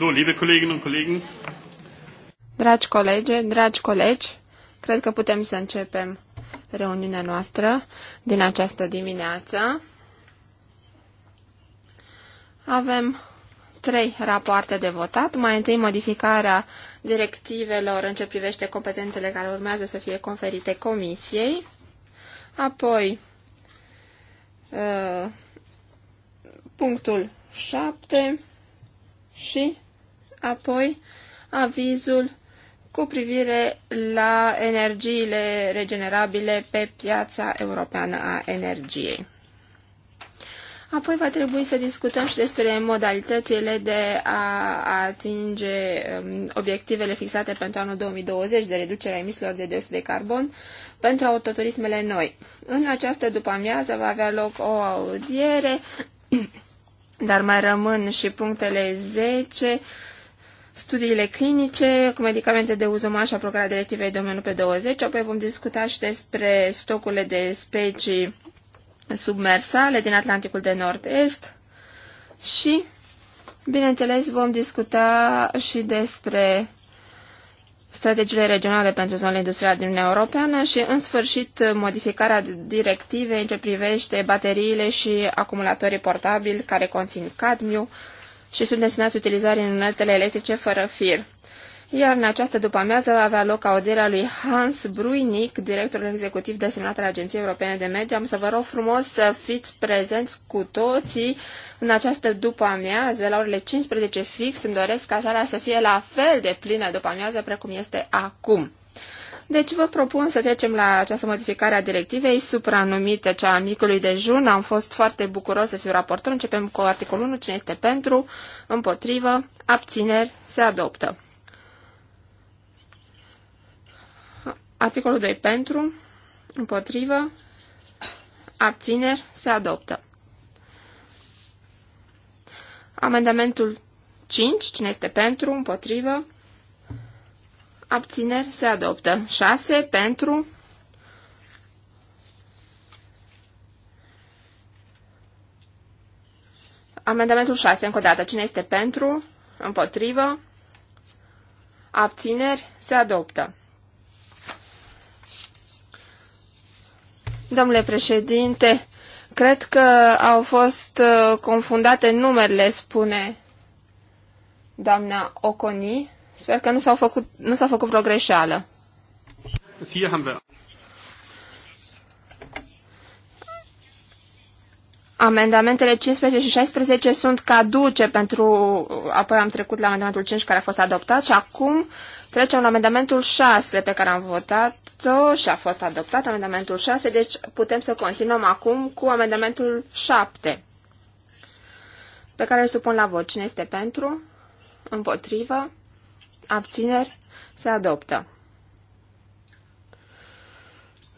So, liebe Kolleginnen und Kollegen. Dragi colegi, dragi colegi, cred că putem să începem reuniunea noastră din această dimineață. Avem trei rapoarte de votat. Mai întâi modificarea directivelor în ce privește competențele care urmează să fie conferite comisiei. Apoi uh, punctul 7 și apoi avizul cu privire la energiile regenerabile pe piața europeană a energiei. Apoi va trebui să discutăm și despre modalitățile de a atinge um, obiectivele fixate pentru anul 2020 de reducerea emisiilor de dioxid de carbon pentru autoturismele noi. În această după-amiază va avea loc o audiere, dar mai rămân și punctele 10, studiile clinice cu medicamente de uz uman și aprobarea directivei domeniul pe 20, apoi vom discuta și despre stocurile de specii submersale din Atlanticul de Nord-Est și, bineînțeles, vom discuta și despre strategiile regionale pentru zonele industriale din Uniunea Europeană și, în sfârșit, modificarea directivei în ce privește bateriile și acumulatorii portabili care conțin cadmiu, și sunt destinați utilizării în uneltele electrice fără fir. Iar în această după-amiază va avea loc audierea lui Hans Bruinic, directorul executiv desemnat al Agenției Europene de Mediu. Am să vă rog frumos să fiți prezenți cu toții în această după-amiază, la orele 15 fix. Îmi doresc ca sala să fie la fel de plină după-amiază precum este acum. Deci vă propun să trecem la această modificare a directivei supranumită cea a micului dejun. Am fost foarte bucuros să fiu raportor. Începem cu articolul 1. Cine este pentru? Împotrivă? Abțineri? Se adoptă. Articolul 2. Pentru? Împotrivă? Abțineri? Se adoptă. Amendamentul 5. Cine este pentru? Împotrivă? abțineri se adoptă. 6 pentru, amendamentul 6, încă o dată, cine este pentru, împotrivă, abțineri se adoptă. Domnule președinte, cred că au fost uh, confundate numerele, spune doamna Oconi. Sper că nu s-a făcut, nu s-a făcut vreo greșeală. Amendamentele 15 și 16 sunt caduce pentru... Apoi am trecut la amendamentul 5 care a fost adoptat și acum trecem la amendamentul 6 pe care am votat-o și a fost adoptat amendamentul 6, deci putem să continuăm acum cu amendamentul 7 pe care îl supun la vot. Cine este pentru? Împotrivă? abțineri, se adoptă.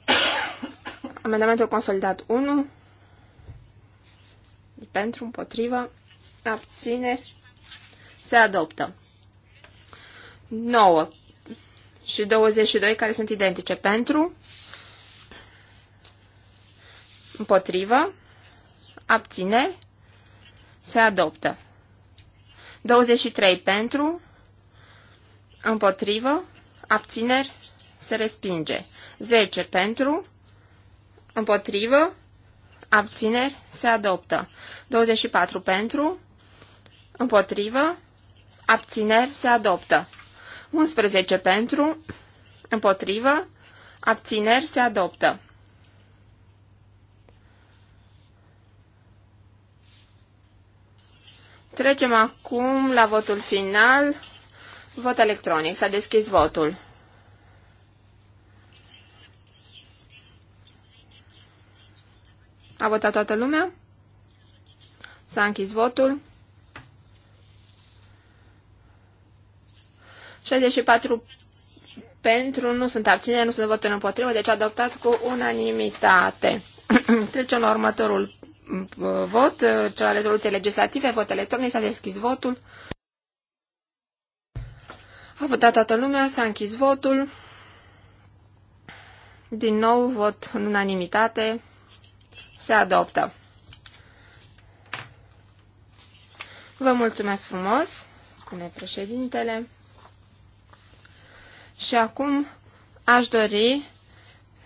Amendamentul consolidat 1 pentru, împotrivă, abțineri, se adoptă. 9 și 22 care sunt identice pentru, împotrivă, abțineri, se adoptă. 23 pentru, Împotrivă. Abțineri. Se respinge. 10 pentru. Împotrivă. Abțineri. Se adoptă. 24 pentru. Împotrivă. Abțineri. Se adoptă. 11 pentru. Împotrivă. Abțineri. Se adoptă. Trecem acum la votul final. Vot electronic. S-a deschis votul. A votat toată lumea? S-a închis votul. 64 pentru, nu sunt abținere, nu sunt voturi împotrivă, deci adoptat cu unanimitate. Trecem la următorul mm, vot, cel al rezoluție legislative, vot electronic, s-a deschis votul. A votat toată lumea, s-a închis votul. Din nou vot în unanimitate. Se adoptă. Vă mulțumesc frumos, spune președintele. Și acum aș dori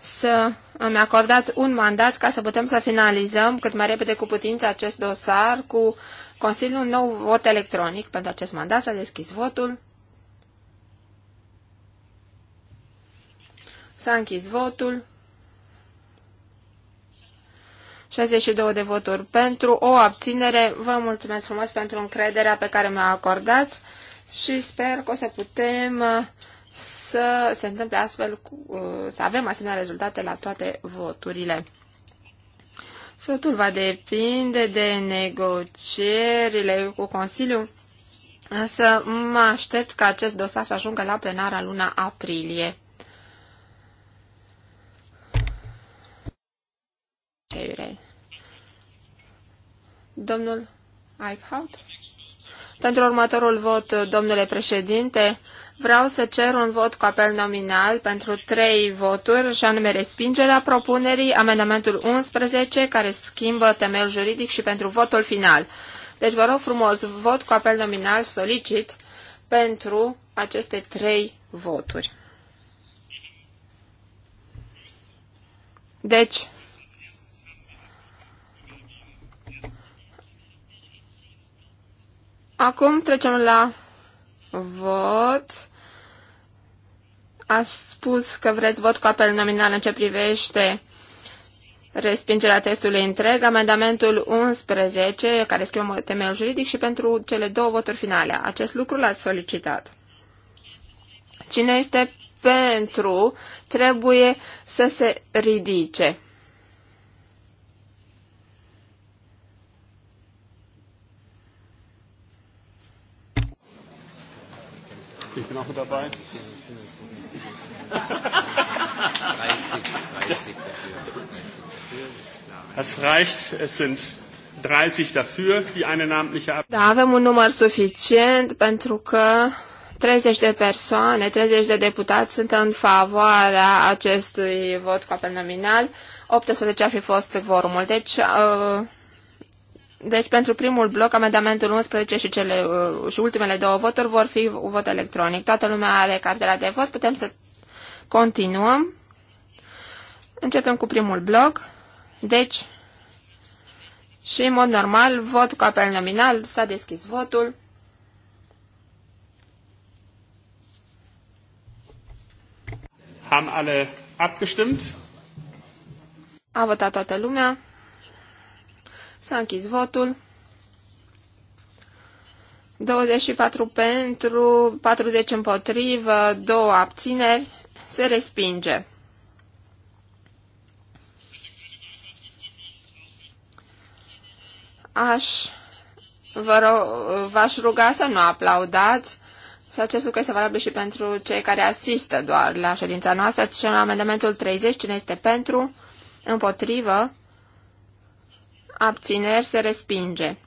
să îmi acordați un mandat ca să putem să finalizăm cât mai repede cu putință acest dosar cu Consiliul un nou vot electronic pentru acest mandat. S-a deschis votul. S-a închis votul. 62 de voturi pentru, o abținere. Vă mulțumesc frumos pentru încrederea pe care mi a acordat și sper că o să putem uh, să se întâmple astfel, uh, să avem asemenea rezultate la toate voturile. Totul va depinde de negocierile cu Consiliul, însă mă aștept ca acest dosar să ajungă la plenara luna aprilie. Domnul Eichhout? Pentru următorul vot, domnule președinte, vreau să cer un vot cu apel nominal pentru trei voturi, și anume respingerea propunerii, amendamentul 11, care schimbă temel juridic și pentru votul final. Deci vă rog frumos, vot cu apel nominal solicit pentru aceste trei voturi. Deci, Acum trecem la vot. Aș spus că vreți vot cu apel nominal în ce privește respingerea testului întreg, amendamentul 11, care schimbă temeiul juridic și pentru cele două voturi finale. Acest lucru l-ați solicitat. Cine este pentru trebuie să se ridice. Ich bin auch mit dabei. 30, 30 dafür. Das reicht. Es sind 30 dafür, die eine namentliche Ab Da avem un număr suficient pentru că 30 de persoane, 30 de deputați sunt în favoarea acestui vot cu apel nominal. 18 ar fi fost vorumul. Deci, uh, deci, pentru primul bloc, amendamentul 11 și, cele, uh, și ultimele două voturi vor fi vot electronic. Toată lumea are cartela de vot. Putem să continuăm. Începem cu primul bloc. Deci, și în mod normal, vot cu apel nominal. S-a deschis votul. Am alle abgestimmt? A votat toată lumea. S-a închis votul. 24 pentru, 40 împotrivă, 2 abțineri, se respinge. Aș vă rog, v-aș ruga să nu aplaudați și acest lucru este valabil și pentru cei care asistă doar la ședința noastră. Și în amendamentul 30, cine este pentru, împotrivă, abțineri, se respinge.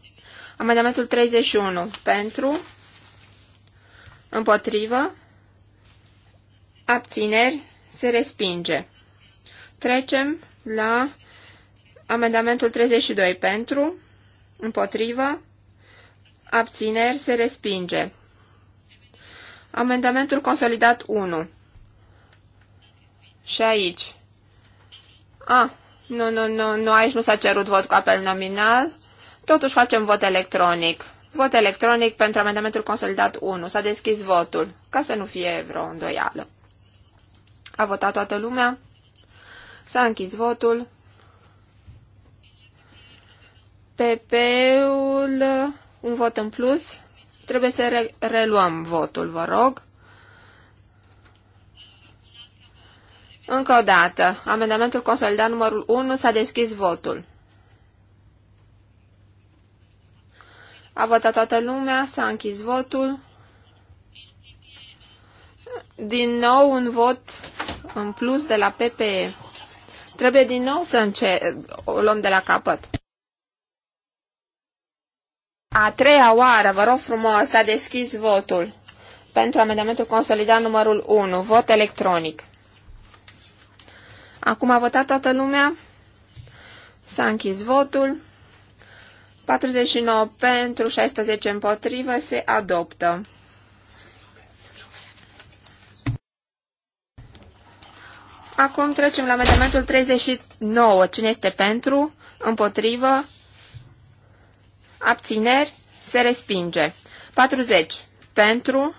Amendamentul 31, pentru, împotrivă, abțineri, se respinge. Trecem la amendamentul 32, pentru, împotrivă, abțineri, se respinge. Amendamentul consolidat 1. Și aici. A. Nu, nu, nu, nu, aici nu s-a cerut vot cu apel nominal. Totuși facem vot electronic. Vot electronic pentru amendamentul consolidat 1. S-a deschis votul, ca să nu fie vreo îndoială. A votat toată lumea. S-a închis votul. PP-ul, un vot în plus. Trebuie să re reluăm votul, vă rog. Încă o dată, amendamentul consolidat numărul 1 s-a deschis votul. A votat toată lumea, s-a închis votul. Din nou un vot în plus de la PPE. Trebuie din nou să înce o luăm de la capăt. A treia oară, vă rog frumos, s-a deschis votul pentru amendamentul consolidat numărul 1, vot electronic. Acum a votat toată lumea. S-a închis votul. 49 pentru, 16 împotrivă, se adoptă. Acum trecem la amendamentul 39. Cine este pentru? Împotrivă? Abțineri? Se respinge. 40. Pentru?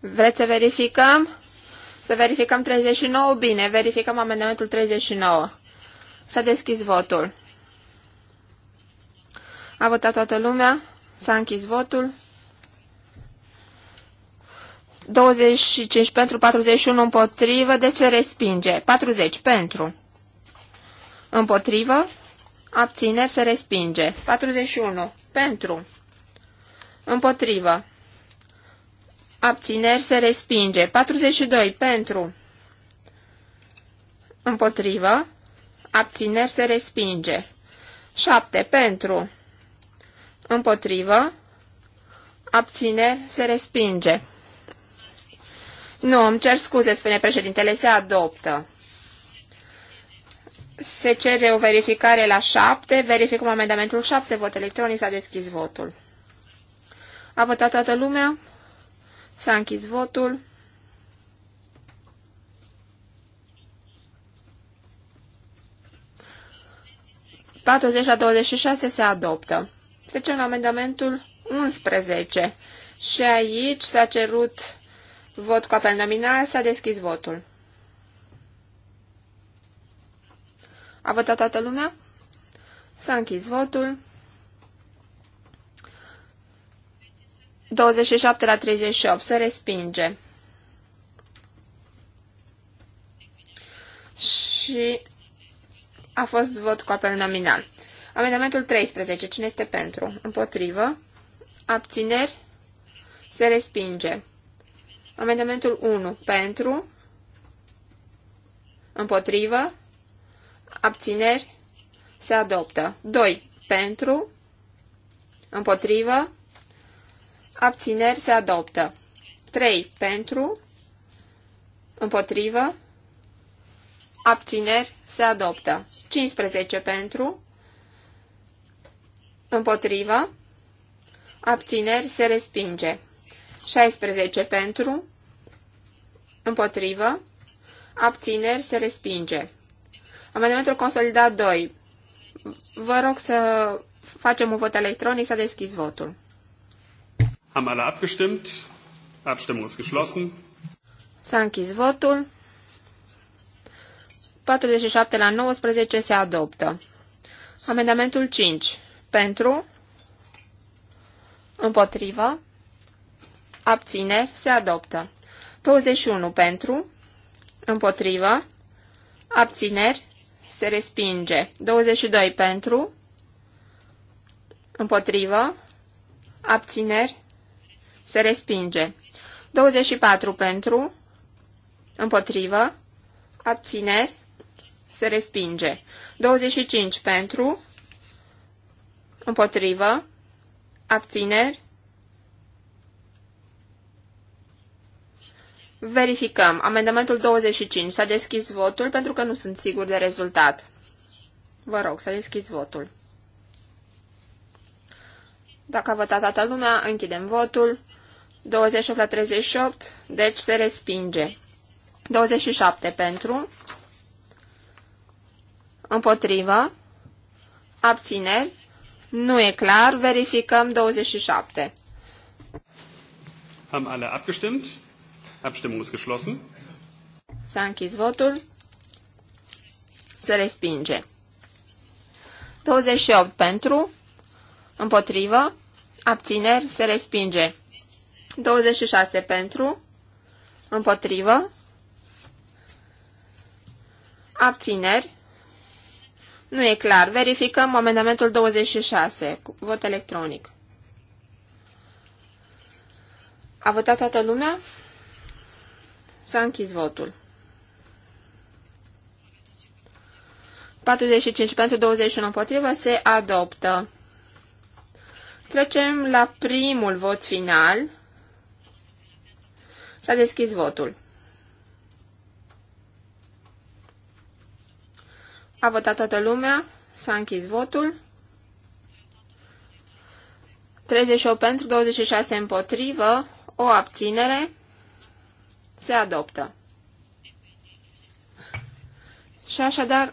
Vreți să verificăm? Să verificăm 39. Bine, verificăm amendamentul 39. S-a deschis votul. A votat toată lumea. S-a închis votul. 25 pentru, 41 împotrivă, de deci ce respinge? 40 pentru. Împotrivă, abține, se respinge. 41 pentru. Împotrivă, Abțineri se respinge. 42 pentru. Împotrivă. Abțineri se respinge. 7 pentru. Împotrivă. Abțineri se respinge. Nu, îmi cer scuze, spune președintele, se adoptă. Se cere o verificare la 7. Verificăm amendamentul 7. Vot electronic. S-a deschis votul. A votat toată lumea? S-a închis votul. la 26 se adoptă. Trecem la amendamentul 11. Și aici s-a cerut vot cu apel nominal, s-a deschis votul. A votat toată lumea? S-a închis votul. 27 la 38. Se respinge. Și a fost vot cu apel nominal. Amendamentul 13. Cine este pentru? Împotrivă. Abțineri. Se respinge. Amendamentul 1. Pentru. Împotrivă. Abțineri. Se adoptă. 2. Pentru. Împotrivă abțineri se adoptă. 3 pentru, împotrivă, abțineri se adoptă. 15 pentru, împotrivă, abțineri se respinge. 16 pentru, împotrivă, abțineri se respinge. Amendamentul consolidat 2. Vă rog să facem un vot electronic, să deschis votul. Haben alle abgestimmt? Abstimmung ist geschlossen. S-a închis votul. 47 la 19 se adoptă. Amendamentul 5. Pentru. Împotrivă. Abțineri. Se adoptă. 21 pentru. Împotrivă. Abțineri. Se respinge. 22 pentru. Împotrivă. Abțineri. Se respinge. 24 pentru, împotrivă, abțineri, se respinge. 25 pentru, împotrivă, abțineri. Verificăm. Amendamentul 25. S-a deschis votul pentru că nu sunt sigur de rezultat. Vă rog, să deschis votul. Dacă a votat toată lumea, închidem votul. 28 la 38, deci se respinge. 27 pentru, împotrivă, abțineri, nu e clar, verificăm 27. Am alle abgestimmt? Abstimmung ist geschlossen. S-a închis votul. Se respinge. 28 pentru, împotrivă, abțineri, se respinge. 26 pentru, împotrivă, abțineri, nu e clar. Verificăm amendamentul 26, vot electronic. A votat toată lumea? S-a închis votul. 45 pentru 21 împotrivă se adoptă. Trecem la primul vot final. S-a deschis votul. A votat toată lumea. S-a închis votul. 38 pentru, 26 împotrivă, o abținere. Se adoptă. Și așadar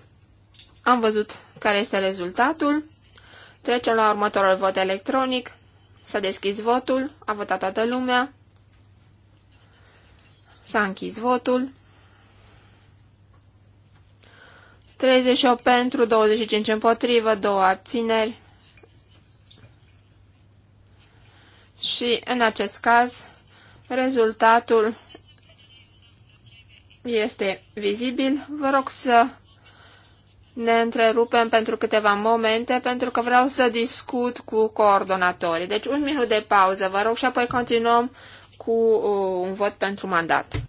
am văzut care este rezultatul. Trecem la următorul vot electronic. S-a deschis votul, a votat toată lumea, S-a închis votul. 38 pentru, 25 împotrivă, 2 abțineri. Și în acest caz, rezultatul este vizibil. Vă rog să ne întrerupem pentru câteva momente, pentru că vreau să discut cu coordonatorii. Deci un minut de pauză, vă rog, și apoi continuăm cu uh, un vot pentru mandat.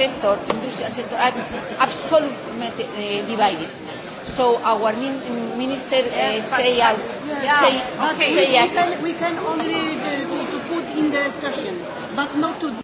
sector, industrial sector, are absolutely uh, eh, divided. So our min minister uh, yes, say us yes. say, okay. say we, we, can, we can only do, eh, to, to put in the session, but not to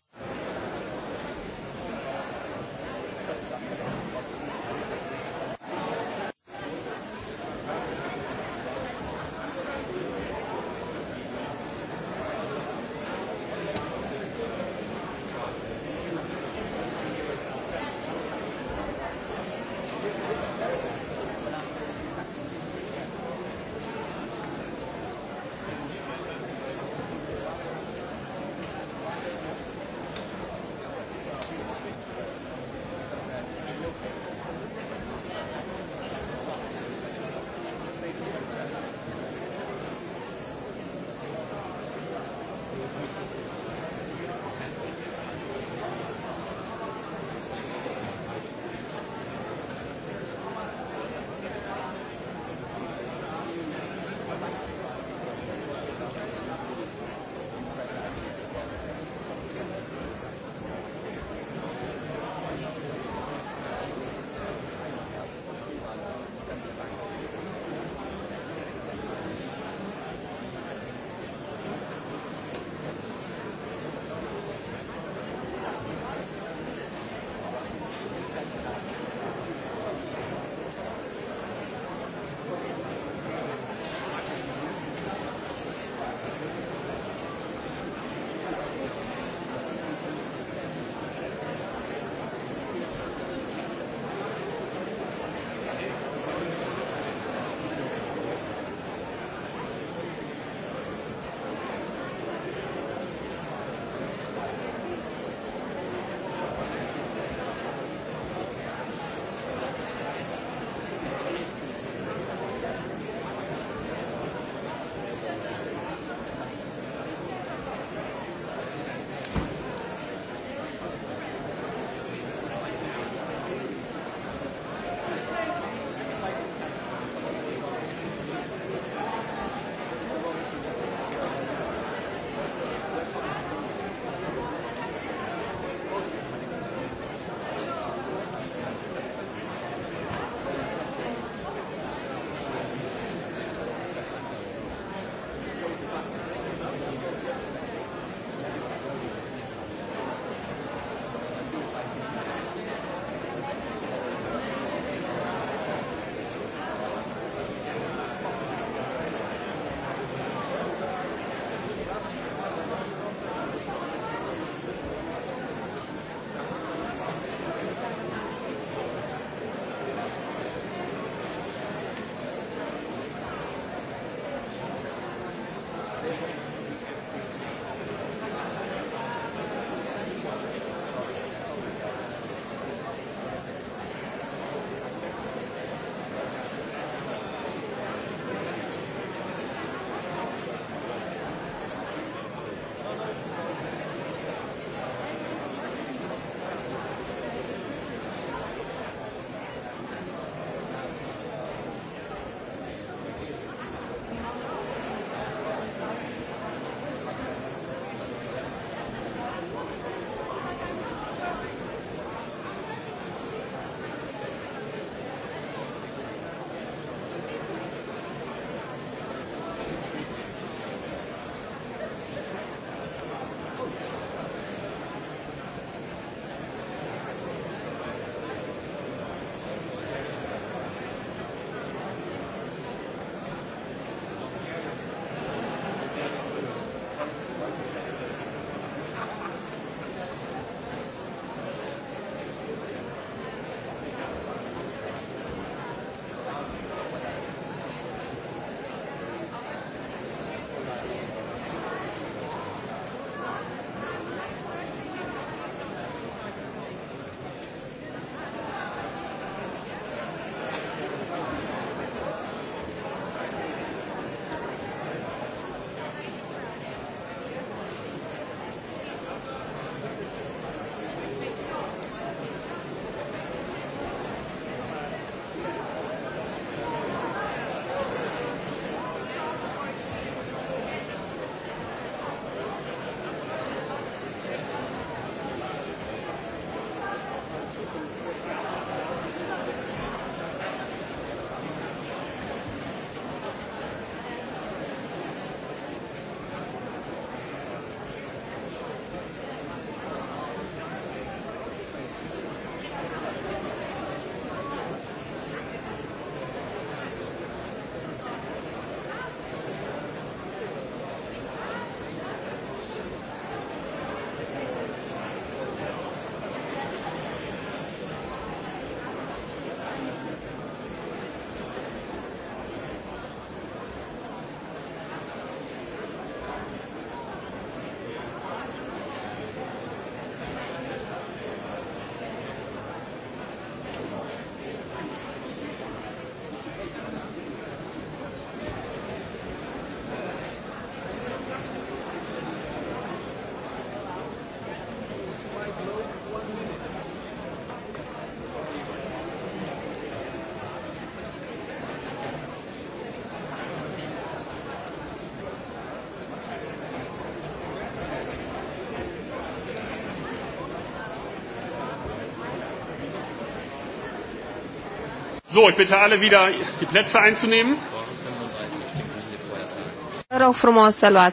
So, ich bitte alle wieder die Plätze einzunehmen.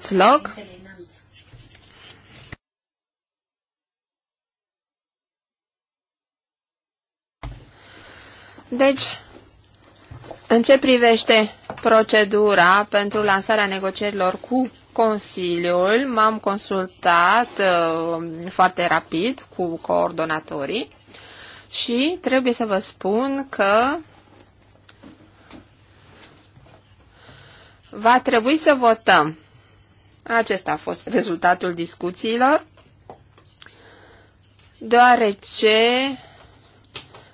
loc. Deci, în ce privește procedura pentru lansarea negocierilor cu Consiliul, m-am consultat uh, foarte rapid cu coordonatorii și trebuie să vă spun că Va trebui să votăm. Acesta a fost rezultatul discuțiilor, deoarece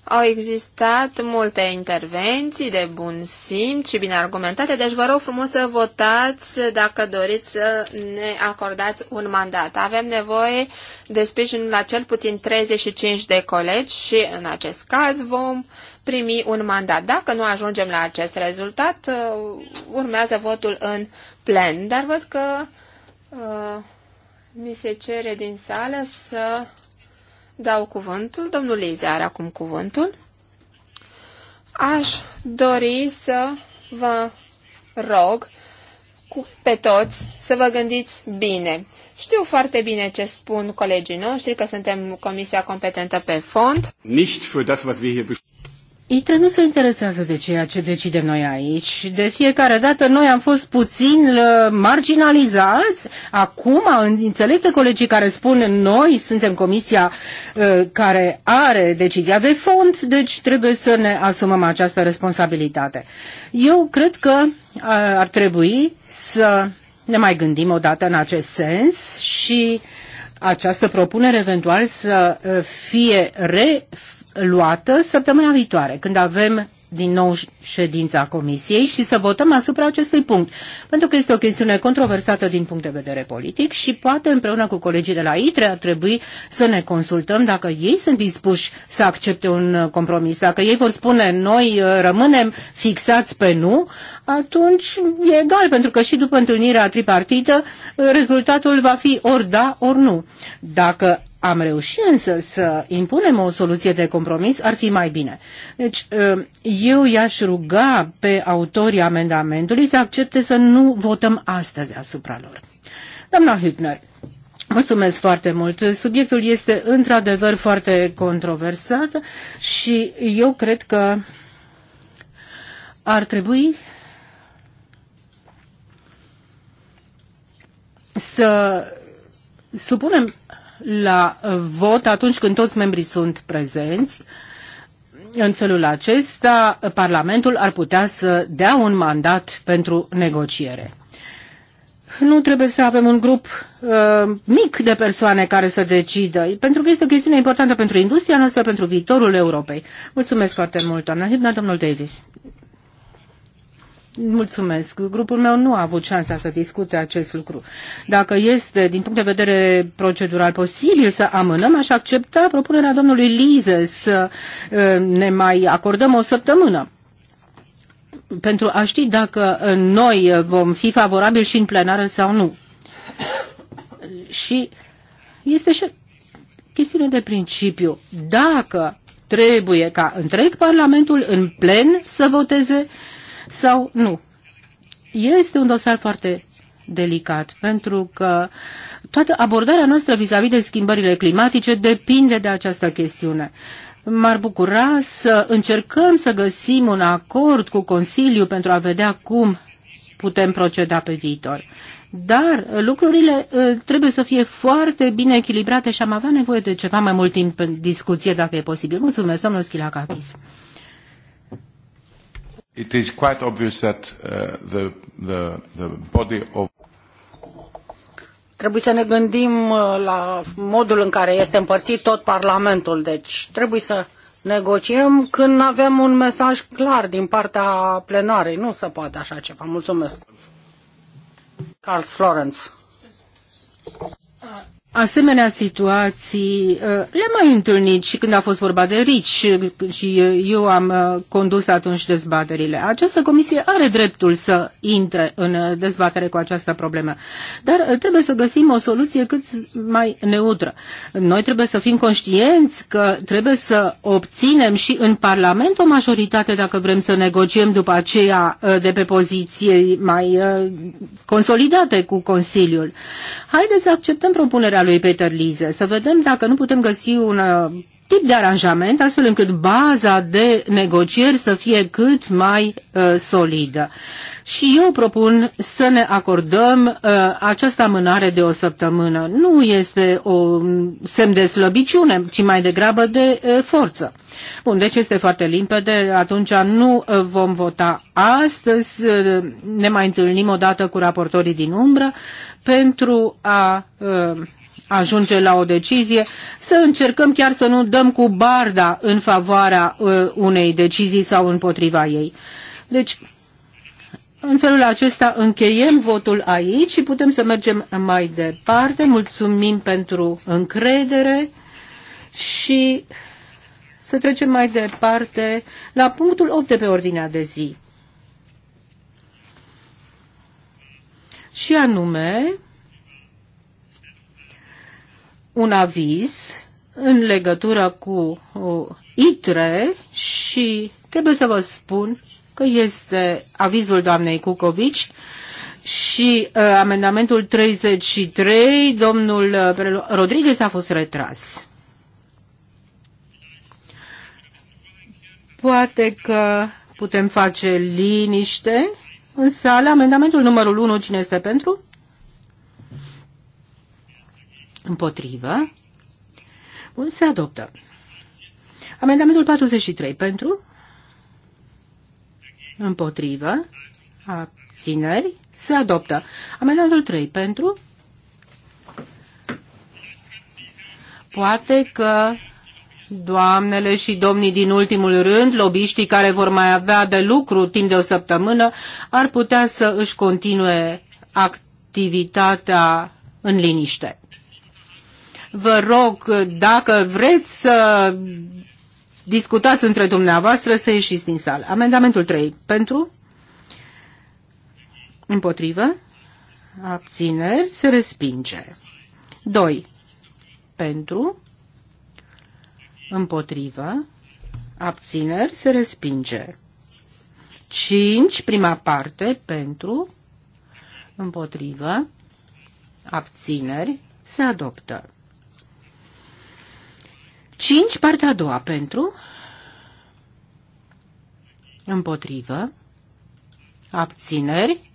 au existat multe intervenții de bun simț și bine argumentate, deci vă rog frumos să votați dacă doriți să ne acordați un mandat. Avem nevoie de sprijinul la cel puțin 35 de colegi și în acest caz vom primi un mandat. Dacă nu ajungem la acest rezultat, uh, urmează votul în plen. Dar văd că uh, mi se cere din sală să dau cuvântul. Domnul Lize are acum cuvântul. Aș dori să vă rog cu, pe toți să vă gândiți bine. Știu foarte bine ce spun colegii noștri, că suntem comisia competentă pe fond. Nicht für das, was wir hier ITRE nu se interesează de ceea ce decidem noi aici. De fiecare dată noi am fost puțin uh, marginalizați. Acum înțeleg pe colegii care spun noi suntem comisia uh, care are decizia de fond, deci trebuie să ne asumăm această responsabilitate. Eu cred că uh, ar trebui să ne mai gândim o dată în acest sens și uh, această propunere eventual să uh, fie reluată săptămâna viitoare, când avem din nou ședința Comisiei și să votăm asupra acestui punct, pentru că este o chestiune controversată din punct de vedere politic și poate împreună cu colegii de la ITRE ar trebui să ne consultăm dacă ei sunt dispuși să accepte un uh, compromis. Dacă ei vor spune noi uh, rămânem fixați pe nu, atunci e egal, pentru că și după întâlnirea tripartită uh, rezultatul va fi ori da, ori nu. Dacă am reușit însă să impunem o soluție de compromis, ar fi mai bine. Deci, uh, eu i-aș ruga pe autorii amendamentului să accepte să nu votăm astăzi asupra lor. Doamna Hübner, Mulțumesc foarte mult. Subiectul este într-adevăr foarte controversat și eu cred că ar trebui să supunem la uh, vot atunci când toți membrii sunt prezenți. În felul acesta, uh, Parlamentul ar putea să dea un mandat pentru negociere. Nu trebuie să avem un grup uh, mic de persoane care să decidă, pentru că este o chestiune importantă pentru industria noastră, pentru viitorul Europei. Mulțumesc foarte mult, doamna Hibna, domnul Davis. Mulțumesc. Grupul meu nu a avut șansa să discute acest lucru. Dacă este, din punct de vedere procedural, posibil să amânăm, aș accepta propunerea domnului Lize să ne mai acordăm o săptămână pentru a ști dacă noi vom fi favorabili și în plenară sau nu. Și este și chestiune de principiu. Dacă trebuie ca întreg Parlamentul în plen să voteze, uh, sau nu. Este un dosar foarte delicat, pentru că toată abordarea noastră vis-a-vis -vis de schimbările climatice depinde de această chestiune. M-ar bucura să încercăm să găsim un acord cu Consiliu pentru a vedea cum putem proceda pe viitor. Dar lucrurile ă, trebuie să fie foarte bine echilibrate și am avea nevoie de ceva mai mult timp în discuție, dacă e posibil. Mulțumesc, domnul Schilacakis it is quite obvious that uh, the, the, the body of Trebuie să ne gândim uh, la modul în care este împărțit tot Parlamentul, deci trebuie să negociem când avem un mesaj clar din partea plenarei. Nu se poate așa ceva. Mulțumesc. Carl Florence. Ah, Asemenea situații uh, le-am mai întâlnit și când a fost vorba de RICI și uh, eu am uh, condus atunci dezbaterile. Această comisie are dreptul să intre în dezbatere cu această problemă, dar trebuie să găsim o soluție cât mai neutră. Noi trebuie să fim conștienți că trebuie să obținem și în Parlament o majoritate dacă vrem să negociem după aceea de pe poziții mai consolidate cu Consiliul. Haideți să acceptăm propunerea propunerea lui Peter Lise, să vedem dacă nu putem găsi un uh, tip de aranjament, astfel încât baza de negocieri să fie cât mai uh, solidă. Și eu propun să ne acordăm uh, această amânare de o săptămână. Nu este o semn de slăbiciune, ci mai degrabă de uh, forță. Bun, deci este foarte limpede, atunci nu uh, vom vota astăzi, uh, ne mai întâlnim odată cu raportorii din umbră pentru a... Uh, ajunge la o decizie, să încercăm chiar să nu dăm cu barda în favoarea uh, unei decizii sau împotriva ei. Deci, în felul acesta încheiem votul aici și putem să mergem mai departe. Mulțumim pentru încredere și să trecem mai departe la punctul 8 de pe ordinea de zi. Și anume, un aviz în legătură cu uh, ITRE și trebuie să vă spun că este avizul doamnei Cucovici și uh, amendamentul 33, domnul uh, Rodriguez a fost retras. Poate că putem face liniște în sală. Amendamentul numărul 1, cine este pentru? Împotrivă. Bun, se adoptă. Amendamentul 43 pentru? Împotrivă. Abțineri. Se adoptă. Amendamentul 3 pentru? Poate că Doamnele și domnii din ultimul rând, lobiștii care vor mai avea de lucru timp de o săptămână, ar putea să își continue activitatea în liniște. Vă rog, dacă vreți să discutați între dumneavoastră, să ieșiți din sală. Amendamentul 3. Pentru? Împotrivă? Abțineri? Se respinge. 2. Pentru? Împotrivă? Abțineri? Se respinge. 5. Prima parte. Pentru? Împotrivă? Abțineri? Se adoptă. 5, partea a doua pentru, împotrivă, abțineri,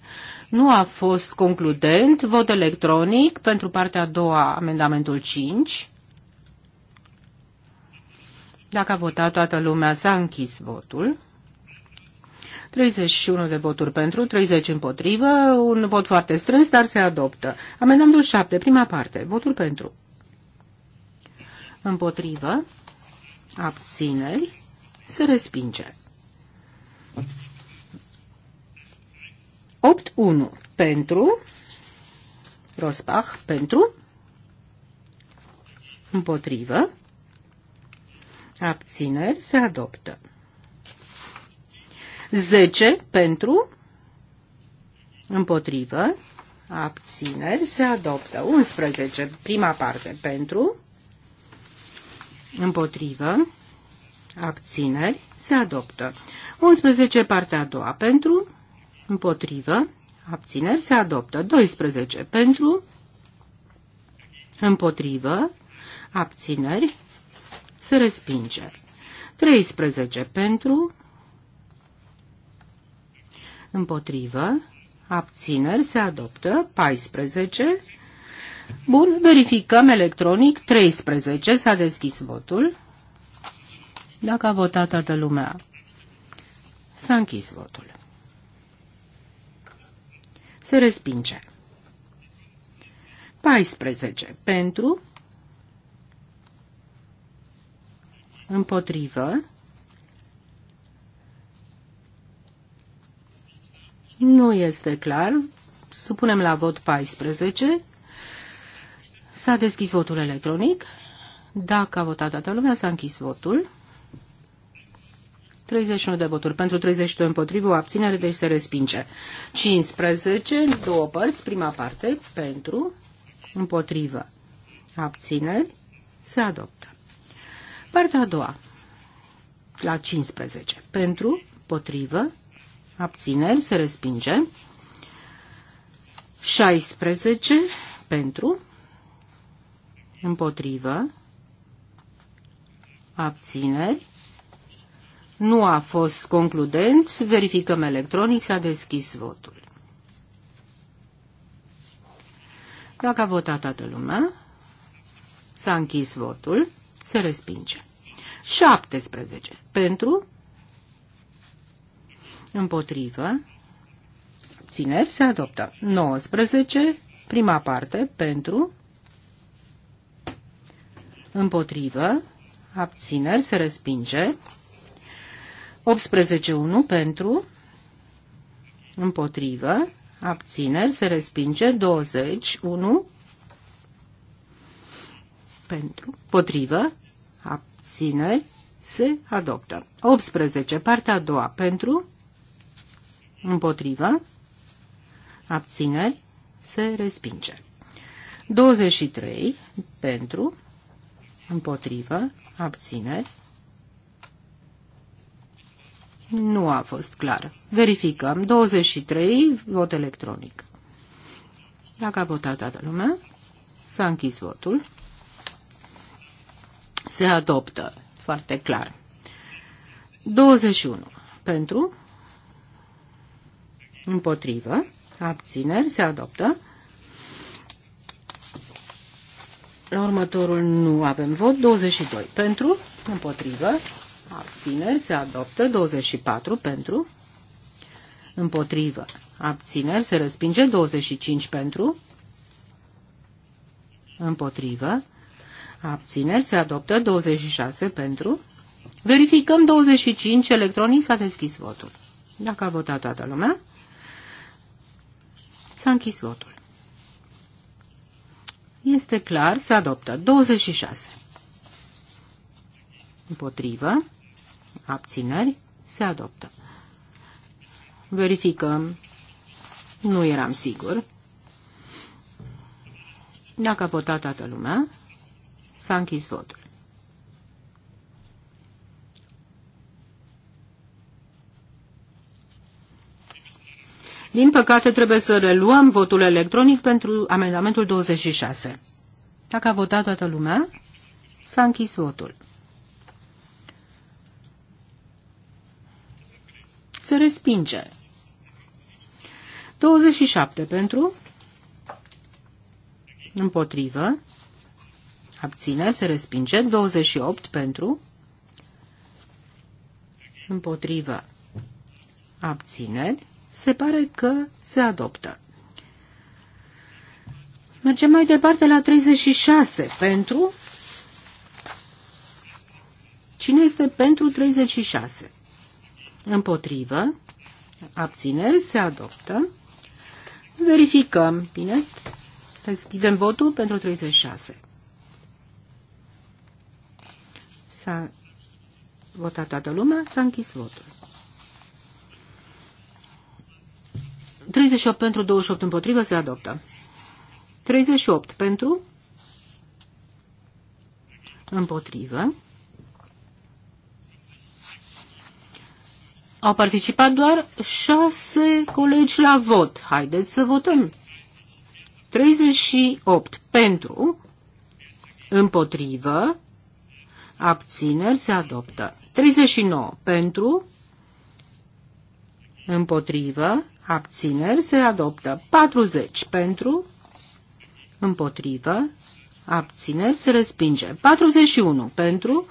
nu a fost concludent, vot electronic pentru partea a doua, amendamentul 5. Dacă a votat toată lumea, s-a închis votul. 31 de voturi pentru, 30 împotrivă, un vot foarte strâns, dar se adoptă. Amendamentul 7, prima parte, votul pentru împotrivă, abțineri, se respinge. 8-1 pentru, rospach pentru, împotrivă, abțineri, se adoptă. 10 pentru, împotrivă, abțineri, se adoptă. 11, prima parte, pentru, împotrivă, abțineri, se adoptă. 11 partea a doua pentru, împotrivă, abțineri, se adoptă. 12 pentru, împotrivă, abțineri, se respinge. 13 pentru, împotrivă, abțineri, se adoptă. 14 Bun, verificăm electronic. 13. S-a deschis votul. Dacă a votat toată lumea, s-a închis votul. Se respinge. 14. Pentru. Împotrivă. Nu este clar. Supunem la vot 14. S-a deschis votul electronic. Dacă a votat toată lumea, s-a închis votul. 31 de voturi pentru 32 împotrivă, o abținere, deci se respinge. 15 două părți, prima parte pentru, împotrivă, abțineri, se adoptă. Partea a doua, la 15, pentru, împotrivă, abțineri, se respinge. 16 pentru, Împotrivă. Abțineri. Nu a fost concludent. Verificăm electronic. S-a deschis votul. Dacă a votat toată lumea, s-a închis votul, se respinge. 17. Pentru, împotrivă, țineri, se adoptă. 19. Prima parte, pentru, împotrivă, abțineri, se respinge. 18.1 pentru, împotrivă, abțineri, se respinge. 21 pentru, Împotrivă. abțineri, se adoptă. 18. Partea a doua pentru, împotrivă, abțineri, se respinge. 23 pentru, Împotrivă. Abțineri. Nu a fost clar. Verificăm. 23. Vot electronic. Dacă a votat toată lumea, s-a închis votul. Se adoptă. Foarte clar. 21. Pentru. Împotrivă. Abțineri. Se adoptă. Următorul nu avem vot. 22 pentru, împotrivă, abțineri, se adoptă. 24 pentru, împotrivă, abțineri, se respinge. 25 pentru, împotrivă, abțineri, se adoptă. 26 pentru. Verificăm 25, electronic s-a deschis votul. Dacă a votat toată lumea, s-a închis votul. Este clar, se adoptă. 26. Împotrivă. Abțineri. Se adoptă. Verificăm. Nu eram sigur. Dacă a votat toată lumea, s-a închis votul. Din păcate, trebuie să reluăm votul electronic pentru amendamentul 26. Dacă a votat toată lumea, s-a închis votul. Se respinge. 27 pentru, împotrivă, abține, se respinge, 28 pentru, împotrivă, abțineri, se pare că se adoptă. Mergem mai departe la 36. Pentru? Cine este pentru 36? Împotrivă. Abțineri se adoptă. Verificăm. Bine. Deschidem votul pentru 36. S-a votat toată lumea, s-a închis votul. 38 pentru, 28 împotrivă, se adoptă. 38 pentru, împotrivă. Au participat doar 6 colegi la vot. Haideți să votăm. 38 pentru, împotrivă, abțineri, se adoptă. 39 pentru, împotrivă, abțineri se adoptă. 40 pentru, împotrivă, abțineri se respinge. 41 pentru,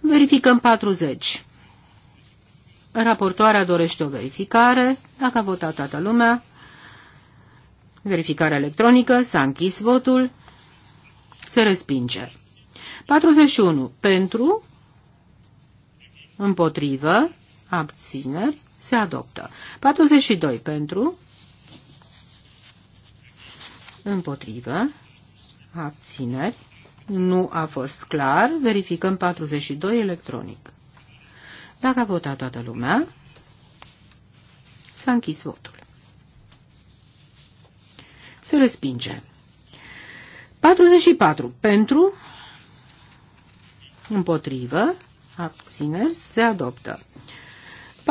verificăm 40. Raportoarea dorește o verificare. Dacă a votat toată lumea, verificare electronică, s-a închis votul, se respinge. 41. Pentru, împotrivă, abțineri, se adoptă. 42 pentru. Împotrivă. Abțineri. Nu a fost clar. Verificăm 42 electronic. Dacă a votat toată lumea, s-a închis votul. Se respinge. 44 pentru, împotrivă, abțineri, se adoptă.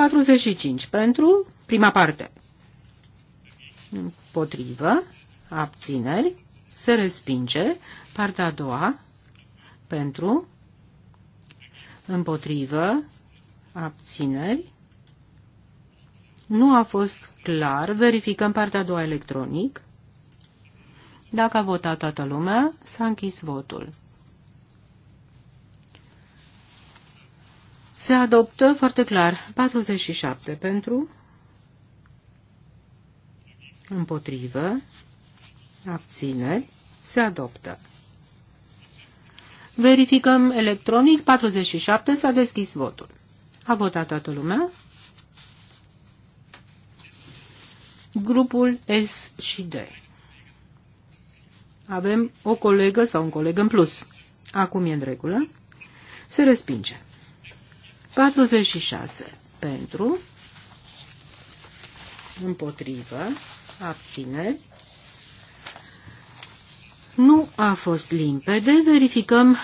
45 pentru prima parte. Împotrivă, abțineri, se respinge. Partea a doua pentru, împotrivă, abțineri. Nu a fost clar. Verificăm partea a doua electronic. Dacă a votat toată lumea, s-a închis votul. Se adoptă foarte clar. 47 pentru. Împotrivă. Abțineri. Se adoptă. Verificăm electronic. 47 s-a deschis votul. A votat toată lumea. Grupul S și D. Avem o colegă sau un coleg în plus. Acum e în regulă. Se respinge. 46 pentru, împotrivă, abțineri. Nu a fost limpede, verificăm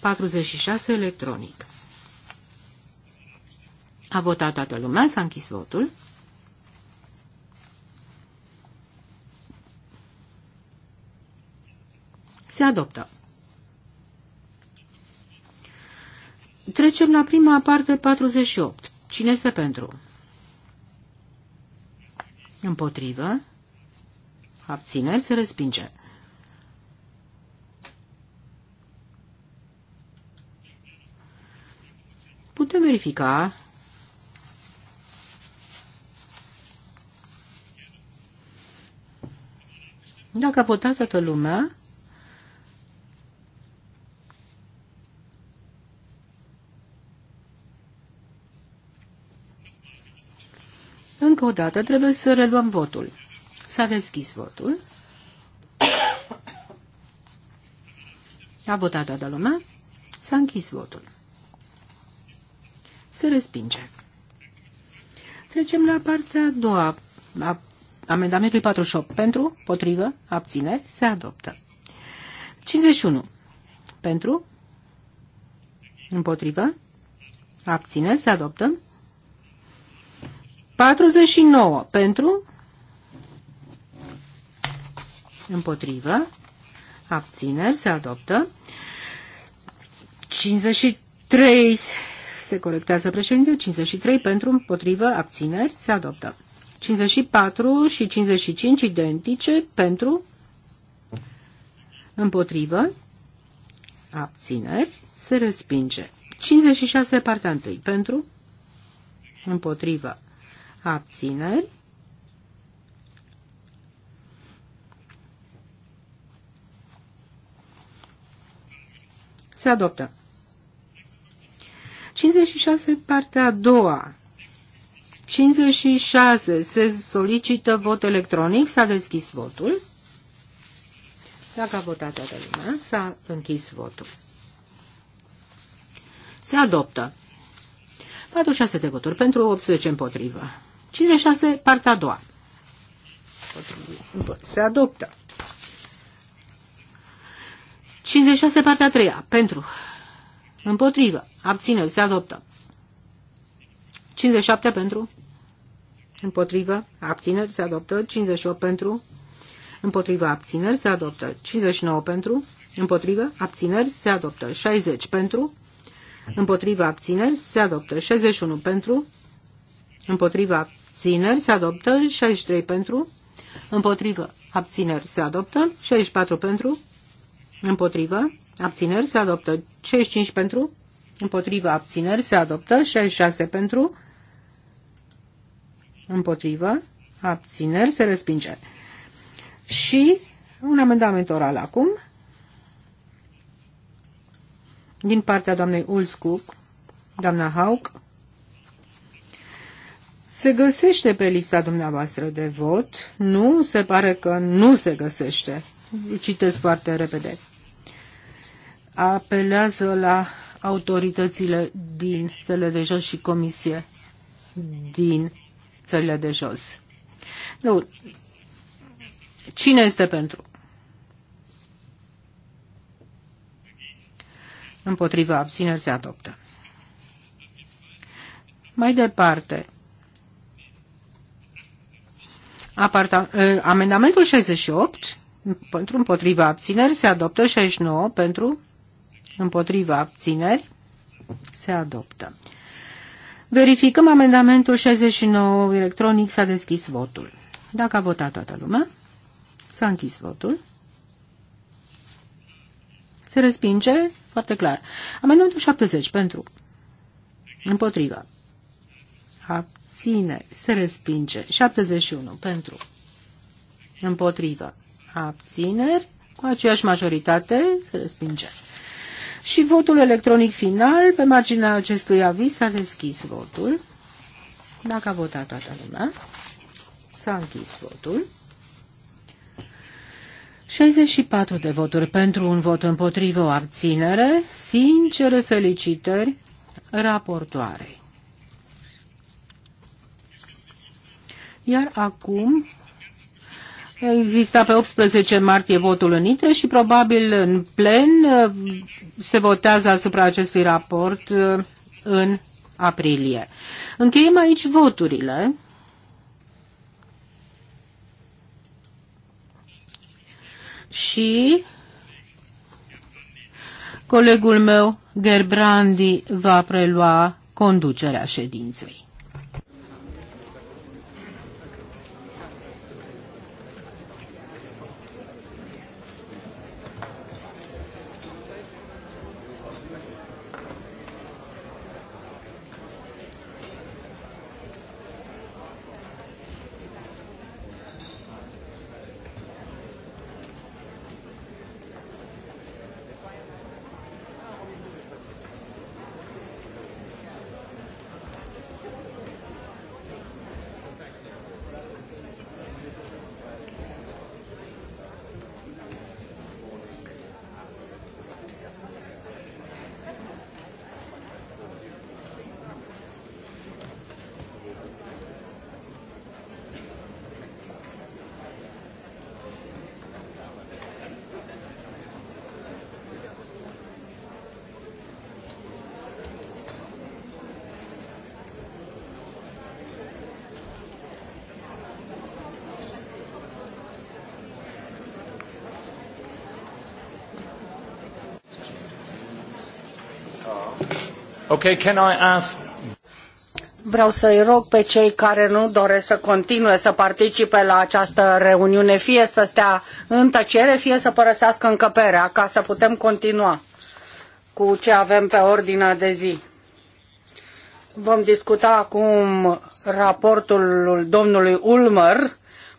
46 electronic. A votat toată lumea, s-a închis votul. Se adoptă. Trecem la prima parte, 48. Cine este pentru? Împotrivă. Abțineri se respinge. Putem verifica dacă a votat toată lumea, Încă o dată trebuie să reluăm votul. S-a deschis votul. A votat toată lumea. S-a închis votul. Se respinge. Trecem la partea a doua a amendamentului 48. Pentru, potrivă, abține, se adoptă. 51. Pentru, împotrivă, abține, se adoptă. 49 pentru, împotrivă, abțineri, se adoptă. 53 se corectează președinte, 53 pentru, împotrivă, abțineri, se adoptă. 54 și 55 identice pentru, împotrivă, abțineri, se respinge. 56 partea 1 pentru, împotrivă, abțineri. Se adoptă. 56, partea a doua. 56. Se solicită vot electronic. S-a deschis votul. Dacă a votat toată lumea, s-a închis votul. Se adoptă. 46 de voturi pentru 18 împotrivă. 56, partea a doua. Se adoptă. 56, partea a treia. Pentru. Împotrivă. Abține. Se adoptă. 57 pentru. Împotrivă. Abțineri. Se adoptă. 58 pentru. Împotrivă. Abțineri. Se adoptă. 59 pentru. Împotrivă. Abțineri. Se adoptă. 60 pentru. Împotrivă. Abțineri. Se adoptă. 61 pentru. Împotrivă abțineri se adoptă, 63 pentru, împotrivă, abțineri se adoptă, 64 pentru, împotrivă, abțineri se adoptă, 65 pentru, împotrivă, abțineri se adoptă, 66 pentru, împotrivă, abțineri se respinge. Și un amendament oral acum, din partea doamnei Ulscuc, doamna Hauk, se găsește pe lista dumneavoastră de vot. Nu, se pare că nu se găsește. Citesc foarte repede. Apelează la autoritățile din țările de jos și comisie din țările de jos. Nu. Cine este pentru? Împotriva abțineri se adoptă. Mai departe, Aparta, eh, amendamentul 68 pentru împotriva abțineri se adoptă 69 pentru împotriva abțineri se adoptă. Verificăm amendamentul 69 electronic s-a deschis votul. Dacă a votat toată lumea, s-a închis votul. Se respinge foarte clar. Amendamentul 70 pentru împotriva abține, se respinge. 71 pentru, împotrivă, abțineri, cu aceeași majoritate, se respinge. Și votul electronic final, pe marginea acestui aviz s-a deschis votul. Dacă a votat toată lumea, s-a închis votul. 64 de voturi pentru un vot împotrivă o abținere, sincere felicitări raportoarei. Iar acum exista pe 18 martie votul în ITRE și probabil în plen uh, se votează asupra acestui raport uh, în aprilie. Încheiem aici voturile. Și colegul meu Gerbrandi va prelua conducerea ședinței. Okay, can I ask... Vreau să îi rog pe cei care nu doresc să continue să participe la această reuniune, fie să stea în tăcere, fie să părăsească încăperea, ca să putem continua cu ce avem pe ordinea de zi. Vom discuta acum raportul domnului Ulmer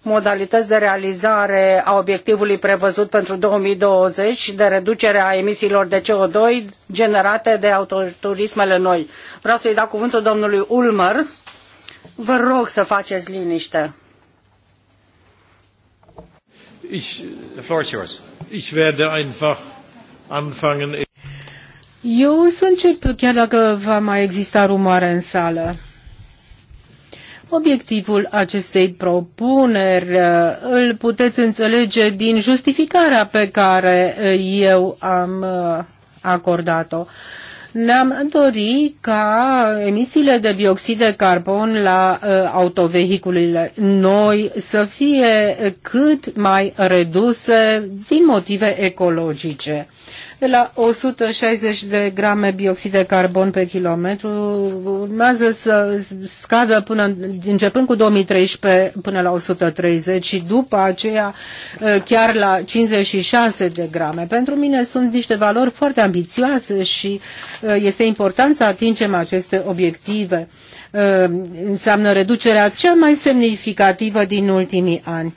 modalități de realizare a obiectivului prevăzut pentru 2020 de reducere a emisiilor de CO2 generate de autoturismele noi. Vreau să-i dau cuvântul domnului Ulmer. Vă rog să faceți liniște. Ich, the floor is yours. Ich werde einfach anfangen. Eu să încep chiar dacă va mai exista rumoare în sală. Obiectivul acestei propuneri uh, îl puteți înțelege din justificarea pe care uh, eu am uh, acordat-o. Ne-am dorit ca emisiile de bioxid de carbon la uh, autovehiculele noi să fie cât mai reduse din motive ecologice de la 160 de grame bioxid de carbon pe kilometru. Urmează să scadă până, începând cu 2013 până la 130 și după aceea ă, chiar la 56 de grame. Pentru mine sunt niște valori foarte ambițioase și ă, este important să atingem aceste obiective. Ă, înseamnă reducerea cea mai semnificativă din ultimii ani.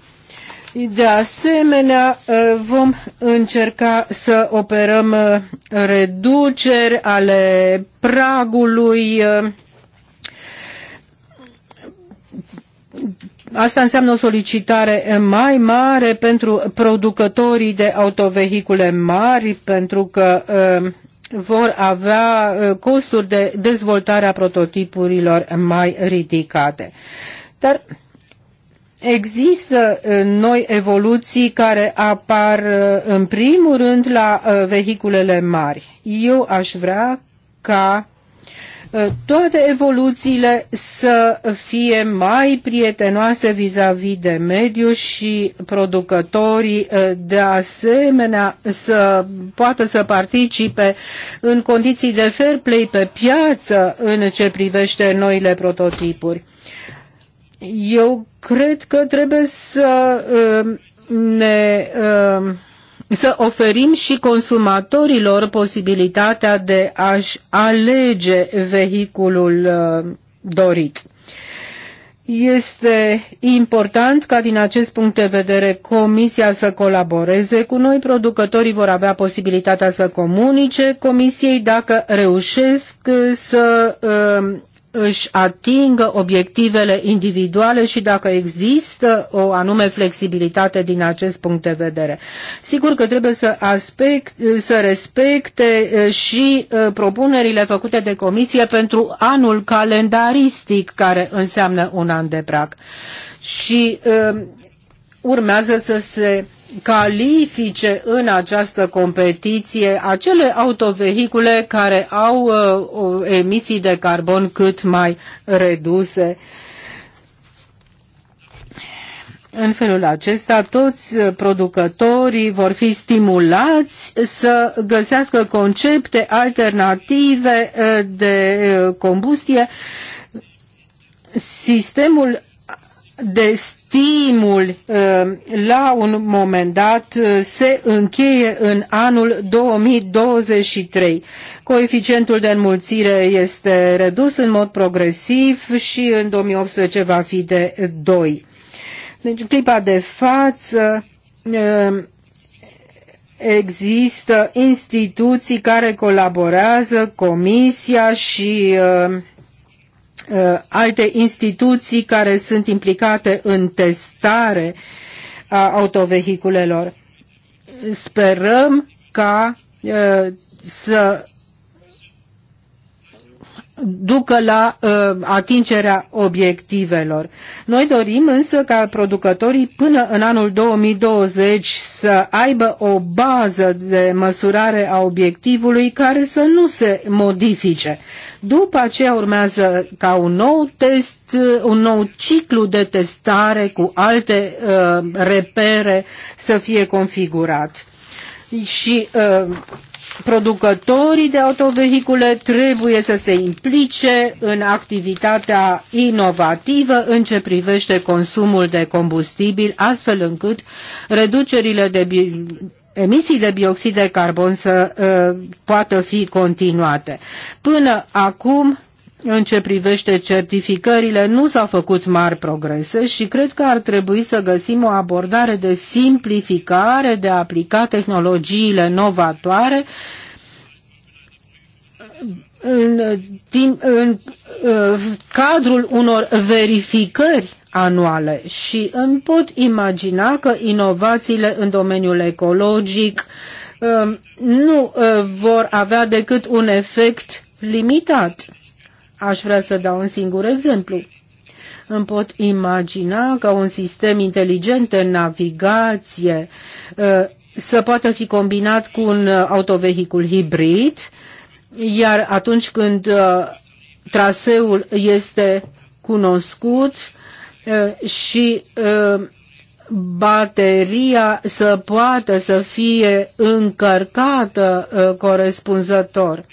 De asemenea, ă, vom încerca să operăm ă, reduceri ale pragului. Ă. Asta înseamnă o solicitare mai mare pentru producătorii de autovehicule mari, pentru că vor avea costuri de dezvoltare a prototipurilor mai ridicate. Dar Există uh, noi evoluții care apar uh, în primul rând la uh, vehiculele mari. Eu aș vrea ca toate evoluțiile să fie mai prietenoase vis-a-vis -vis de mediu și producătorii de asemenea să poată să participe în condiții de fair play pe piață în ce privește noile prototipuri eu cred că trebuie să um, ne um, să oferim și consumatorilor posibilitatea de a-și alege vehiculul um, dorit. Este important ca din acest punct de vedere Comisia să colaboreze cu noi. Producătorii vor avea posibilitatea să comunice Comisiei dacă reușesc să își atingă obiectivele individuale și dacă există o anume flexibilitate din acest punct de vedere. Sigur că trebuie să, aspect, să respecte și propunerile făcute de comisie pentru anul calendaristic, care înseamnă un an de prag. Și urmează să se califice în această competiție acele autovehicule care au uh, emisii de carbon cât mai reduse. În felul acesta, toți uh, producătorii vor fi stimulați să găsească concepte alternative uh, de uh, combustie. Sistemul de stimul uh, la un moment dat uh, se încheie în anul 2023. Coeficientul de înmulțire este redus în mod progresiv și în 2018 va fi de 2. Deci în clipa de față uh, există instituții care colaborează, comisia și uh, Uh, alte instituții care sunt implicate în testare a autovehiculelor. Sperăm ca uh, să ducă la uh, atingerea obiectivelor. Noi dorim însă ca producătorii până în anul 2020 să aibă o bază de măsurare a obiectivului care să nu se modifice. După aceea urmează ca un nou test, un nou ciclu de testare cu alte uh, repere să fie configurat. Și uh, producătorii de autovehicule trebuie să se implice în activitatea inovativă în ce privește consumul de combustibil, astfel încât reducerile de emisii de bioxid de carbon să uh, poată fi continuate. Până acum în ce privește certificările, nu s-au făcut mari progrese și cred că ar trebui să găsim o abordare de simplificare, de a aplica tehnologiile novatoare în, în, în, uh, în cadrul unor verificări anuale și îmi pot imagina că inovațiile în domeniul ecologic uh, nu uh, vor avea decât un efect limitat Aș vrea să dau un singur exemplu. Îmi pot imagina că un sistem inteligent de navigație uh, să poată fi combinat cu un autovehicul hibrid, iar atunci când uh, traseul este cunoscut uh, și bateria să poată să fie încărcată corespunzător.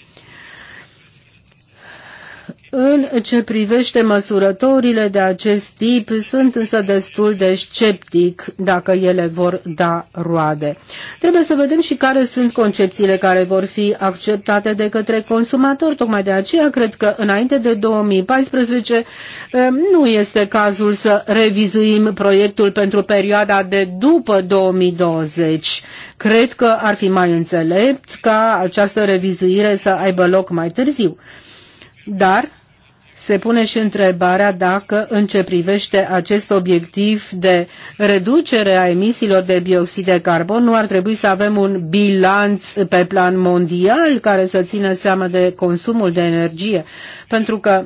În ce privește măsurătorile de acest tip, sunt însă destul de sceptic dacă ele vor da roade. Trebuie să vedem și care sunt concepțiile care vor fi acceptate de către consumatori. Tocmai de aceea cred că înainte de 2014 eh, nu este cazul să revizuim proiectul pentru perioada de după 2020. Cred că ar fi mai înțelept ca această revizuire să aibă loc mai târziu. Dar se pune și întrebarea dacă, în ce privește acest obiectiv de reducere a emisiilor de bioxid de carbon, nu ar trebui să avem un bilanț pe plan mondial care să țină seama de consumul de energie. Pentru că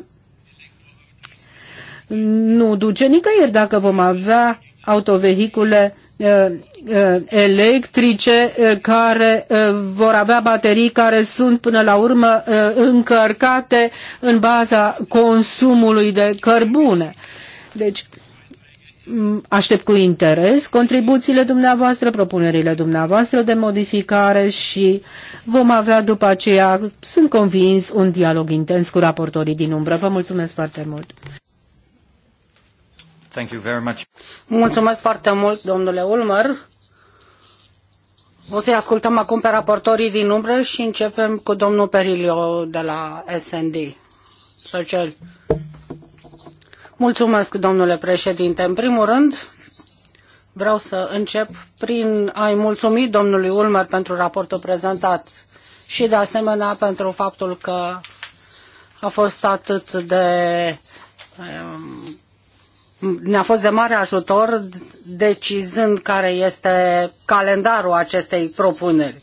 nu duce nicăieri dacă vom avea autovehicule Uh, uh, electrice uh, care vor avea baterii care sunt până la urmă încărcate în baza consumului de cărbune. Deci aștept cu interes contribuțiile dumneavoastră, propunerile dumneavoastră de modificare și vom avea după aceea, sunt convins, un dialog intens cu raportorii din umbră. Vă mulțumesc foarte mult! Thank you very much. Mulțumesc foarte mult, domnule Ulmer. O să-i ascultăm acum pe raportorii din umbră și începem cu domnul Perilio de la SND. Social. Mulțumesc, domnule președinte. În primul rând, vreau să încep prin a-i mulțumi domnului Ulmer pentru raportul prezentat și, de asemenea, pentru faptul că a fost atât de um, ne-a fost de mare ajutor decizând care este calendarul acestei propuneri.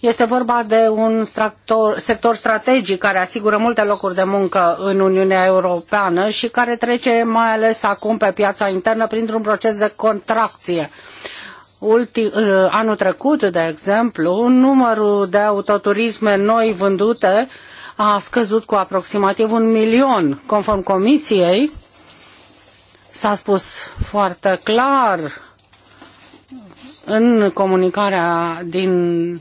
Este vorba de un sector, sector strategic care asigură multe locuri de muncă în Uniunea Europeană și care trece mai ales acum pe piața internă printr-un proces de contracție. Ulti, uh, anul trecut, de exemplu, numărul de autoturisme noi vândute a scăzut cu aproximativ un milion. Conform Comisiei, S-a spus foarte clar în comunicarea din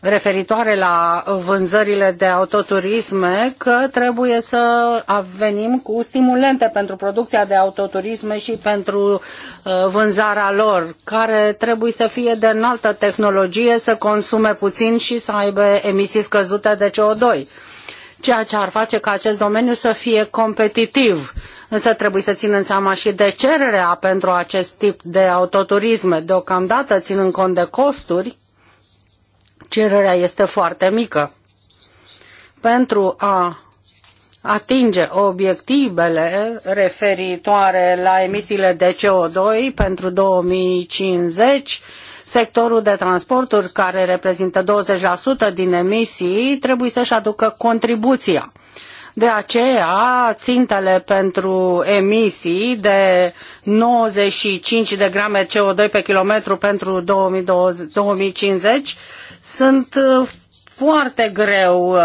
referitoare la vânzările de autoturisme că trebuie să venim cu stimulente pentru producția de autoturisme și pentru uh, vânzarea lor, care trebuie să fie de înaltă tehnologie, să consume puțin și să aibă emisii scăzute de CO2 ceea ce ar face ca acest domeniu să fie competitiv. Însă trebuie să ținem seama și de cererea pentru acest tip de autoturisme. Deocamdată, ținând cont de costuri, cererea este foarte mică. Pentru a atinge obiectivele referitoare la emisiile de CO2 pentru 2050, Sectorul de transporturi, care reprezintă 20% din emisii, trebuie să-și aducă contribuția. De aceea, țintele pentru emisii de 95 de grame CO2 pe kilometru pentru 2020, 2050 sunt uh, foarte greu uh,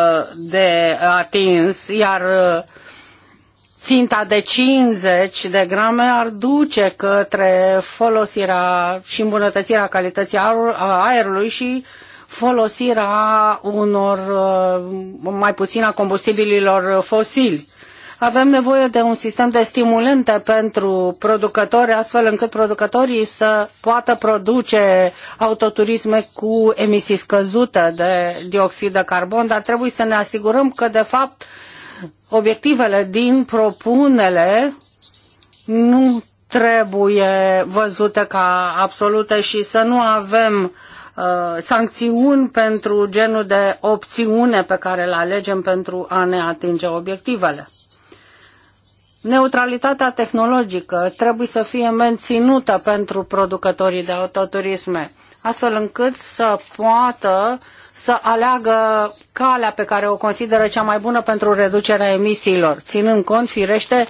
de atins, iar uh, ținta de 50 de grame ar duce către folosirea și îmbunătățirea calității aerului și folosirea unor uh, mai puțin a combustibililor fosili. Avem nevoie de un sistem de stimulente pentru producători, astfel încât producătorii să poată produce autoturisme cu emisii scăzute de dioxid de carbon, dar trebuie să ne asigurăm că, de fapt, obiectivele din propunele nu trebuie văzute ca absolute și să nu avem uh, sancțiuni pentru genul de opțiune pe care le alegem pentru a ne atinge obiectivele. Neutralitatea tehnologică trebuie să fie menținută pentru producătorii de autoturisme, astfel încât să poată să aleagă calea pe care o consideră cea mai bună pentru reducerea emisiilor, ținând cont, firește,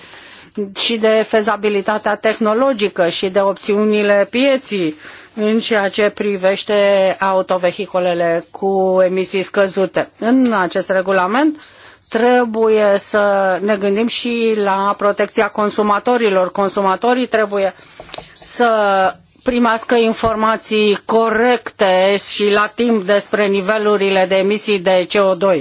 și de fezabilitatea tehnologică și de opțiunile pieții în ceea ce privește autovehicolele cu emisii scăzute. În acest regulament trebuie să ne gândim și la protecția consumatorilor. Consumatorii trebuie să primească informații corecte și la timp despre nivelurile de emisii de CO2.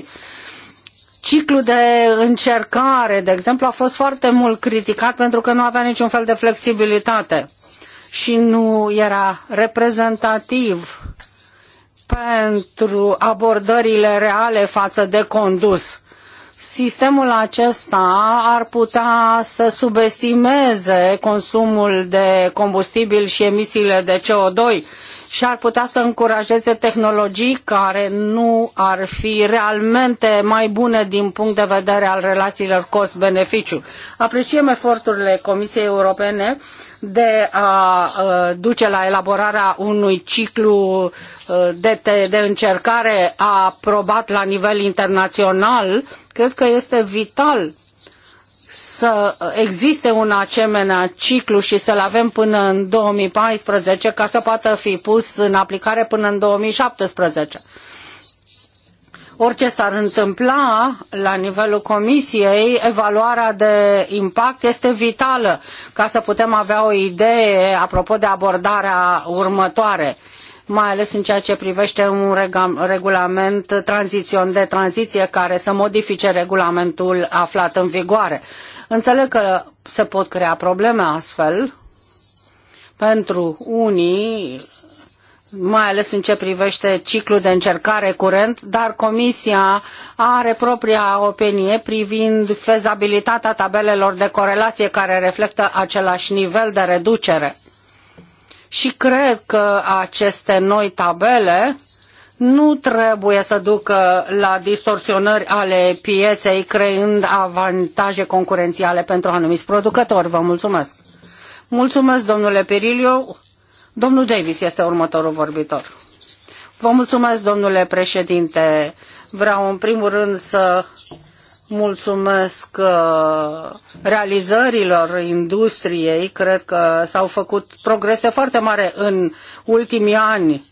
Ciclul de încercare, de exemplu, a fost foarte mult criticat pentru că nu avea niciun fel de flexibilitate și nu era reprezentativ pentru abordările reale față de condus. Sistemul acesta ar putea să subestimeze consumul de combustibil și emisiile de CO2 și ar putea să încurajeze tehnologii care nu ar fi realmente mai bune din punct de vedere al relațiilor cost-beneficiu. Apreciem eforturile Comisiei Europene de a duce la elaborarea unui ciclu de, te, de încercare aprobat la nivel internațional. Cred că este vital să existe un asemenea ciclu și să-l avem până în 2014 ca să poată fi pus în aplicare până în 2017. Orice s-ar întâmpla la nivelul comisiei, evaluarea de impact este vitală ca să putem avea o idee apropo de abordarea următoare mai ales în ceea ce privește un regulament de tranziție care să modifice regulamentul aflat în vigoare. Înțeleg că se pot crea probleme astfel pentru unii, mai ales în ce privește ciclul de încercare curent, dar Comisia are propria opinie privind fezabilitatea tabelelor de corelație care reflectă același nivel de reducere. Și cred că aceste noi tabele nu trebuie să ducă la distorsionări ale pieței, creând avantaje concurențiale pentru anumiți producători. Vă mulțumesc. Mulțumesc, domnule Perilio, Domnul Davis este următorul vorbitor. Vă mulțumesc, domnule președinte. Vreau în primul rând să mulțumesc uh, realizărilor industriei. Cred că s-au făcut progrese foarte mari în ultimii ani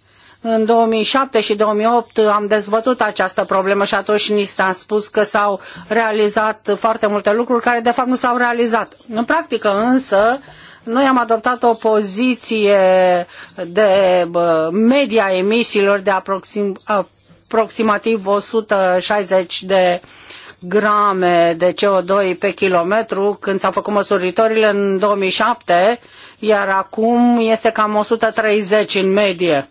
în 2007 și 2008 am dezbătut această problemă și atunci ni s-a spus că s-au realizat foarte multe lucruri care de fapt nu s-au realizat. În practică însă, noi am adoptat o poziție de media emisiilor de aproxim, aproximativ 160 de grame de CO2 pe kilometru când s-au făcut măsuritorile în 2007, iar acum este cam 130 în medie.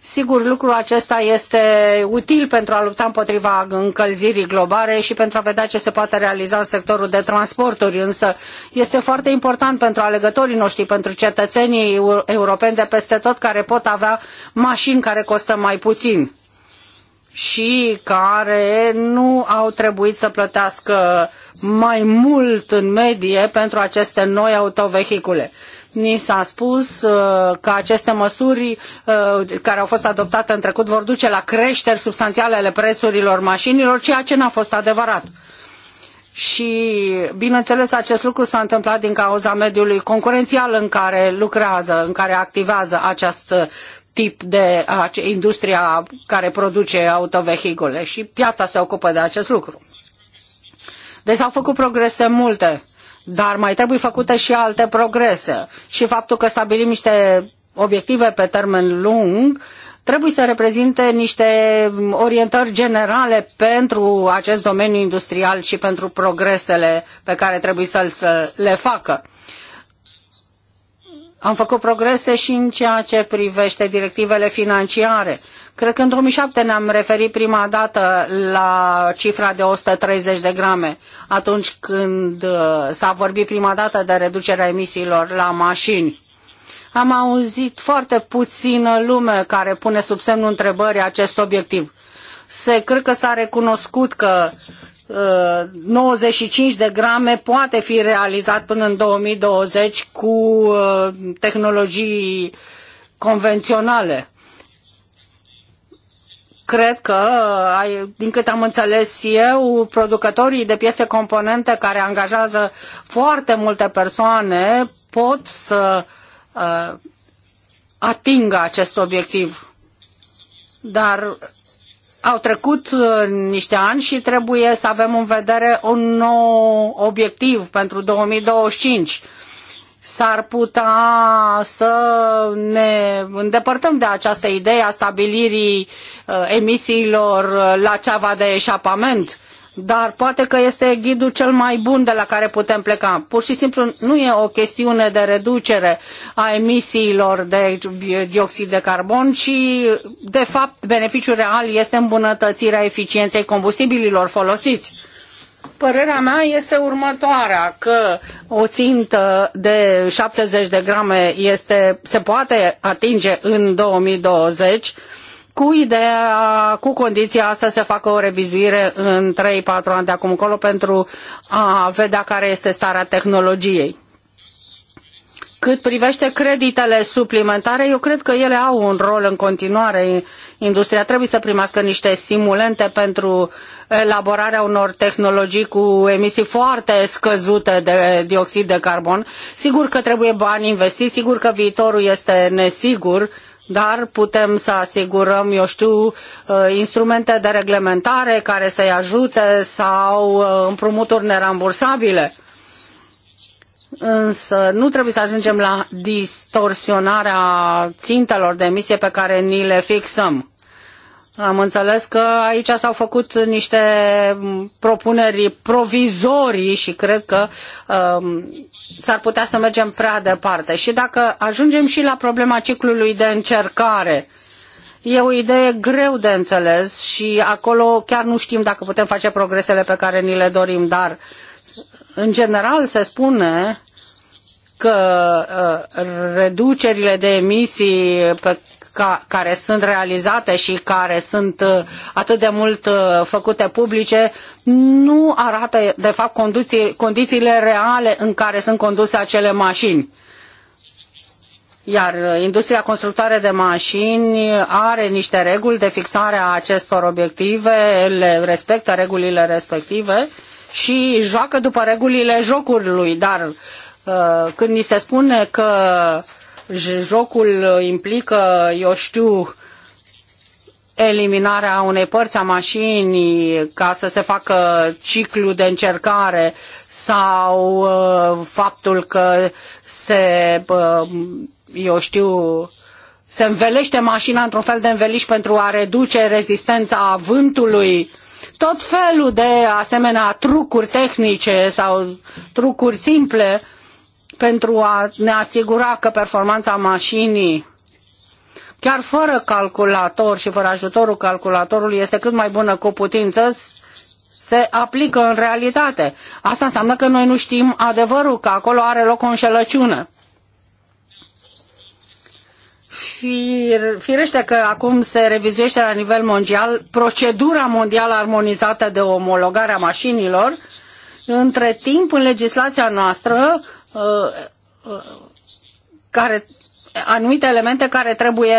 Sigur, lucrul acesta este util pentru a lupta împotriva încălzirii globale și pentru a vedea ce se poate realiza în sectorul de transporturi, însă este foarte important pentru alegătorii noștri, pentru cetățenii europeni de peste tot care pot avea mașini care costă mai puțin și care nu au trebuit să plătească mai mult în medie pentru aceste noi autovehicule. Ni s-a spus uh, că aceste măsuri uh, care au fost adoptate în trecut vor duce la creșteri substanțiale ale prețurilor mașinilor, ceea ce n-a fost adevărat. Și, bineînțeles, acest lucru s-a întâmplat din cauza mediului concurențial în care lucrează, în care activează acest tip de industria care produce autovehicule și piața se ocupă de acest lucru. Deci s-au făcut progrese multe dar mai trebuie făcute și alte progrese. Și faptul că stabilim niște obiective pe termen lung trebuie să reprezinte niște orientări generale pentru acest domeniu industrial și pentru progresele pe care trebuie să le facă. Am făcut progrese și în ceea ce privește directivele financiare Cred că în 2007 ne-am referit prima dată la cifra de 130 de grame, atunci când uh, s-a vorbit prima dată de reducerea emisiilor la mașini. Am auzit foarte puțină lume care pune sub semnul întrebării acest obiectiv. Se cred că s-a recunoscut că 95 uh, de grame poate fi realizat până în 2020 cu uh, tehnologii convenționale cred că, din cât am înțeles eu, producătorii de piese componente care angajează foarte multe persoane pot să uh, atingă acest obiectiv. Dar au trecut uh, niște ani și trebuie să avem în vedere un nou obiectiv pentru 2025 s-ar putea să ne îndepărtăm de această idee a stabilirii uh, emisiilor uh, la ceava de eșapament dar poate că este ghidul cel mai bun de la care putem pleca. Pur și simplu nu e o chestiune de reducere a emisiilor de dioxid de carbon, ci de fapt beneficiul real este îmbunătățirea eficienței combustibililor folosiți. Părerea mea este următoarea, că o țintă de 70 de grame este, se poate atinge în 2020, cu ideea, cu condiția să se facă o revizuire în 3-4 ani de acum încolo pentru a vedea care este starea tehnologiei. Cât privește creditele suplimentare, eu cred că ele au un rol în continuare. Industria trebuie să primească niște stimulente pentru elaborarea unor tehnologii cu emisii foarte scăzute de dioxid de carbon. Sigur că trebuie bani investiți, sigur că viitorul este nesigur, dar putem să asigurăm, eu știu, uh, instrumente de reglementare care să-i ajute sau uh, împrumuturi nerambursabile însă nu trebuie să ajungem la distorsionarea țintelor de emisie pe care ni le fixăm. Am înțeles că aici s-au făcut niște propuneri provizorii și cred că um, s-ar putea să mergem prea departe. Și dacă ajungem și la problema ciclului de încercare, e o idee greu de înțeles și acolo chiar nu știm dacă putem face progresele pe care ni le dorim, dar uh, în general se spune că uh, reducerile de emisii pe ca, care sunt realizate și care sunt uh, atât de mult uh, făcute publice nu arată, de fapt, condiții, condițiile reale în care sunt conduse acele mașini. Iar industria constructoare de mașini are niște reguli de fixare a acestor obiective, le respectă regulile respective și joacă după regulile jocului, dar uh, când ni se spune că jocul implică, eu știu, eliminarea unei părți a mașinii ca să se facă ciclu de încercare sau uh, faptul că se, uh, eu știu, se învelește mașina într-un fel de înveliș pentru a reduce rezistența vântului, tot felul de asemenea trucuri tehnice sau trucuri simple pentru a ne asigura că performanța mașinii, chiar fără calculator și fără ajutorul calculatorului, este cât mai bună cu putință, se aplică în realitate. Asta înseamnă că noi nu știm adevărul, că acolo are loc o înșelăciune firește că acum se revizuiește la nivel mondial procedura mondială armonizată de omologare a mașinilor. Între timp, în legislația noastră, uh, uh, care, anumite elemente care trebuie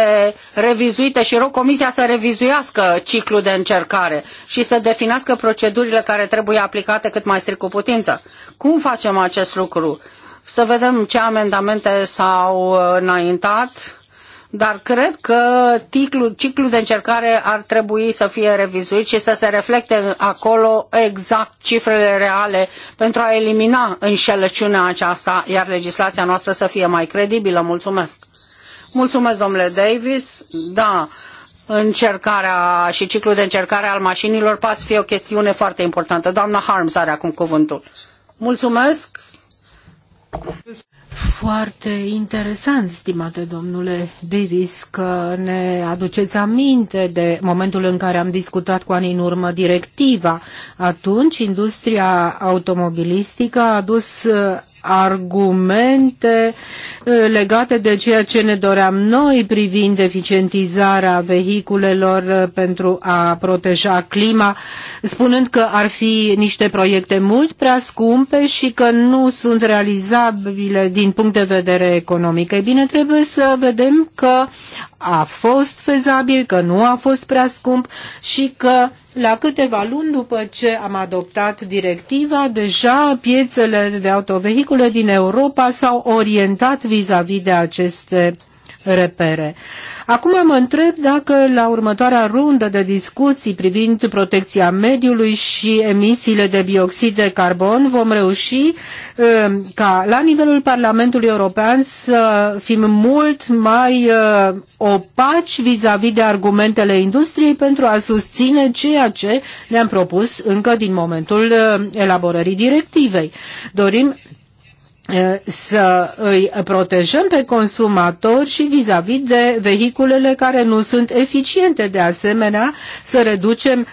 revizuite și rog Comisia să revizuiască ciclul de încercare și să definească procedurile care trebuie aplicate cât mai strict cu putință. Cum facem acest lucru? Să vedem ce amendamente s-au uh, înaintat dar cred că ciclul ciclul de încercare ar trebui să fie revizuit și să se reflecte acolo exact cifrele reale pentru a elimina înșelăciunea aceasta, iar legislația noastră să fie mai credibilă. Mulțumesc! Mulțumesc, domnule Davis. Da, încercarea și ciclul de încercare al mașinilor poate fi o chestiune foarte importantă. Doamna Harms are acum cuvântul. Mulțumesc! Foarte interesant, stimate domnule Davis, că ne aduceți aminte de momentul în care am discutat cu ani în urmă directiva. Atunci, industria automobilistică a adus uh, argumente uh, legate de ceea ce ne doream noi privind eficientizarea vehiculelor uh, pentru a proteja clima, spunând că ar fi niște proiecte mult prea scumpe și că nu sunt realizabile din punct de vedere economic. Ei bine, trebuie să vedem că a fost fezabil, că nu a fost prea scump și că la câteva luni după ce am adoptat directiva, deja piețele de autovehicule din Europa s-au orientat vis-a-vis -vis de aceste repere. Acum mă întreb dacă la următoarea rundă de discuții privind protecția mediului și emisiile de bioxid de carbon vom reuși um, ca la nivelul Parlamentului European să fim mult mai uh, opaci vis-a-vis -vis de argumentele industriei pentru a susține ceea ce ne-am propus încă din momentul uh, elaborării directivei. Dorim Eh, să îi protejăm pe consumatori și vis-a-vis de vehiculele care nu sunt eficiente. De asemenea, să reducem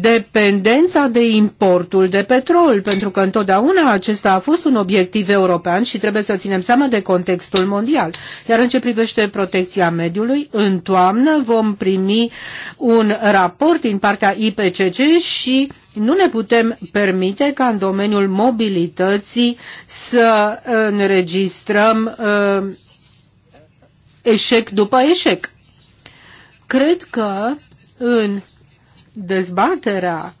dependența de importul de petrol, pentru că întotdeauna acesta a fost un obiectiv european și trebuie să ținem seama de contextul mondial. Iar în ce privește protecția mediului, în toamnă vom primi un raport din partea IPCC și nu ne putem permite ca în domeniul mobilității să înregistrăm uh, eșec după eșec. Cred că în dezbaterea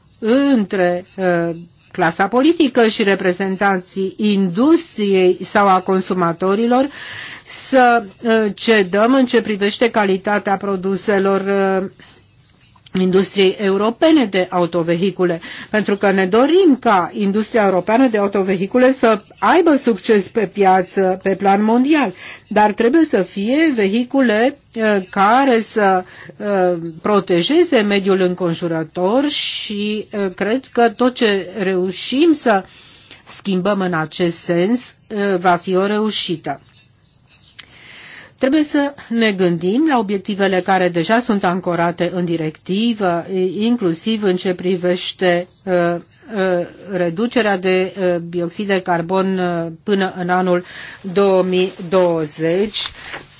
între uh, clasa politică și reprezentanții industriei sau a consumatorilor să uh, cedăm în ce privește calitatea produselor uh, industriei europene de autovehicule, pentru că ne dorim ca industria europeană de autovehicule să aibă succes pe piață, pe plan mondial, dar trebuie să fie vehicule uh, care să uh, protejeze mediul înconjurător și uh, cred că tot ce reușim să schimbăm în acest sens va fi o reușită. Trebuie să ne gândim la obiectivele care deja sunt ancorate în directivă, inclusiv în ce privește uh, uh, reducerea de uh, dioxid de carbon uh, până în anul 2020,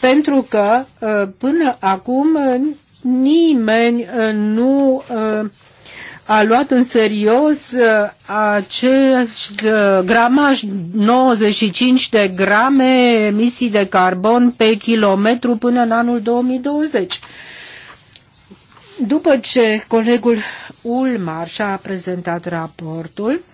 pentru că uh, până acum uh, nimeni nu a luat în serios uh, acest uh, gramaj 95 de grame emisii de carbon pe kilometru până în anul 2020. După ce colegul Ulmar și-a prezentat raportul,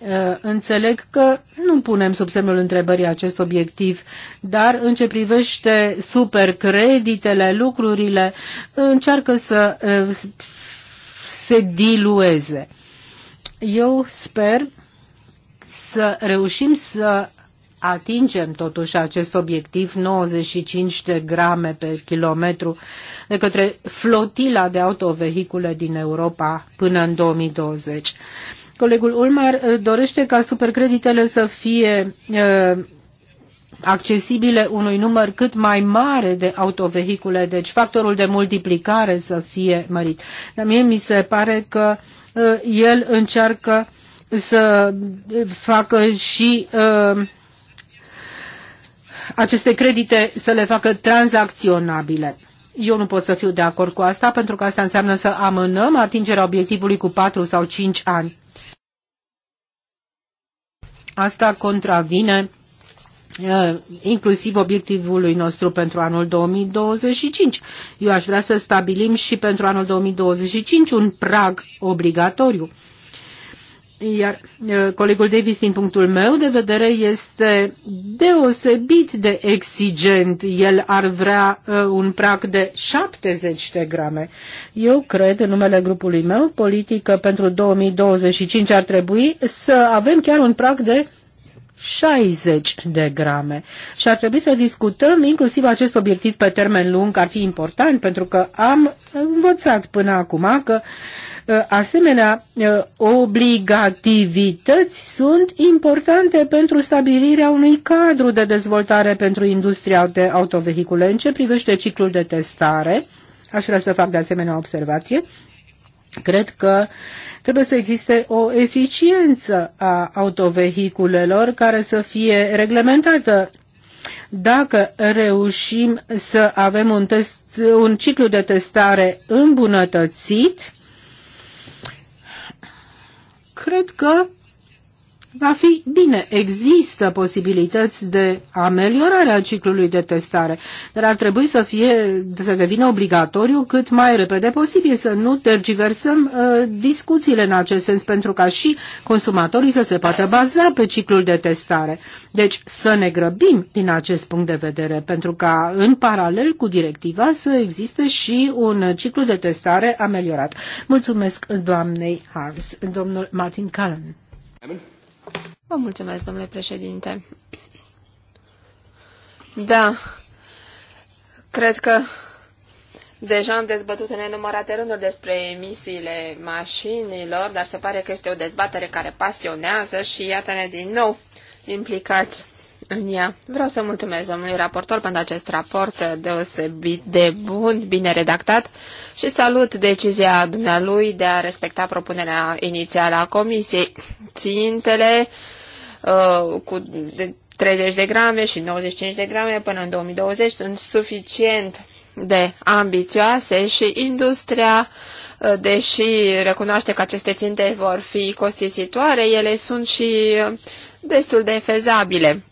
uh, Înțeleg că nu punem sub semnul întrebării acest obiectiv, dar în ce privește supercreditele, lucrurile, încearcă să se dilueze. Eu sper să reușim să atingem totuși acest obiectiv 95 de grame pe kilometru de către flotila de autovehicule din Europa până în 2020. Colegul Ulmar uh, dorește ca supercreditele să fie uh, accesibile unui număr cât mai mare de autovehicule, deci factorul de multiplicare să fie mărit. Dar mie mi se pare că uh, el încearcă să facă și uh, aceste credite să le facă tranzacționabile. Eu nu pot să fiu de acord cu asta, pentru că asta înseamnă să amânăm atingerea obiectivului cu 4 sau 5 ani. Asta contravine Eh, inclusiv obiectivului nostru pentru anul 2025. Eu aș vrea să stabilim și pentru anul 2025 un prag obligatoriu. Iar eh, colegul Davis, din punctul meu de vedere, este deosebit de exigent. El ar vrea eh, un prag de 70 de grame. Eu cred, în numele grupului meu politic, pentru 2025 ar trebui să avem chiar un prag de 60 de grame. Și ar trebui să discutăm inclusiv acest obiectiv pe termen lung, ar fi important pentru că am învățat până acum că ă, asemenea ă, obligativități sunt importante pentru stabilirea unui cadru de dezvoltare pentru industria de autovehicule. În ce privește ciclul de testare, aș vrea să fac de asemenea observație, Cred că trebuie să existe o eficiență a autovehiculelor care să fie reglementată. Dacă reușim să avem un, test, un ciclu de testare îmbunătățit, cred că va fi bine. Există posibilități de ameliorare a ciclului de testare, dar ar trebui să, fie, să devină obligatoriu cât mai repede posibil, să nu tergiversăm uh, discuțiile în acest sens, pentru ca și consumatorii să se poată baza pe ciclul de testare. Deci să ne grăbim din acest punct de vedere, pentru ca în paralel cu directiva să existe și un ciclu de testare ameliorat. Mulțumesc doamnei Harms, domnul Martin Callan. Amen. Vă mulțumesc, domnule președinte. Da, cred că deja am dezbătut în enumărate rânduri despre emisiile mașinilor, dar se pare că este o dezbatere care pasionează și iată-ne din nou implicați în ea. Vreau să mulțumesc domnului raportor pentru acest raport deosebit de bun, bine redactat și salut decizia dumnealui de a respecta propunerea inițială a comisiei. Țintele uh, cu 30 de grame și 95 de grame până în 2020 sunt suficient de ambițioase și industria uh, deși recunoaște că aceste ținte vor fi costisitoare, ele sunt și uh, destul de fezabile.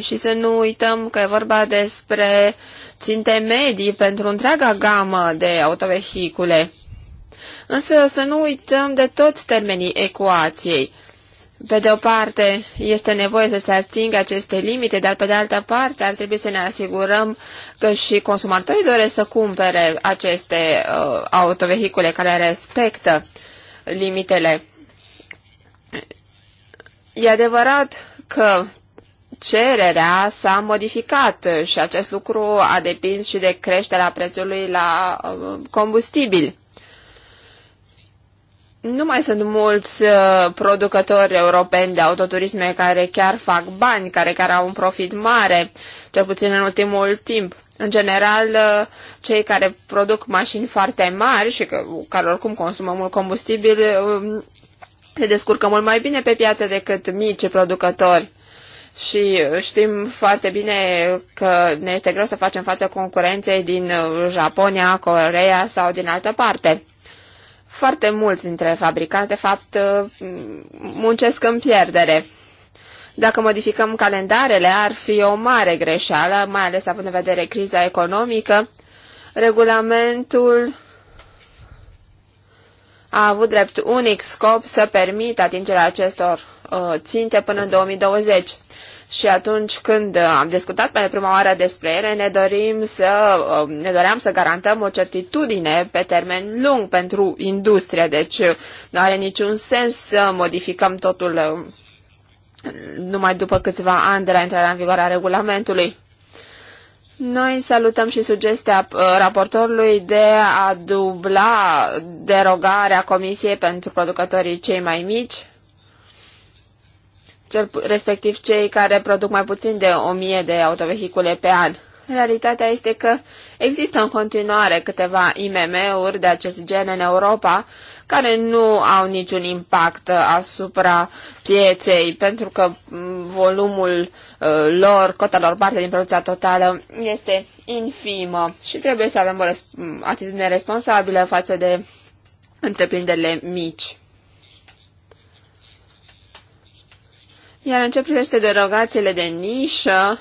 Și să nu uităm că e vorba despre ținte medii pentru întreaga gamă de autovehicule. Însă să nu uităm de toți termenii ecuației. Pe de o parte, este nevoie să se atingă aceste limite, dar pe de altă parte ar trebui să ne asigurăm că și consumatorii doresc să cumpere aceste uh, autovehicule care respectă limitele. E adevărat că cererea s-a modificat și acest lucru a depins și de creșterea prețului la uh, combustibil. Nu mai sunt mulți uh, producători europeni de autoturisme care chiar fac bani, care, care au un profit mare, cel puțin în ultimul timp. În general, uh, cei care produc mașini foarte mari și care oricum consumă mult combustibil um, se descurcă mult mai bine pe piață decât mici producători și uh, știm foarte bine că ne este greu să facem față concurenței din uh, Japonia, Corea sau din altă parte. Foarte mulți dintre fabricanți, de fapt, uh, muncesc în pierdere. Dacă modificăm calendarele, ar fi o mare greșeală, mai ales având în vedere criza economică. Regulamentul a avut drept unic scop să permită atingerea acestor Uh, ținte până în 2020. Și atunci când am discutat pentru prima oară despre ele, ne, dorim să, uh, ne doream să garantăm o certitudine pe termen lung pentru industrie, deci uh, nu are niciun sens să modificăm totul numai după câțiva ani de la intrarea în vigoare a regulamentului. Noi salutăm și sugestia raportorului de a dubla derogarea Comisiei pentru producătorii cei mai mici cel, respectiv cei care produc mai puțin de 1000 de autovehicule pe an. Realitatea este că există în continuare câteva IMM-uri de acest gen în Europa care nu au niciun impact asupra pieței pentru că mm, volumul uh, lor, cota lor parte din producția totală este infimă și trebuie să avem o mm, atitudine responsabilă față de întreprinderile mici. Iar în ce privește derogațiile de nișă,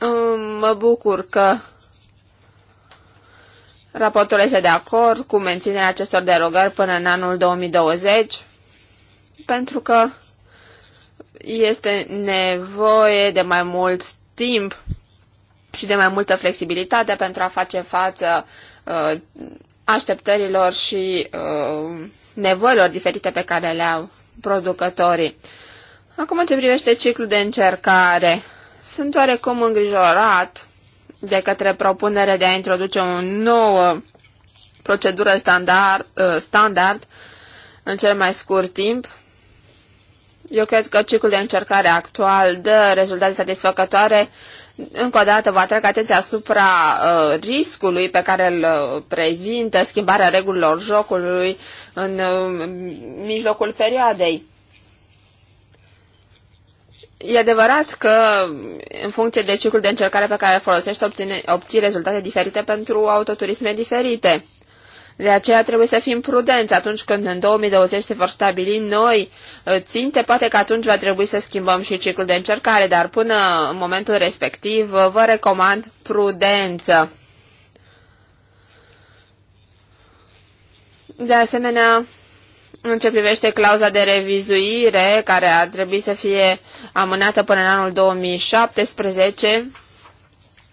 um, mă bucur că raportul este de acord cu menținerea acestor derogări până în anul 2020, pentru că este nevoie de mai mult timp și de mai multă flexibilitate pentru a face față uh, așteptărilor și uh, nevoilor diferite pe care le au producătorii. Acum, ce privește ciclul de încercare, sunt oarecum îngrijorat de către propunerea de a introduce o nouă procedură standard, uh, standard în cel mai scurt timp. Eu cred că ciclul de încercare actual dă rezultate satisfăcătoare. Încă o dată vă atrag atenția asupra uh, riscului pe care îl uh, prezintă schimbarea regulilor jocului în uh, mijlocul perioadei. E adevărat că în funcție de ciclul de încercare pe care îl folosești, obține, obții rezultate diferite pentru autoturisme diferite. De aceea trebuie să fim prudenți atunci când în 2020 se vor stabili noi uh, ținte, poate că atunci va trebui să schimbăm și ciclul de încercare, dar până în momentul respectiv uh, vă recomand prudență. De asemenea, în ce privește clauza de revizuire, care ar trebui să fie amânată până în anul 2017,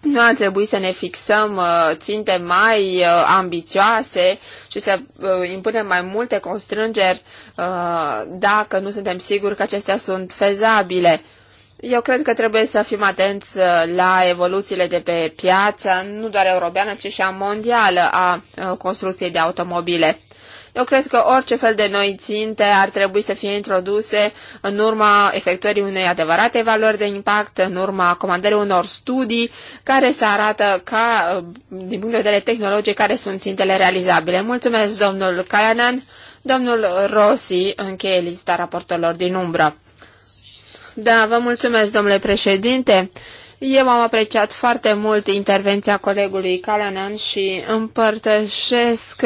nu ar trebui să ne fixăm uh, ținte mai uh, ambițioase și să uh, impunem mai multe constrângeri dacă nu suntem siguri că acestea sunt fezabile. Eu cred că trebuie să fim atenți la evoluțiile de pe piață, nu doar europeană, ci și a mondială a construcției de automobile. Eu cred că orice fel de noi ținte ar trebui să fie introduse în urma efectuării unei adevărate valori de impact, în urma comandării unor studii care să arată ca, din punct de vedere tehnologic, care sunt țintele realizabile. Mulțumesc, domnul Calanan. Domnul Rossi încheie lista raportelor din umbră. Da, vă mulțumesc, domnule președinte. Eu am apreciat foarte mult intervenția colegului Calanan și împărtășesc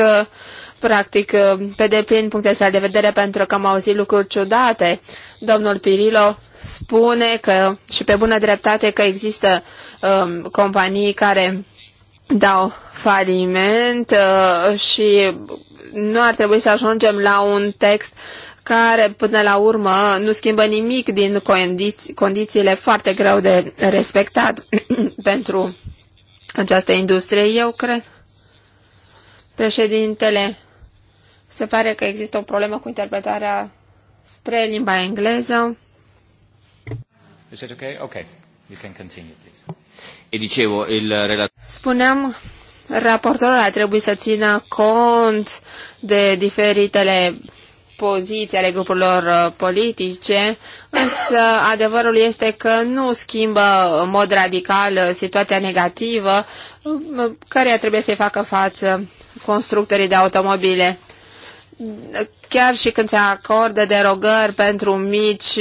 practic uh, pe deplin puncte sale de vedere pentru că am auzit lucruri ciudate. Domnul Pirilo spune că și pe bună dreptate că există um, companii care dau faliment uh, și nu ar trebui să ajungem la un text care până la urmă nu schimbă nimic din condiți- condițiile foarte greu de respectat pentru această industrie, eu cred. Președintele se pare că există o problemă cu interpretarea spre limba engleză. Is it okay? Okay. You can continue, please. E dicevo, il Spuneam, raportorul a trebuit să țină cont de diferitele poziții ale grupurilor uh, politice, însă adevărul este că nu schimbă în mod radical uh, situația negativă uh, care trebuie să-i facă față constructorii de automobile chiar și când se acordă derogări pentru mici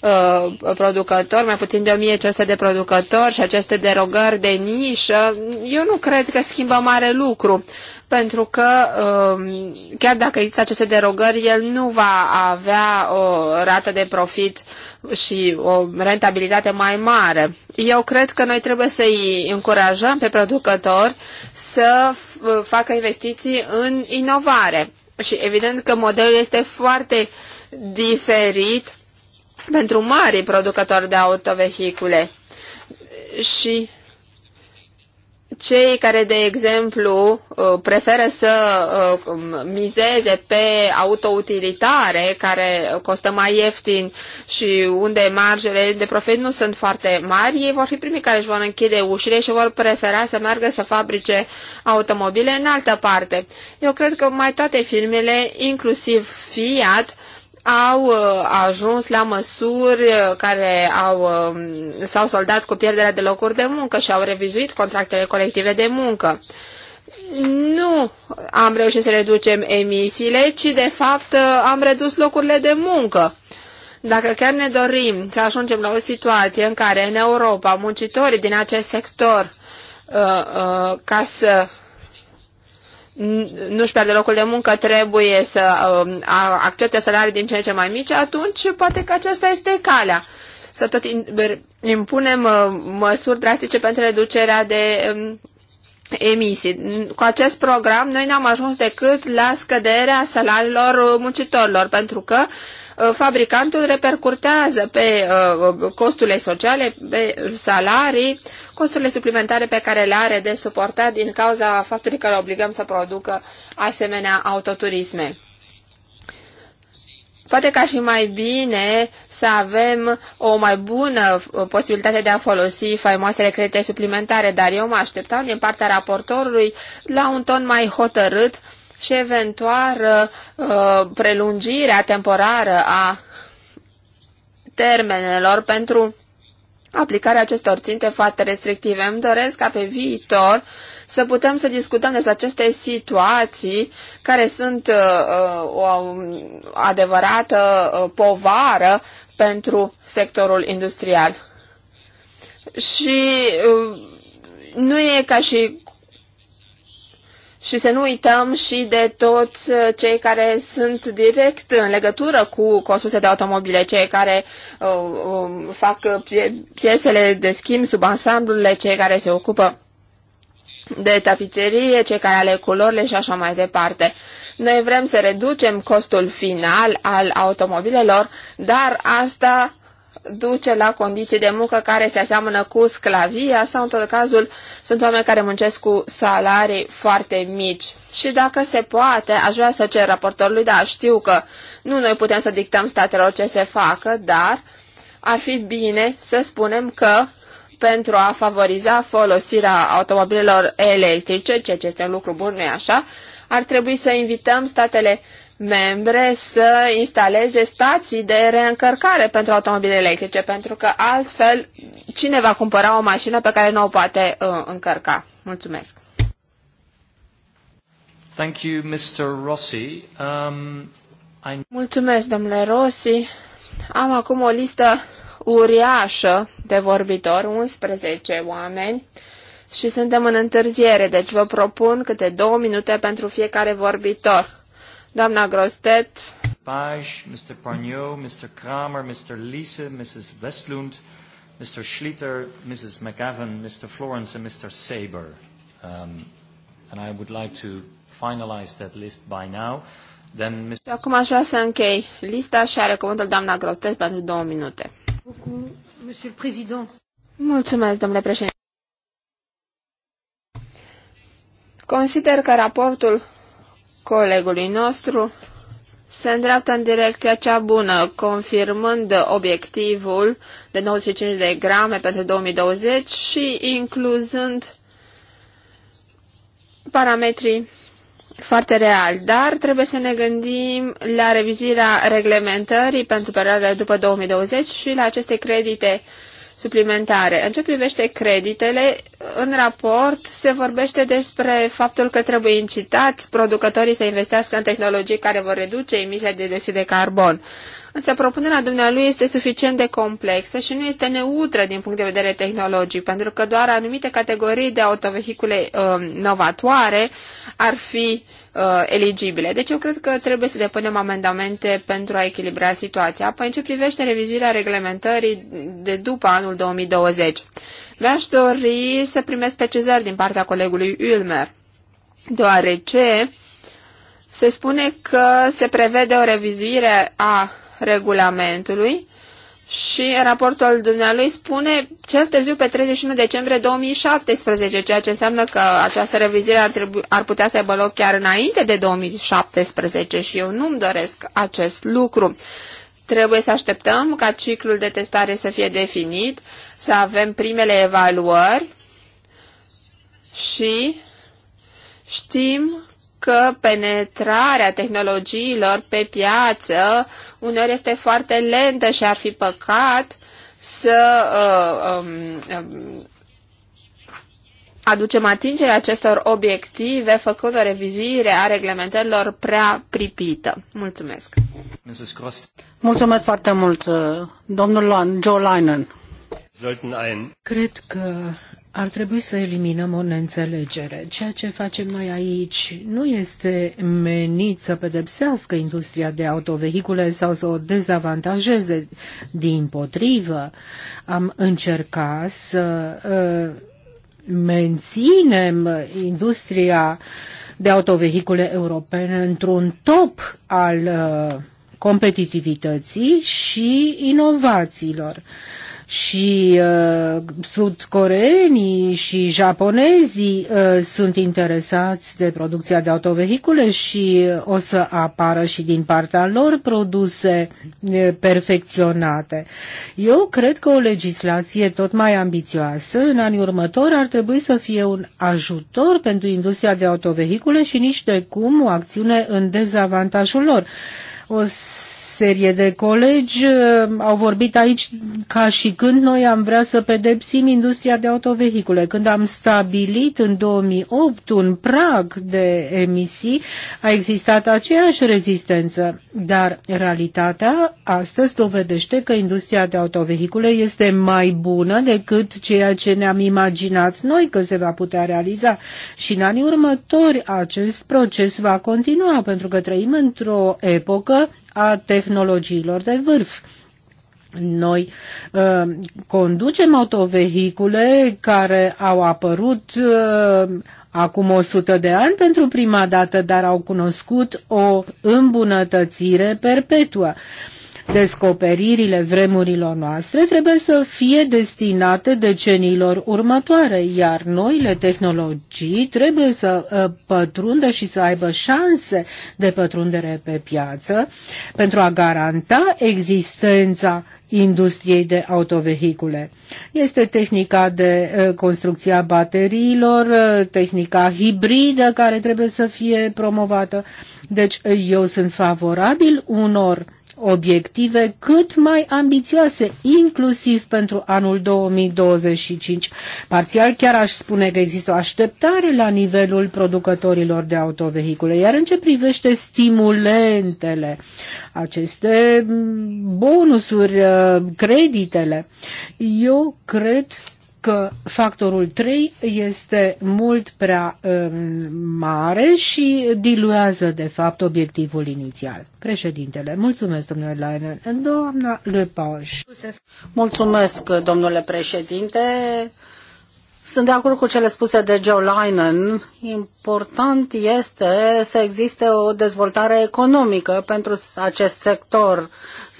uh, producători, mai puțin de 1500 de producători și aceste derogări de nișă, eu nu cred că schimbă mare lucru, pentru că um, chiar dacă există aceste derogări, el nu va avea o rată de profit și o rentabilitate mai mare. Eu cred că noi trebuie să-i încurajăm pe producători să uh, facă investiții în inovare și evident că modelul este foarte diferit pentru mari producători de autovehicule. Și cei care, de exemplu, uh, preferă să uh, mizeze pe autoutilitare care costă mai ieftin și unde marjele de profit nu sunt foarte mari, ei vor fi primii care își vor închide ușile și vor prefera să meargă să fabrice automobile în altă parte. Eu cred că mai toate firmele, inclusiv Fiat, au uh, ajuns la măsuri uh, care au, um, s-au soldat cu pierderea de locuri de muncă și au revizuit contractele colective de muncă. Nu am reușit să reducem emisiile, ci de fapt uh, am redus locurile de muncă. Dacă chiar ne dorim să ajungem la o situație în care în Europa muncitorii din acest sector, ca să nu-și pierde locul de muncă, trebuie să um, accepte salarii din ce în ce mai mici, atunci poate că aceasta este calea. Să tot impunem uh, măsuri drastice pentru reducerea de um, emisii. Cu acest program noi n-am ajuns decât la scăderea salariilor uh, muncitorilor, pentru că uh, Uh, fabricantul repercurtează pe uh, costurile sociale, pe salarii, costurile suplimentare pe care le are de suportat din cauza faptului că le obligăm să producă asemenea autoturisme. Poate că ar fi mai bine să avem o mai bună uh, posibilitate de a folosi faimoasele credite suplimentare, dar eu mă așteptam din partea raportorului la un ton mai hotărât și eventual uh, prelungirea temporară a termenelor pentru aplicarea acestor ținte foarte restrictive. Îmi doresc ca pe viitor să putem să discutăm despre aceste situații care sunt uh, uh o adevărată uh, povară pentru sectorul industrial. Și uh, nu e ca și și să nu uităm și de toți uh, cei care sunt direct în legătură cu construse de automobile, cei care uh, um, uh, fac pie piesele de schimb sub ansamblurile, cei care se ocupă de tapiserie, cei care ale culorile și așa mai departe. Noi vrem să reducem costul final al automobilelor, dar asta duce la condiții de muncă care se aseamănă cu sclavia sau, în tot cazul, sunt oameni care muncesc cu salarii foarte mici. Și dacă se poate, aș vrea să cer raportorului, da, știu că nu noi putem să dictăm statelor ce se facă, dar ar fi bine să spunem că pentru a favoriza folosirea automobilelor electrice, ceea ce este un lucru bun, nu-i așa, ar trebui să invităm statele membre să instaleze stații de reîncărcare pentru automobile electrice, pentru că altfel cine va cumpăra o mașină pe care nu o poate uh, încărca? Mulțumesc. Thank you, Mr. Rossi. Um, I... Mulțumesc, domnule Rossi. Am acum o listă uriașă de vorbitori, 11 oameni și suntem în întârziere, deci vă propun câte două minute pentru fiecare vorbitor. Doamna Grostet. Page, Mr. Parnio, Mr. Kramer, Mr. Lise, Mrs. Westlund, Mr. Schlitter, Mrs. McGavin, Mr. Florence and Mr. Saber. Um, and I would like to finalize that list by now. Then Mr. Acum aș vrea să închei lista și are cuvântul doamna Grostet pentru două minute. Mulțumesc, domnule președinte. Consider că raportul colegului nostru se îndreaptă în direcția cea bună, confirmând obiectivul de 95 de grame pentru 2020 și incluzând parametrii foarte reali. dar trebuie să ne gândim la revizirea reglementării pentru perioada după 2020 și la aceste credite suplimentare. În ce privește creditele, în raport se vorbește despre faptul că trebuie incitați producătorii să investească în tehnologii care vor reduce emisia de dioxid de carbon. Însă propunerea dumnealui este suficient de complexă și nu este neutră din punct de vedere tehnologic, pentru că doar anumite categorii de autovehicule uh, novatoare ar fi uh, eligibile. Deci eu cred că trebuie să depunem amendamente pentru a echilibra situația. Apoi, în ce privește revizuirea reglementării de după anul 2020. Mi-aș dori să primesc precizări din partea colegului Ulmer, deoarece se spune că se prevede o revizuire a regulamentului și în raportul dumnealui spune cel târziu pe 31 decembrie 2017, ceea ce înseamnă că această revizuire ar, trebui, ar putea să aibă loc chiar înainte de 2017 și eu nu-mi doresc acest lucru. Trebuie să așteptăm ca ciclul de testare să fie definit să avem primele evaluări și știm că penetrarea tehnologiilor pe piață uneori este foarte lentă și ar fi păcat să uh, um, um, aducem atingerea acestor obiective făcând o revizuire a reglementărilor prea pripită. Mulțumesc! Mulțumesc foarte mult, uh, domnul Joe Linen. Cred că ar trebui să eliminăm o neînțelegere. Ceea ce facem noi aici nu este menit să pedepsească industria de autovehicule sau să o dezavantajeze. Din potrivă, am încercat să uh, menținem industria de autovehicule europene într-un top al uh, competitivității și inovațiilor. Uh, și uh, sudcoreenii și japonezii uh, sunt interesați de producția de autovehicule și o să apară și din partea lor produse uh, perfecționate. Eu cred că o legislație tot mai ambițioasă în anii următori ar trebui să fie un ajutor pentru industria de autovehicule și nici de cum o acțiune în dezavantajul lor. O serie de colegi uh, au vorbit aici ca și când noi am vrea să pedepsim industria de autovehicule. Când am stabilit în 2008 un prag de emisii, a existat aceeași rezistență, dar realitatea astăzi dovedește că industria de autovehicule este mai bună decât ceea ce ne-am imaginat noi că se va putea realiza. Și în anii următori acest proces va continua, pentru că trăim într-o epocă a tehnologiilor de vârf. Noi uh, conducem autovehicule care au apărut uh, acum 100 de ani pentru prima dată, dar au cunoscut o îmbunătățire perpetuă. Uh, descoperirile vremurilor noastre trebuie să fie destinate deceniilor următoare, iar noile tehnologii trebuie să uh, pătrundă și să aibă șanse de pătrundere pe piață pentru a garanta existența industriei de autovehicule. Este tehnica de uh, construcție a bateriilor, uh, tehnica hibridă care trebuie să fie promovată. Deci eu sunt favorabil unor obiective cât mai ambițioase, inclusiv pentru anul 2025. Parțial chiar aș spune că există o așteptare la nivelul producătorilor de autovehicule, iar în ce privește stimulentele, aceste bonusuri, uh, creditele, eu cred că factorul 3 este mult prea um, mare și diluează, de fapt, obiectivul inițial. Președintele, mulțumesc, domnule Leinen. Doamna Lepaj. Mulțumesc, domnule președinte. Sunt de acord cu cele spuse de Joe Leinen. Important este să existe o dezvoltare economică pentru acest sector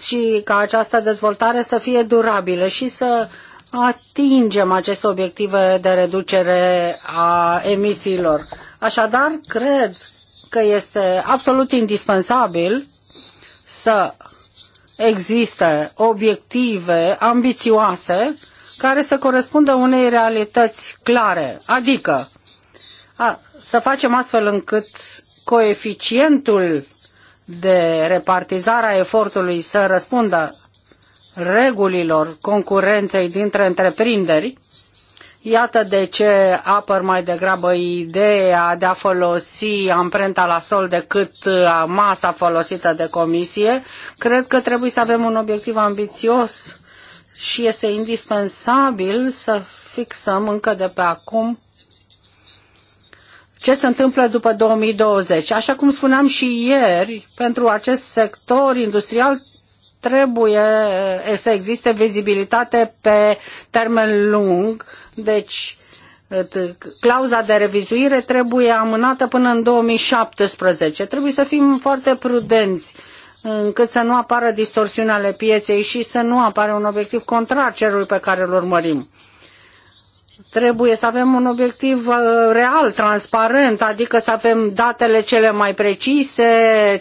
și ca această dezvoltare să fie durabilă și să uh, atingem aceste obiective de reducere a emisiilor. Așadar, cred că este absolut indispensabil să existe obiective ambițioase care să corespundă unei realități clare, adică a, să facem astfel încât coeficientul de repartizare a efortului să răspundă regulilor concurenței dintre întreprinderi. Iată de ce apăr mai degrabă ideea de a folosi amprenta la sol decât uh, masa folosită de comisie. Cred că trebuie să avem un obiectiv ambițios și este indispensabil să fixăm încă de pe acum ce se întâmplă după 2020. Așa cum spuneam și ieri, pentru acest sector industrial trebuie să existe vizibilitate pe termen lung, deci clauza de revizuire trebuie amânată până în 2017. Trebuie să fim foarte prudenți încât să nu apară distorsiunea ale pieței și să nu apară un obiectiv contrar celui pe care îl urmărim. Trebuie să avem un obiectiv uh, real, transparent, adică să avem datele cele mai precise,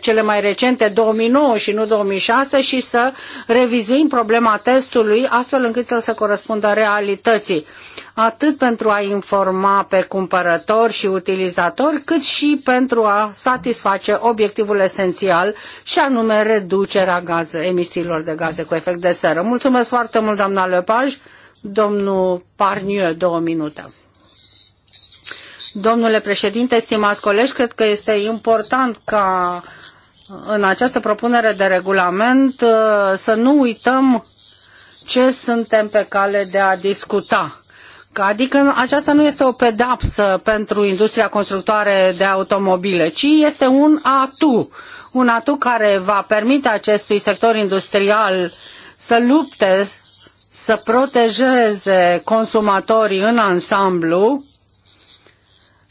cele mai recente, 2009 și nu 2006 și să revizuim problema testului astfel încât să se corespundă realității atât pentru a informa pe cumpărători și utilizatori, cât și pentru a satisface obiectivul esențial și anume reducerea gaze, emisiilor de gaze cu efect de seră. Mulțumesc foarte mult, doamna Lepaj. Domnul Parniu, două minute. Domnule președinte, stimați colegi, cred că este important ca uh, în această propunere de regulament uh, să nu uităm ce suntem pe cale de a discuta. Adică aceasta nu este o pedapsă pentru industria constructoare de automobile, ci este un atu, un atu care va permite acestui sector industrial să lupte să protejeze consumatorii în ansamblu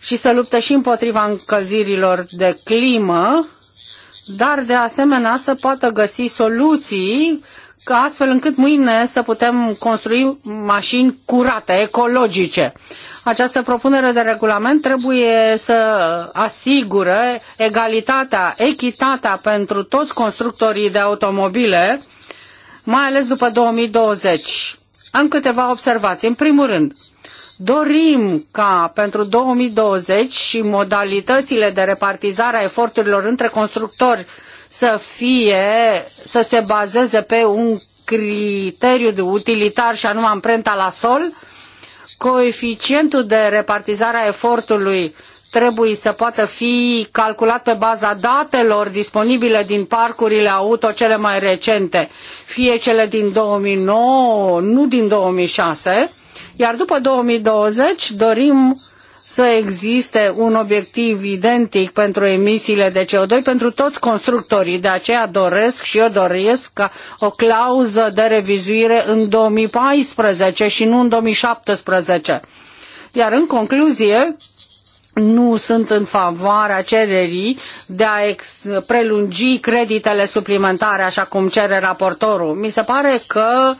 și să lupte și împotriva încălzirilor de climă, dar de asemenea să poată găsi soluții ca astfel încât mâine să putem construi mașini curate, ecologice. Această propunere de regulament trebuie să asigure egalitatea, echitatea pentru toți constructorii de automobile, mai ales după 2020. Am câteva observații. În primul rând, dorim ca pentru 2020 și modalitățile de repartizare a eforturilor între constructori să fie, să se bazeze pe un criteriu de utilitar și anume amprenta la sol, coeficientul de repartizare a efortului trebuie să poată fi calculat pe baza datelor disponibile din parcurile auto cele mai recente, fie cele din 2009, nu din 2006, iar după 2020 dorim să existe un obiectiv identic pentru emisiile de CO2 pentru toți constructorii. De aceea doresc și eu doresc ca o clauză de revizuire în 2014 și nu în 2017. Iar în concluzie, nu sunt în favoarea cererii de a prelungi creditele suplimentare, așa cum cere raportorul. Mi se pare că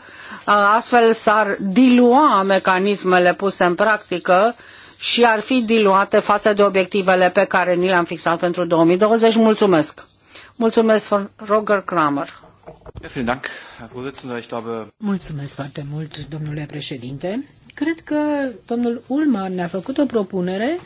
astfel s-ar dilua mecanismele puse în practică și ar fi diluate față de obiectivele pe care ni le-am fixat pentru 2020. Mulțumesc! Mulțumesc, Roger Kramer. Mulțumesc foarte mult, domnule președinte. Cred că domnul Ulman ne-a făcut o propunere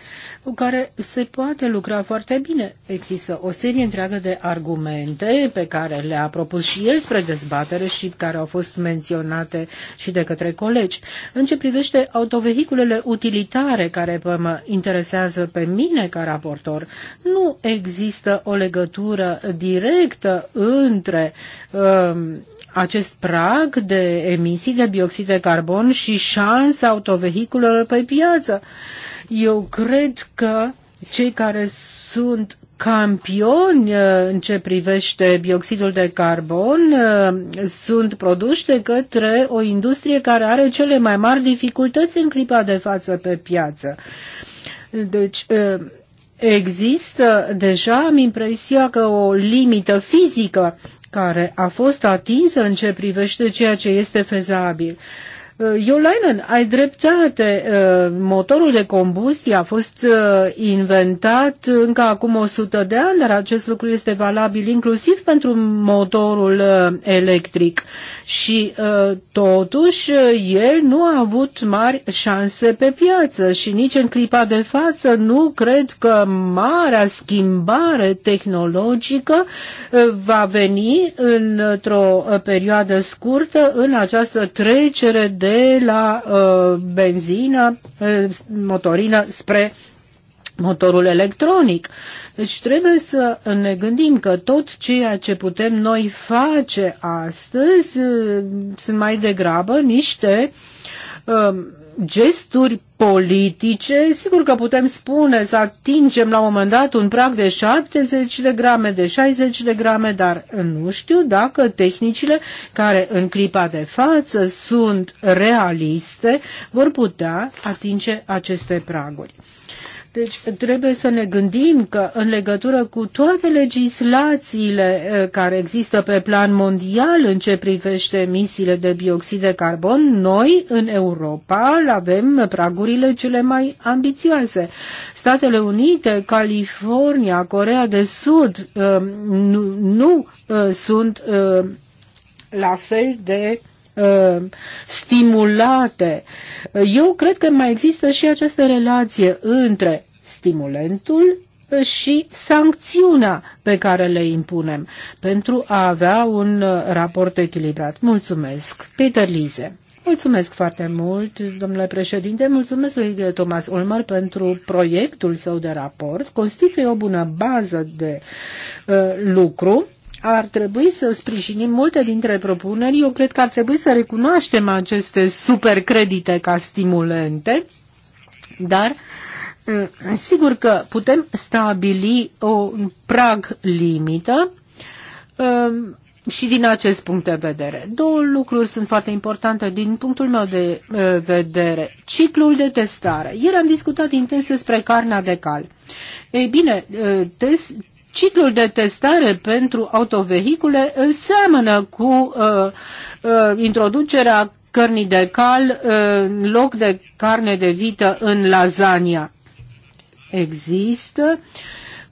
cu care se poate lucra foarte bine. Există o serie întreagă de argumente pe care le-a propus și el spre dezbatere și care au fost menționate și de către colegi. În ce privește autovehiculele utilitare care mă interesează pe mine ca raportor, nu există o legătură directă între um, acest prag de emisii de bioxid de carbon și șansa autovehiculelor pe piață. Uh, eu cred că cei care sunt campioni uh, în ce privește bioxidul de carbon uh, sunt produși de către o industrie care are cele mai mari dificultăți în clipa de față pe piață. Deci, uh, există deja, am impresia că o limită fizică care a fost atinsă în ce privește ceea ce este fezabil. Eh, Iolainen, ai dreptate. Eh, motorul de combustie a fost eh, inventat încă acum 100 de ani, dar acest lucru este valabil inclusiv pentru motorul electric. Și totuși el nu a avut mari șanse pe piață și nici în clipa de față nu cred că marea schimbare tehnologică va veni într-o perioadă scurtă în această trecere de de la uh, benzină, uh, motorină spre motorul electronic. Deci trebuie să ne gândim că tot ceea ce putem noi face astăzi uh, sunt mai degrabă niște uh, gesturi politice, sigur că putem spune să atingem la un moment dat un prag de 70 de grame, de 60 de grame, dar nu știu dacă tehnicile care în clipa de față sunt realiste vor putea atinge aceste praguri. Deci trebuie să ne gândim că în legătură cu toate legislațiile eh, care există pe plan mondial în ce privește emisiile de bioxid de carbon, noi în Europa avem pragurile cele mai ambițioase. Statele Unite, California, Corea de Sud eh, nu, nu eh, sunt la fel de Uh, stimulate. Eu cred că mai există și această relație între stimulentul și sancțiunea pe care le impunem pentru a avea un raport echilibrat. Mulțumesc. Peter Lize. Mulțumesc foarte mult, domnule președinte. Mulțumesc lui Thomas Ulmer pentru proiectul său de raport. Constituie o bună bază de uh, lucru ar trebui să sprijinim multe dintre propuneri. Eu cred că ar trebui să recunoaștem aceste supercredite ca stimulente, dar eh, sigur că putem stabili o prag limită eh, și din acest punct de vedere. Două lucruri sunt foarte importante din punctul meu de eh, vedere. Ciclul de testare. Ieri am discutat intens despre carnea de cal. Ei bine, test, ciclul de testare pentru autovehicule seamănă cu uh, uh, introducerea cărnii de cal uh, în uh, loc de carne de vită în lasagna. Există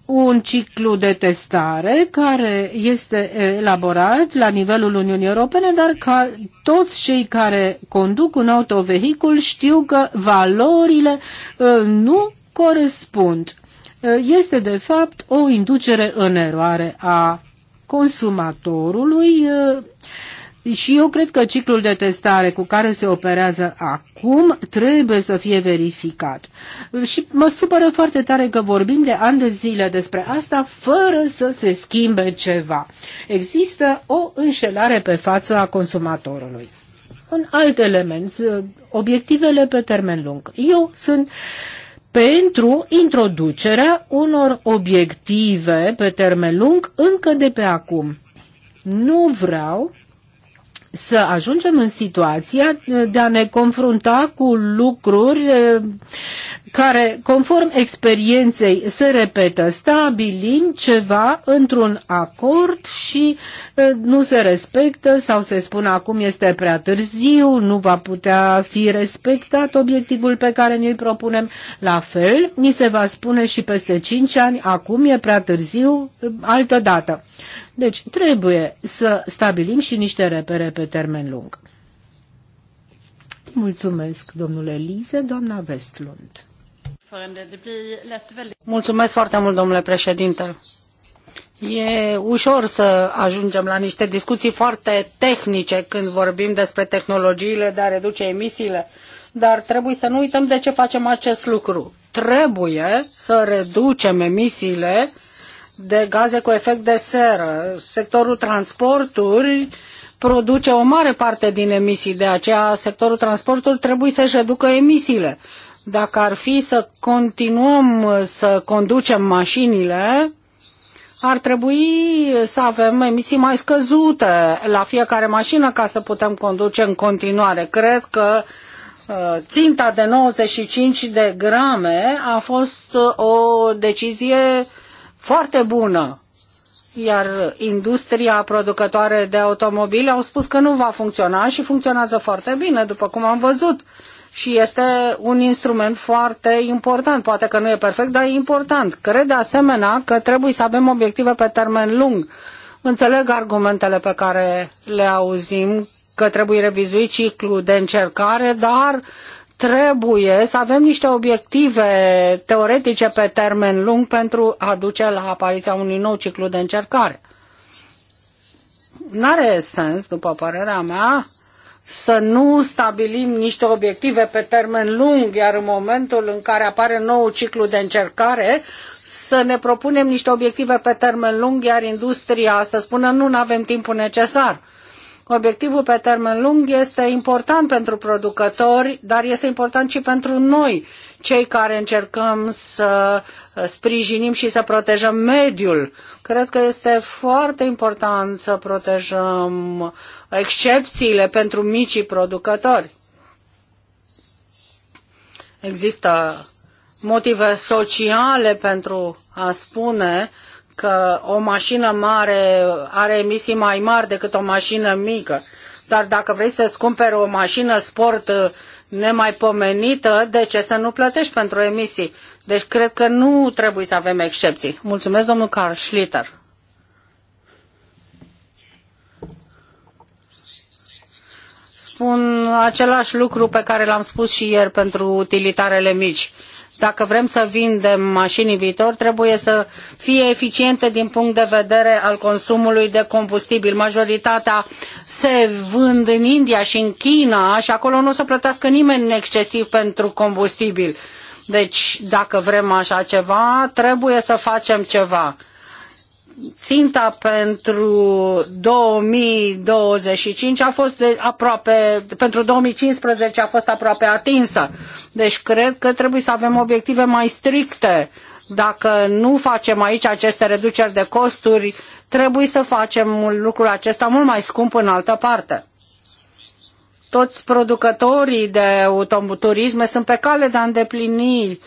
un ciclu de testare care este uh, elaborat la nivelul Uniunii Europene, dar ca toți cei care conduc un autovehicul știu că valorile uh, nu corespund este de fapt o inducere în eroare a consumatorului uh, și eu cred că ciclul de testare cu care se operează acum trebuie să fie verificat. Și mă supără foarte tare că vorbim de ani de zile despre asta fără să se schimbe ceva. Există o înșelare pe față a consumatorului. Un alt element, uh, obiectivele pe termen lung. Eu sunt uh, pentru introducerea unor obiective pe termen lung încă de pe acum. Nu vreau să ajungem în situația uh, de a ne confrunta cu lucruri uh, care, conform experienței, se repetă. Stabilim ceva într-un acord și uh, nu se respectă sau se spune acum este prea târziu, nu va putea fi respectat obiectivul pe care ne-l propunem. La fel, ni se va spune și peste 5 ani, acum e prea târziu, altă dată. Deci trebuie să stabilim și niște repere pe termen lung. Mulțumesc, domnule Lise, doamna Vestlund. Mulțumesc foarte mult, domnule președinte. E ușor să ajungem la niște discuții foarte tehnice când vorbim despre tehnologiile de a reduce emisiile, dar trebuie să nu uităm de ce facem acest lucru. Trebuie să reducem emisiile de gaze cu efect de seră. Sectorul transporturi produce o mare parte din emisii, de aceea sectorul transportului trebuie să-și reducă emisiile. Dacă ar fi să continuăm să conducem mașinile, ar trebui să avem emisii mai scăzute la fiecare mașină ca să putem conduce în continuare. Cred că uh, ținta de 95 de grame a fost uh, o decizie foarte bună. Iar industria producătoare de automobile au spus că nu va funcționa și funcționează foarte bine, după cum am văzut. Și este un instrument foarte important. Poate că nu e perfect, dar e important. Cred de asemenea că trebuie să avem obiective pe termen lung. Înțeleg argumentele pe care le auzim, că trebuie revizuit ciclul de încercare, dar trebuie să avem niște obiective teoretice pe termen lung pentru a duce la apariția unui nou ciclu de încercare. N-are sens, după părerea mea, să nu stabilim niște obiective pe termen lung, iar în momentul în care apare nou ciclu de încercare, să ne propunem niște obiective pe termen lung, iar industria să spună nu, nu avem timpul necesar Obiectivul pe termen lung este important pentru producători, dar este important și pentru noi, cei care încercăm să sprijinim și să protejăm mediul. Cred că este foarte important să protejăm excepțiile pentru micii producători. Există motive sociale pentru a spune uh, că o mașină mare are emisii mai mari decât o mașină mică. Dar dacă vrei să-ți cumperi o mașină sport uh, nemaipomenită, de ce să nu plătești pentru emisii? Deci cred că nu trebuie să avem excepții. Mulțumesc, domnul Carl Schlitter. Spun același lucru pe care l-am spus și ieri pentru utilitarele mici. Uh, dacă vrem să vindem mașini în viitor, trebuie să fie eficiente din punct de vedere al consumului de combustibil. Majoritatea se vând în India și în China și acolo nu o să plătească nimeni excesiv pentru combustibil. Deci, dacă vrem așa ceva, trebuie să facem ceva ținta pentru 2025 a fost de aproape, pentru 2015 a fost aproape atinsă. Deci cred că trebuie să avem obiective mai stricte. Dacă nu facem aici aceste reduceri de costuri, trebuie să facem lucrul acesta mult mai scump în altă parte toți producătorii de autoturisme sunt pe cale de a îndeplini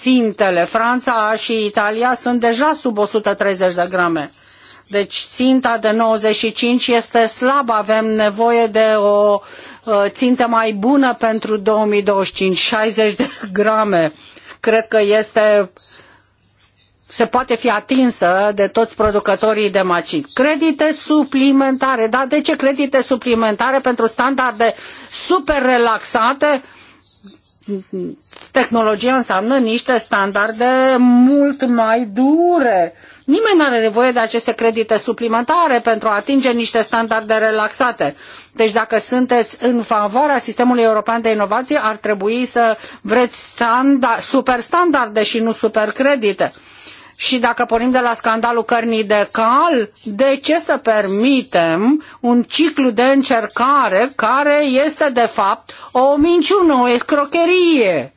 țintele. Franța și Italia sunt deja sub 130 de grame. Deci ținta de 95 este slabă, avem nevoie de o uh, țintă mai bună pentru 2025, 60 de grame. Cred că este se poate fi atinsă de toți producătorii de macini. Credite suplimentare. Dar de ce credite suplimentare pentru standarde super relaxate tehnologia înseamnă niște standarde mult mai dure. Nimeni nu are nevoie de aceste credite suplimentare pentru a atinge niște standarde relaxate. Deci dacă sunteți în favoarea sistemului european de inovație, ar trebui să vreți standard, superstandarde și nu supercredite. credite și dacă pornim de la scandalul cărnii de cal, de ce să permitem un ciclu de încercare care este de fapt o minciună, o escrocherie?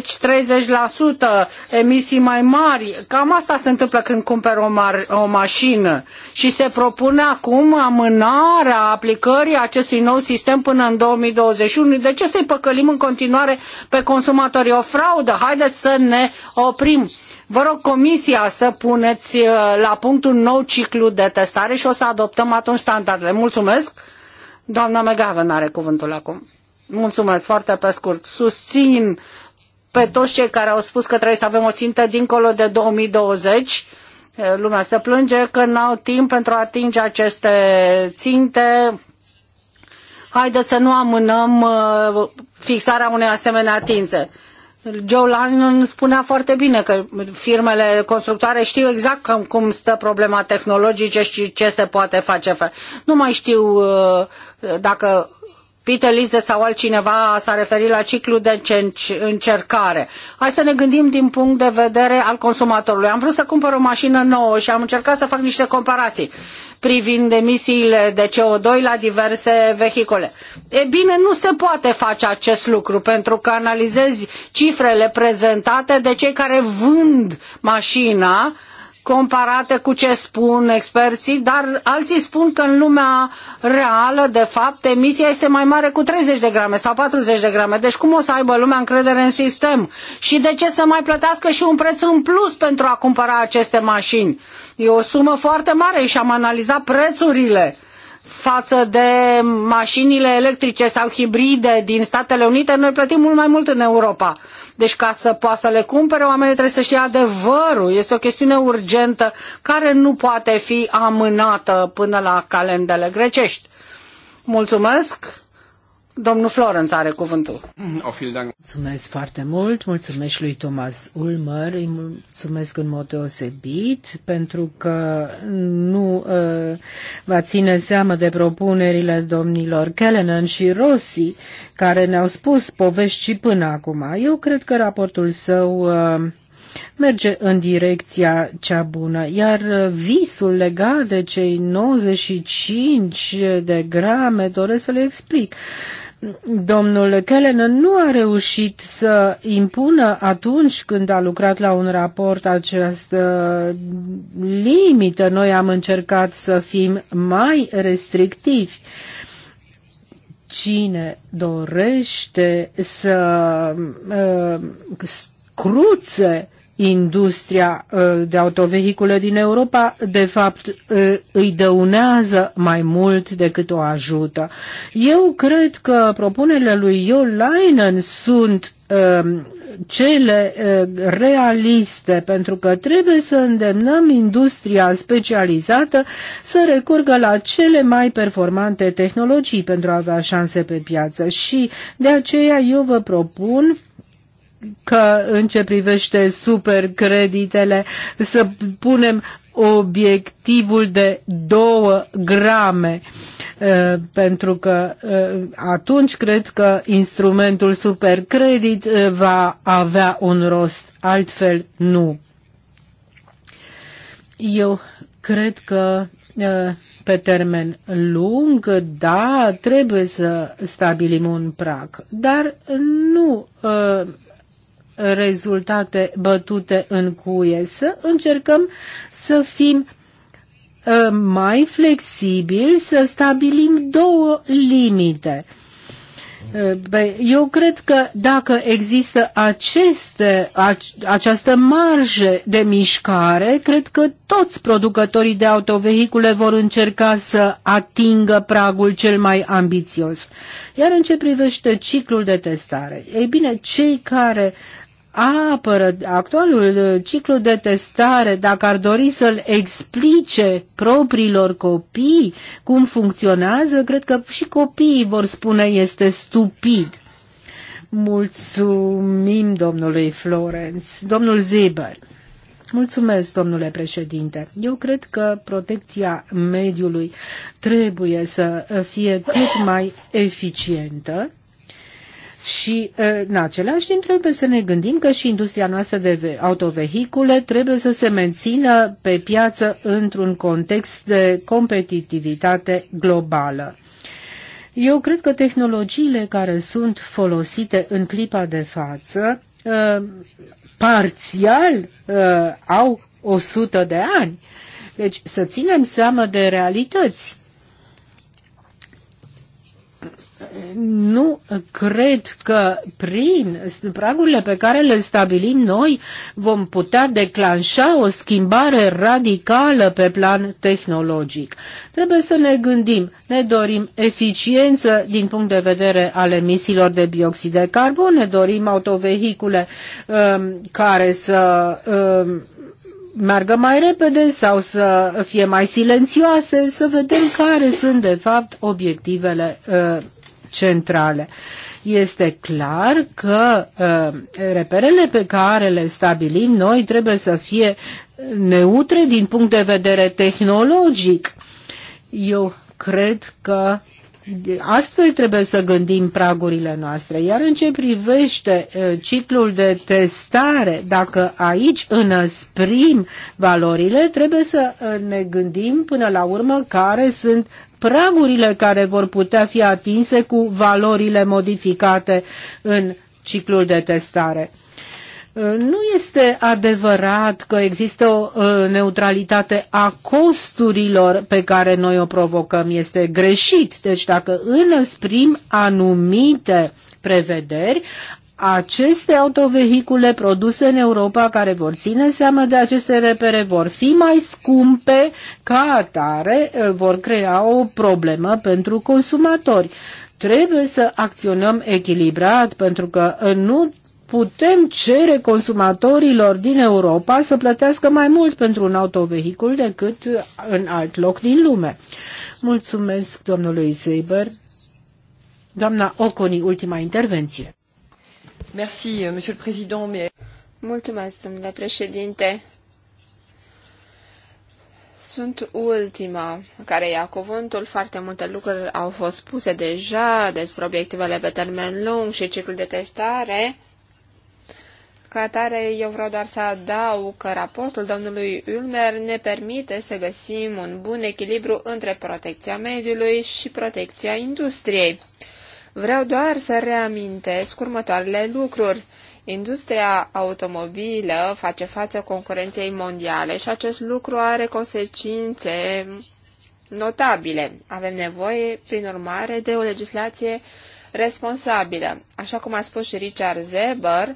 20-30% emisii mai mari. Cam asta se întâmplă când cumperi o, mar- o mașină. Și se propune acum amânarea aplicării acestui nou sistem până în 2021. De ce să-i păcălim în continuare pe consumatori? O fraudă. Haideți să ne oprim. Vă rog Comisia să puneți uh, la punct un nou ciclu de testare și o să adoptăm atunci standardele. Mulțumesc! Doamna McGavin are cuvântul acum. Mulțumesc foarte pe scurt. Susțin pe toți cei care au spus că trebuie să avem o țintă dincolo de 2020. Uh, lumea se plânge că n-au timp pentru a atinge aceste ținte. Haideți să nu amânăm uh, fixarea unei asemenea tinte. Joe Lannon spunea foarte bine că firmele constructoare știu exact cum, cum stă problema tehnologică și ce se poate face. Nu mai știu uh, dacă Peter Lise sau altcineva s-a referit la ciclu de încercare. Hai să ne gândim din punct de vedere al consumatorului. Am vrut să cumpăr o mașină nouă și am încercat să fac niște comparații privind emisiile de CO2 la diverse vehicule. E bine, nu se poate face acest lucru pentru că analizezi cifrele prezentate de cei care vând mașina comparate cu ce spun experții, dar alții spun că în lumea reală, de fapt, emisia este mai mare cu 30 de grame sau 40 de grame. Deci cum o să aibă lumea încredere în sistem? Și de ce să mai plătească și un preț în plus pentru a cumpăra aceste mașini? E o sumă foarte mare și am analizat prețurile față de mașinile electrice sau hibride din Statele Unite, noi plătim mult mai mult în Europa. Deci ca să poată să le cumpere, oamenii trebuie să știe adevărul. Este o chestiune urgentă care nu poate fi amânată până la calendele grecești. Mulțumesc! Domnul Florenț are cuvântul. Oh, mulțumesc foarte mult, mulțumesc lui Thomas Ulmer, îi mulțumesc în mod deosebit pentru că nu uh, va ține seamă de propunerile domnilor Kellenen și Rossi care ne-au spus povești și până acum. Eu cred că raportul său uh, merge în direcția cea bună, iar visul legat de cei 95 de grame doresc să le explic domnul Kellenen nu a reușit să impună atunci când a lucrat la un raport această limită. Noi am încercat să fim mai restrictivi. Cine dorește să uh, cruțe industria uh, de autovehicule din Europa, de fapt, uh, îi dăunează mai mult decât o ajută. Eu cred că propunerile lui Jo Leinen sunt um, cele uh, realiste, pentru că trebuie să îndemnăm industria specializată să recurgă la cele mai performante tehnologii pentru a avea șanse pe piață. Și de aceea eu vă propun că în ce privește supercreditele să punem obiectivul de 2 grame, uh, pentru că uh, atunci cred că instrumentul supercredit uh, va avea un rost, altfel nu. Eu cred că pe termen lung, da, trebuie să stabilim un prag, dar nu rezultate bătute în cuie, să încercăm să fim ă, mai flexibili, să stabilim două limite. Ă, eu cred că dacă există aceste, această marjă de mișcare, cred că toți producătorii de autovehicule vor încerca să atingă pragul cel mai ambițios. Iar în ce privește ciclul de testare, ei bine, cei care uh, apără actualul uh, ciclu de testare, dacă ar dori să-l explice propriilor copii cum funcționează, cred că și copiii vor spune este stupid. Mulțumim domnului Florenț. Domnul Zeber. Mulțumesc, domnule președinte. Eu cred că protecția mediului trebuie să fie cât mai eficientă și în același timp trebuie să ne gândim că și industria noastră de autovehicule trebuie să se mențină pe piață într-un context de competitivitate globală. Eu cred că tehnologiile care sunt folosite în clipa de față parțial au 100 de ani. Deci să ținem seama de realități nu cred că prin pragurile pe care le stabilim noi vom putea declanșa o schimbare radicală pe plan tehnologic. Trebuie să ne gândim, ne dorim eficiență din punct de vedere al emisiilor de bioxid de carbon, ne dorim autovehicule um, care să um, meargă mai repede sau să fie mai silențioase, să vedem care sunt de fapt obiectivele uh, centrale. Este clar că uh, reperele pe care le stabilim noi trebuie să fie neutre din punct de vedere tehnologic. Eu cred că astfel trebuie să gândim pragurile noastre. Iar în ce privește ciclul de testare, dacă aici înăsprim valorile, trebuie să ne gândim până la urmă care sunt pragurile care vor putea fi atinse cu valorile modificate în ciclul de testare. Uh, nu este adevărat că există o uh, neutralitate a costurilor pe care noi o provocăm. Este greșit. Deci dacă înăsprim anumite prevederi, aceste autovehicule produse în Europa care vor ține seama de aceste repere vor fi mai scumpe ca atare, uh, vor crea o problemă pentru consumatori. Trebuie să acționăm echilibrat pentru că nu putem cere consumatorilor din Europa să plătească mai mult pentru un autovehicul decât în alt loc din lume. Mulțumesc domnului Seiber. Doamna Oconi, ultima intervenție. Merci, euh, monsieur le président. Mulțumesc, domnule președinte. Sunt ultima care ia cuvântul. Foarte multe lucruri au fost spuse deja despre obiectivele pe termen lung și ciclul de testare. Ca atare, eu vreau doar să adaug că raportul domnului Ulmer ne permite să găsim un bun echilibru între protecția mediului și protecția industriei. Vreau doar să reamintesc următoarele lucruri. Industria automobilă face față concurenței mondiale și acest lucru are consecințe notabile. Avem nevoie, prin urmare, de o legislație responsabilă. Așa cum a spus și Richard Zeber,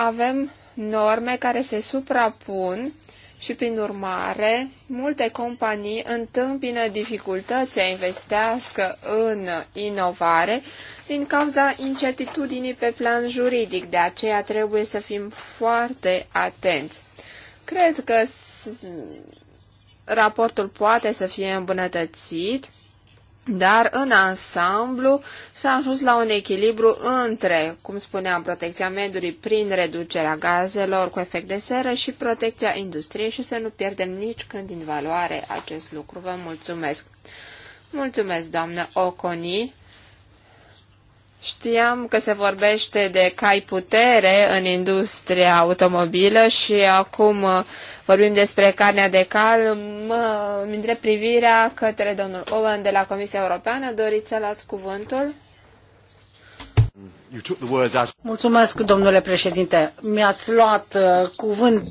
avem norme care se suprapun și, prin urmare, multe companii întâmpină dificultăți să investească în inovare din cauza incertitudinii pe plan juridic, de aceea trebuie să fim foarte atenți. Cred că raportul poate să fie îmbunătățit dar, în ansamblu, s-a ajuns la un echilibru între, cum spuneam, protecția mediului prin reducerea gazelor cu efect de seră și protecția industriei și să nu pierdem nici când din valoare acest lucru. Vă mulțumesc! Mulțumesc, doamnă Oconi! Știam că se vorbește de cai putere în industria automobilă și acum uh, vorbim despre carnea de cal. Mă îndrept privirea către domnul Owen de la Comisia Europeană. Doriți să luați cuvântul? Mulțumesc, domnule președinte. Mi-ați luat uh, cuvânt,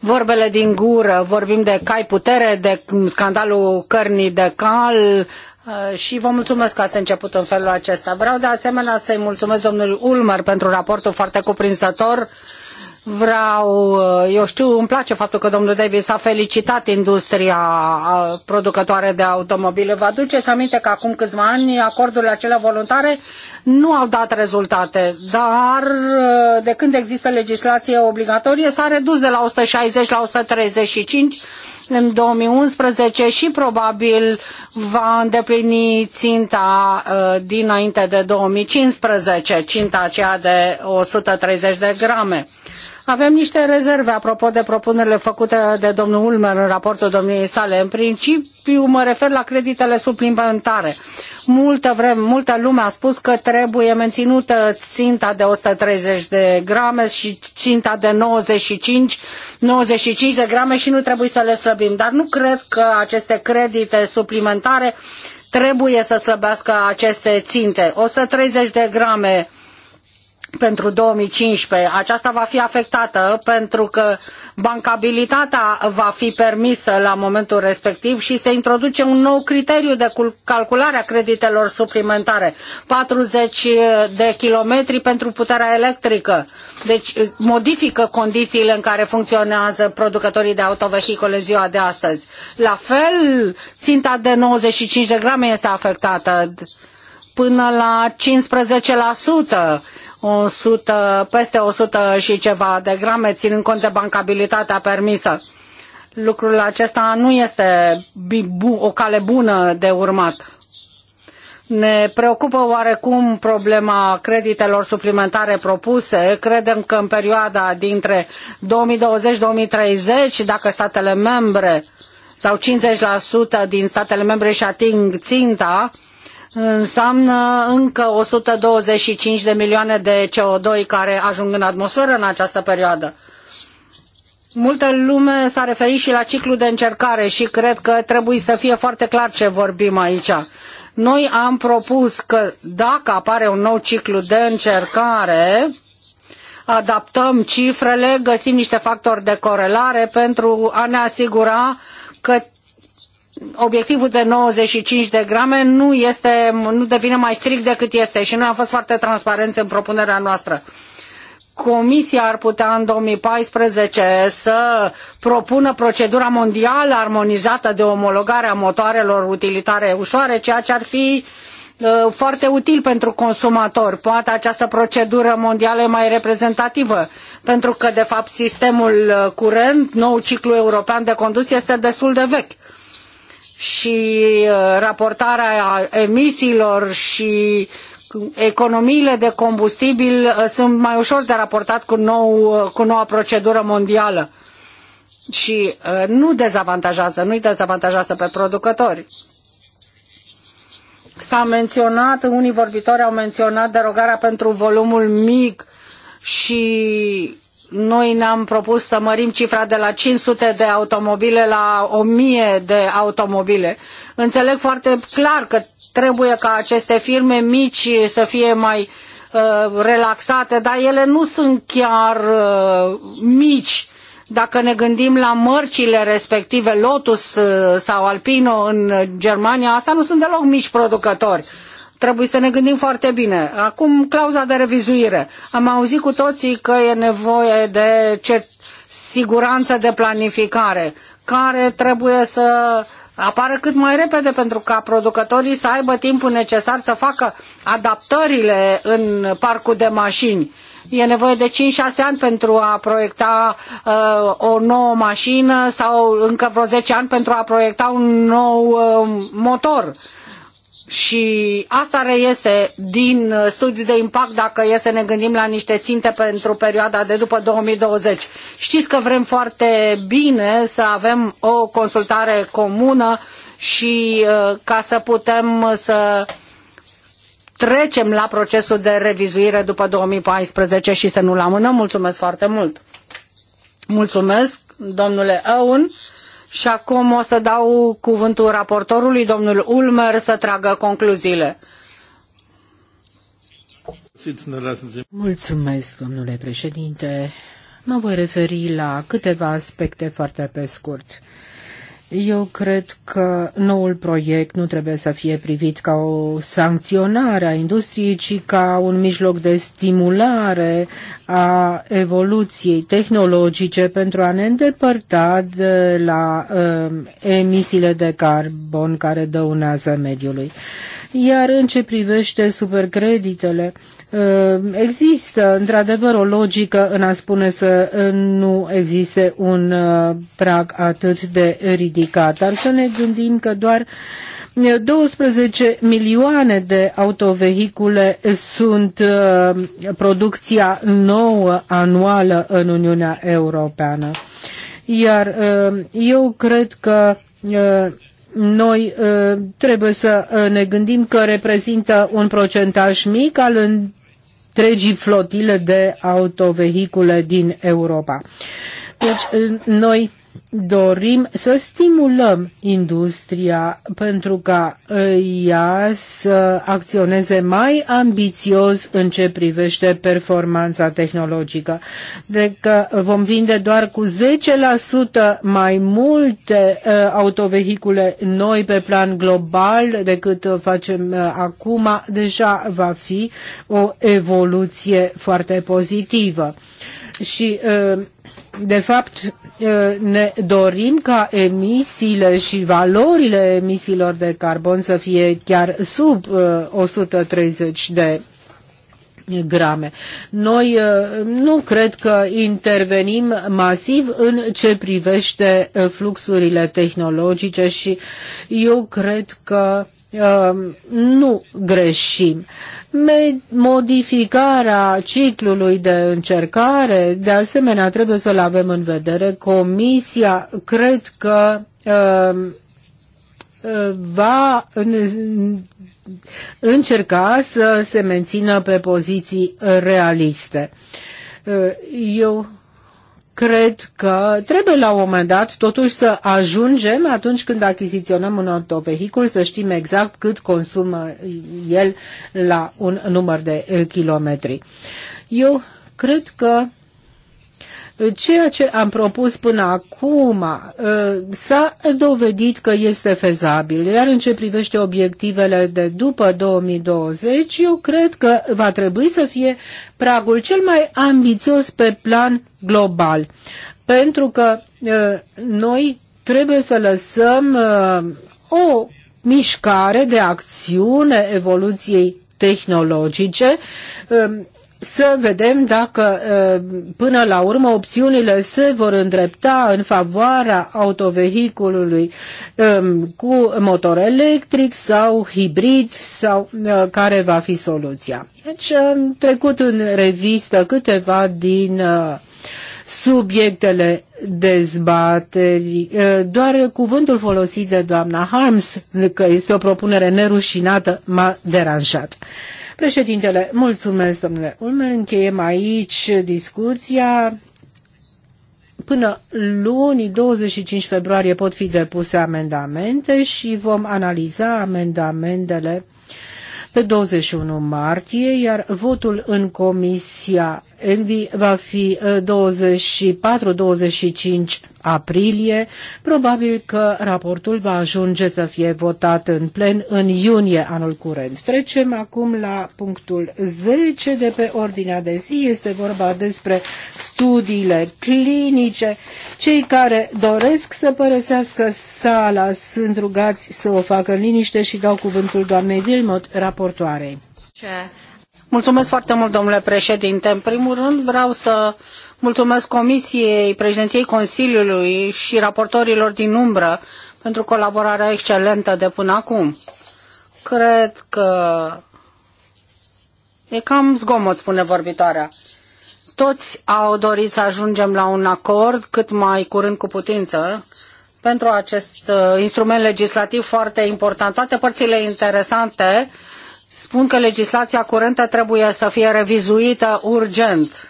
vorbele din gură. Vorbim de cai putere, de scandalul cărnii de cal, Uh, și vă mulțumesc că ați început în felul acesta. Vreau de asemenea să-i mulțumesc domnului Ulmer pentru raportul foarte cuprinzător Vreau, uh, eu știu, îmi place faptul că domnul Davis a felicitat industria uh, producătoare de automobile. Vă aduceți aminte că acum câțiva ani acordurile acelea voluntare nu au dat rezultate, dar uh, de când există legislație obligatorie s-a redus de la 160 la 135 în 2011 și probabil va îndeplini ținta dinainte de 2015, ținta aceea de 130 de grame. Avem niște rezerve apropo de propunerile făcute de domnul Ulmer în raportul domniei sale. În principiu mă refer la creditele suplimentare. Multă vreme, multă lume a spus că trebuie menținută ținta de 130 de grame și ținta de 95, 95 de grame și nu trebuie să le slăbim. Dar nu cred că aceste credite suplimentare trebuie să slăbească aceste ținte. 130 de grame pentru 2015. Aceasta va fi afectată pentru că bancabilitatea va fi permisă la momentul respectiv și se introduce un nou criteriu de calculare a creditelor suplimentare. 40 de kilometri pentru puterea electrică. Deci modifică condițiile în care funcționează producătorii de autovehicole ziua de astăzi. La fel, ținta de 95 de grame este afectată până la 15%. 100, peste 100 și ceva de grame, ținând cont de bancabilitatea permisă. Lucrul acesta nu este o cale bună de urmat. Ne preocupă oarecum problema creditelor suplimentare propuse. Credem că în perioada dintre 2020-2030, dacă statele membre sau 50% din statele membre își ating ținta, uh, înseamnă încă 125 de milioane de CO2 care ajung în atmosferă în această perioadă. Multă lume s-a referit și la ciclul de încercare și cred că trebuie să fie foarte clar ce vorbim aici. Noi am propus că dacă apare un nou ciclu de încercare, adaptăm cifrele, găsim niște factori de corelare pentru a ne asigura că obiectivul de 95 de grame nu, este, nu devine mai strict decât este și noi am fost foarte transparenți în propunerea noastră. Comisia ar putea în 2014 să propună procedura mondială armonizată de omologare a motoarelor utilitare ușoare, ceea ce ar fi uh, foarte util pentru consumatori. Poate această procedură mondială e mai reprezentativă, pentru că, de fapt, sistemul uh, curent, nou ciclu european de condus, este destul de vechi și uh, raportarea emisiilor și economiile de combustibil uh, sunt mai ușor de raportat cu, nou, uh, cu noua procedură mondială și nu dezavantajează, nu-i dezavantajează pe producători. S-a menționat, unii vorbitori au menționat derogarea pentru volumul mic și noi ne-am propus să mărim cifra de la 500 de automobile la 1000 de automobile. Înțeleg foarte clar că trebuie ca aceste firme mici să fie mai uh, relaxate, dar ele nu sunt chiar uh, mici dacă ne gândim la mărcile respective, Lotus uh, sau Alpino în Germania, asta nu sunt deloc mici producători trebuie să ne gândim foarte bine. Acum, clauza de revizuire. Am auzit cu toții că e nevoie de ce siguranță de planificare, care trebuie să apară cât mai repede pentru ca producătorii să aibă timpul necesar să facă adaptările în parcul de mașini e nevoie de 5-6 ani pentru a proiecta uh, o nouă mașină sau încă vreo 10 ani pentru a proiecta un nou uh, motor. Și asta reiese din uh, studiul de impact dacă e să ne gândim la niște ținte pentru perioada de după 2020. Știți că vrem foarte bine să avem o consultare comună și uh, ca să putem să uh, trecem la procesul de revizuire după 2014 și să nu-l amânăm. Mulțumesc foarte mult! Mulțumesc, domnule Owen. Și acum o să dau cuvântul raportorului, domnul Ulmer, să tragă concluziile. Mulțumesc, domnule președinte. Mă voi referi la câteva aspecte foarte pe scurt. Eu cred că noul proiect nu trebuie să fie privit ca o sancționare a industriei, ci ca un mijloc de stimulare a evoluției tehnologice pentru a ne îndepărta de la uh, emisiile de carbon care dăunează mediului. Iar în ce privește supercreditele, uh, Ehm, există, într-adevăr, o logică în a spune să eh, nu existe un eh, prag atât de ridicat, dar să ne gândim că doar 12 eh, milioane de autovehicule sunt producția nouă anuală în Uniunea Europeană. Iar eu cred că noi trebuie să ne gândim că reprezintă un procentaj mic al întregii flotile de autovehicule din Europa. Deci, noi dorim să stimulăm industria pentru ca ea să acționeze mai ambițios în ce privește performanța tehnologică. Deci vom vinde doar cu 10% mai multe uh, autovehicule noi pe plan global decât uh, facem uh, acum, deja va fi o evoluție foarte pozitivă. Și uh, de fapt, ă, ne dorim ca emisiile și valorile emisiilor de carbon să fie chiar sub 130 ă, de grame. Noi uh, nu cred că intervenim masiv în ce privește uh, fluxurile tehnologice și eu cred că uh, nu greșim. Modificarea ciclului de încercare, de asemenea, trebuie să-l avem în vedere. Comisia cred că va încerca să se mențină pe poziții realiste. Eu cred că trebuie la un moment dat totuși să ajungem atunci când achiziționăm un autovehicul să știm exact cât consumă el la un număr de kilometri. Eu cred că Ceea ce am propus până acum uh, s-a dovedit că este fezabil, iar în ce privește obiectivele de după 2020, eu cred că va trebui să fie pragul cel mai ambițios pe plan global, pentru că uh, noi trebuie să lăsăm uh, o mișcare de acțiune evoluției tehnologice um, să vedem dacă până la urmă opțiunile se vor îndrepta în favoarea autovehiculului cu motor electric sau hibrid sau care va fi soluția. Deci am trecut în revistă câteva din subiectele dezbateri. Doar cuvântul folosit de doamna Harms, că este o propunere nerușinată, m-a deranjat. Președintele, mulțumesc, domnule Ulmer. Încheiem aici discuția. Până luni, 25 februarie, pot fi depuse amendamente și vom analiza amendamentele pe 21 martie, iar votul în Comisia Envy va fi 24-25 ă, aprilie. Probabil că raportul va ajunge să fie votat în plen în iunie anul curent. Trecem acum la punctul 10 de pe ordinea de zi. Este vorba despre studiile clinice. Cei care doresc să părăsească sala sunt rugați să o facă în liniște și dau cuvântul doamnei Vilmot, raportoarei. Mulțumesc foarte mult, domnule președinte. În primul rând, vreau să mulțumesc Comisiei, președinției Consiliului și raportorilor din umbră pentru colaborarea excelentă de până acum. Cred că e cam zgomot, spune vorbitoarea. Toți au dorit să ajungem la un acord cât mai curând cu putință pentru acest uh, instrument legislativ foarte important. Toate părțile interesante uh, spun că legislația curentă trebuie să fie revizuită urgent.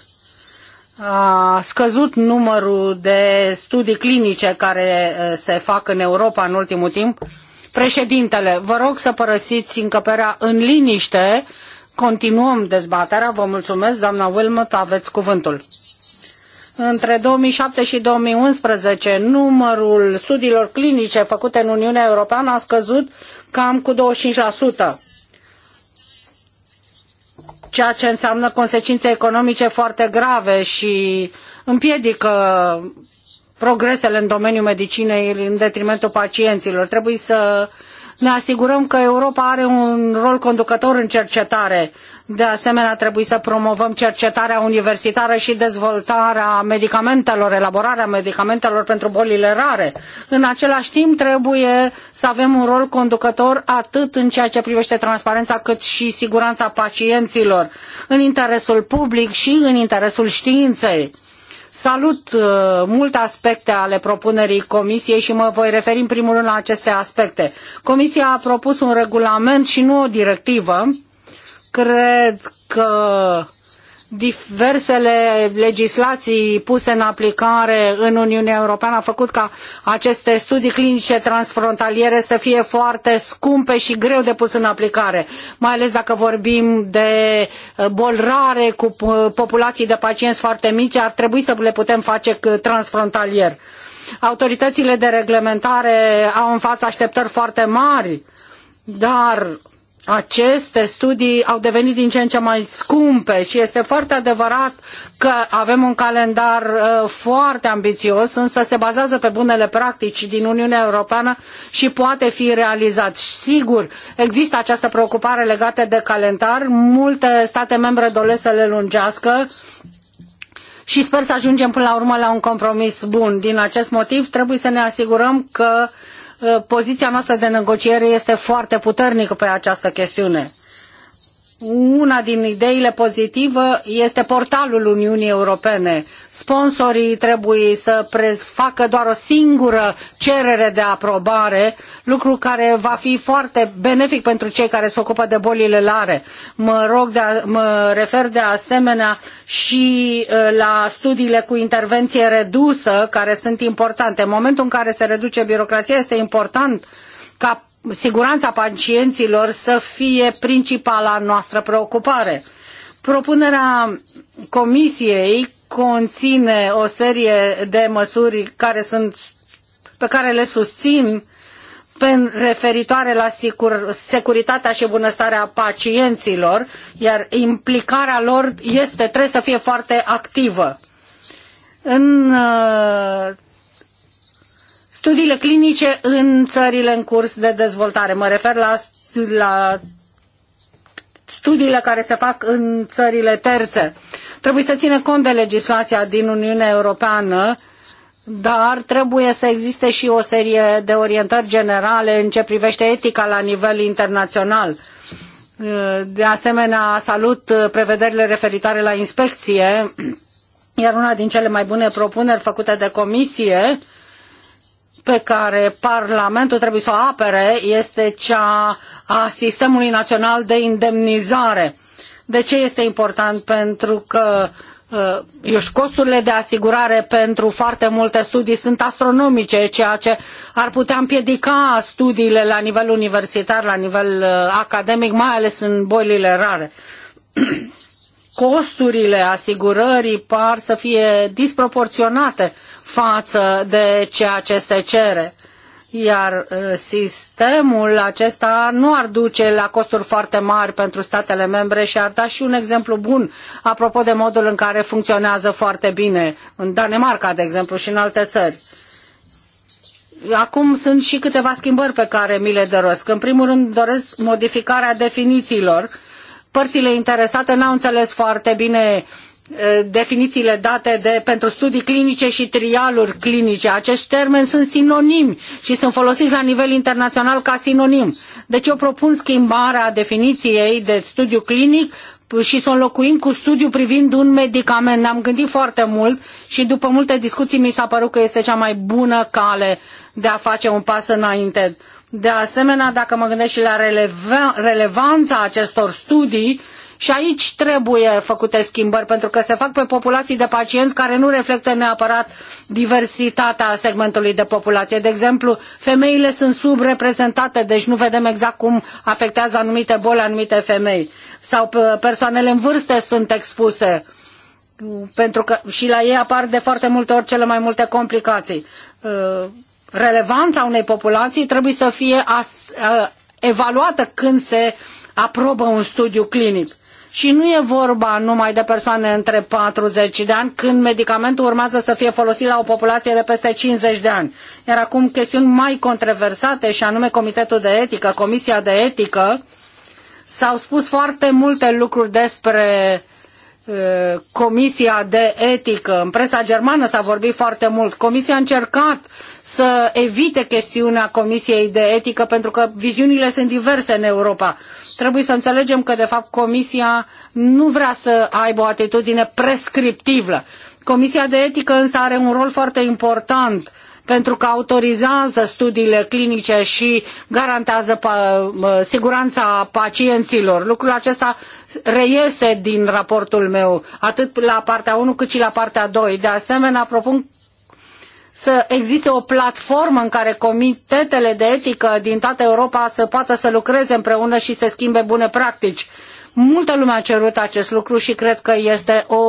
A scăzut numărul de studii clinice care se fac în Europa în ultimul timp. Președintele, vă rog să părăsiți încăperea în liniște. Continuăm dezbaterea. Vă mulțumesc, doamna Wilmot, aveți cuvântul. Între 2007 și 2011, numărul studiilor clinice făcute în Uniunea Europeană a scăzut cam cu 25% ceea ce înseamnă consecințe economice foarte grave și împiedică progresele în domeniul medicinei în detrimentul pacienților. Trebuie să ne asigurăm că Europa are un rol conducător în cercetare. De asemenea, trebuie să promovăm cercetarea universitară și dezvoltarea medicamentelor, elaborarea medicamentelor pentru bolile rare. În același timp, trebuie să avem un rol conducător atât în ceea ce privește transparența, cât și siguranța pacienților, în interesul public și în interesul științei Salut uh, multe aspecte ale propunerii Comisiei și mă voi referi în primul rând la aceste aspecte. Comisia a propus un regulament și nu o directivă. Cred că diversele legislații puse în aplicare în Uniunea Europeană a făcut ca aceste studii clinice transfrontaliere să fie foarte scumpe și greu de pus în aplicare, mai ales dacă vorbim de uh, boli rare cu uh, populații de pacienți foarte mici, ar trebui să le putem face transfrontalier. Autoritățile de reglementare au în față așteptări foarte mari, dar aceste studii au devenit din ce în ce mai scumpe și este foarte adevărat că avem un calendar uh, foarte ambițios, însă se bazează pe bunele practici din Uniunea Europeană și poate fi realizat. Sigur, există această preocupare legată de calendar, multe state membre doresc să le lungească, și sper să ajungem până la urmă la un compromis bun. Din acest motiv trebuie să ne asigurăm că poziția noastră de negociere este foarte puternică pe această chestiune una din ideile pozitive este portalul Uniunii Europene. Sponsorii trebuie să facă doar o singură cerere de aprobare, lucru care va fi foarte benefic pentru cei care se ocupă de bolile lare. Mă, rog de a, mă refer de asemenea și ă, la studiile cu intervenție redusă, care sunt importante. În momentul în care se reduce birocrația, este important ca siguranța pacienților să fie principala noastră preocupare. Propunerea Comisiei conține o serie de măsuri care sunt, pe care le susțin referitoare la securitatea și bunăstarea pacienților, iar implicarea lor este, trebuie să fie foarte activă. În uh, studiile clinice în țările în curs de dezvoltare. Mă refer la, la studiile care se fac în țările terțe. Trebuie să ține cont de legislația din Uniunea Europeană, dar trebuie să existe și o serie de orientări generale în ce privește etica la nivel internațional. De asemenea, salut prevederile referitoare la inspecție, iar una din cele mai bune propuneri făcute de comisie uh, pe care Parlamentul trebuie să o apere este cea a Sistemului Național de Indemnizare. De ce este important? Pentru că uh, eu știu, costurile de asigurare pentru foarte multe studii sunt astronomice, ceea ce ar putea împiedica studiile la nivel universitar, la nivel uh, academic, mai ales în bolile rare. Costurile asigurării par să fie disproporționate față de ceea ce se cere. Iar uh, sistemul acesta nu ar duce la costuri foarte mari pentru statele membre și ar da și un exemplu bun apropo de modul în care funcționează foarte bine în Danemarca, de exemplu, și în alte țări acum sunt și câteva schimbări pe care mi le doresc. În primul rând doresc modificarea definițiilor. Părțile interesate n-au înțeles foarte bine Eh, definițiile date de, pentru studii clinice și trialuri clinice. Acești termeni sunt sinonimi și sunt folosiți la nivel internațional ca sinonim. Deci eu propun schimbarea definiției de studiu clinic și să o înlocuim cu studiu privind un medicament. Ne-am gândit foarte mult și după multe discuții mi s-a părut că este cea mai bună cale de a face un pas înainte. De asemenea, dacă mă gândesc și la relevanța acestor studii, și aici trebuie făcute schimbări, pentru că se fac pe populații de pacienți care nu reflectă neapărat diversitatea segmentului de populație. De exemplu, femeile sunt subreprezentate, deci nu vedem exact cum afectează anumite boli anumite femei. Sau persoanele în vârstă sunt expuse pentru că și la ei apar de foarte multe ori cele mai multe complicații. Uh, relevanța unei populații trebuie să fie uh, evaluată când se aprobă un studiu clinic și nu e vorba numai de persoane între 40 de ani, când medicamentul urmează să fie folosit la o populație de peste 50 de ani. Iar acum chestiuni mai controversate, și anume Comitetul de Etică, Comisia de Etică, s-au spus foarte multe lucruri despre Eh, Comisia de Etică. În presa germană s-a vorbit foarte mult. Comisia a încercat să evite chestiunea Comisiei de Etică pentru că viziunile sunt diverse în Europa. Trebuie să înțelegem că, de fapt, Comisia nu vrea să aibă o atitudine prescriptivă. Comisia de Etică însă are un rol foarte important pentru că autorizează studiile clinice și garantează siguranța pacienților. Lucrul acesta reiese din raportul meu, atât la partea 1 cât și la partea 2. De asemenea, propun să existe o platformă în care comitetele de etică din toată Europa să poată să lucreze împreună și să schimbe bune practici. Multă lume a cerut acest lucru și cred că este o,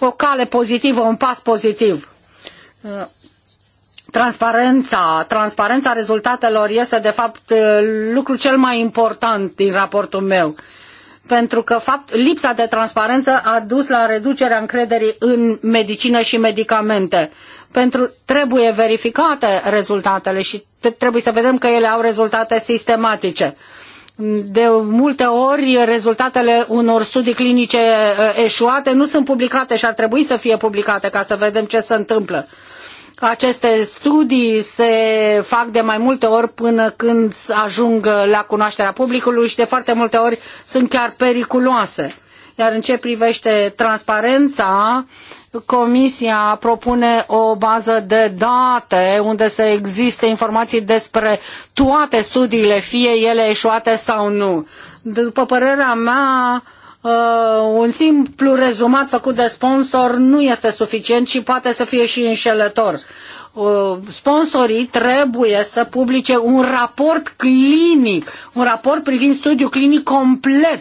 o cale pozitivă, un pas pozitiv transparența, transparența rezultatelor este de fapt uh, lucrul cel mai important din raportul meu. Pentru că fapt, lipsa de transparență a dus la reducerea încrederii în medicină și medicamente. Pentru trebuie verificate rezultatele și trebuie să vedem că ele au rezultate sistematice. De multe ori, rezultatele unor studii clinice uh, eșuate nu sunt publicate și ar trebui să fie publicate ca să vedem ce se întâmplă că aceste studii se fac de mai multe ori până când ajung la cunoașterea publicului și de foarte multe ori sunt chiar periculoase. Iar în ce privește transparența, Comisia propune o bază de date unde să existe informații despre toate studiile, fie ele eșuate sau nu. După părerea mea, Uh, un simplu rezumat făcut de sponsor nu este suficient și poate să fie și înșelător. Uh, sponsorii trebuie să publice un raport clinic, un raport privind studiul clinic complet.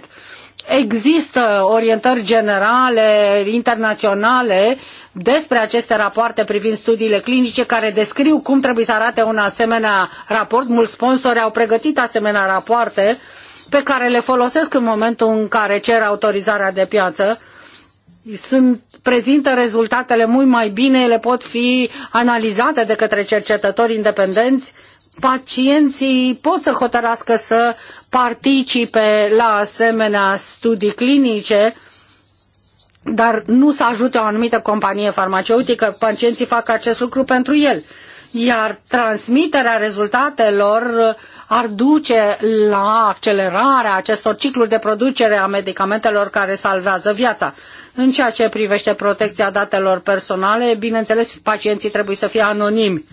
Există orientări generale, internaționale, despre aceste rapoarte privind studiile clinice care descriu cum trebuie să arate un asemenea raport. Mulți sponsori au pregătit asemenea rapoarte uh, pe care le folosesc în momentul în care cer autorizarea de piață, sunt, prezintă rezultatele mult mai bine, ele pot fi analizate de către cercetători independenți, pacienții pot să hotărască să participe la asemenea studii clinice, dar nu să ajute o anumită companie farmaceutică, pacienții fac acest lucru pentru el. Iar transmiterea rezultatelor ar duce la accelerarea acestor cicluri de producere a medicamentelor care salvează viața. În ceea ce privește protecția datelor personale, bineînțeles, pacienții trebuie să fie anonimi.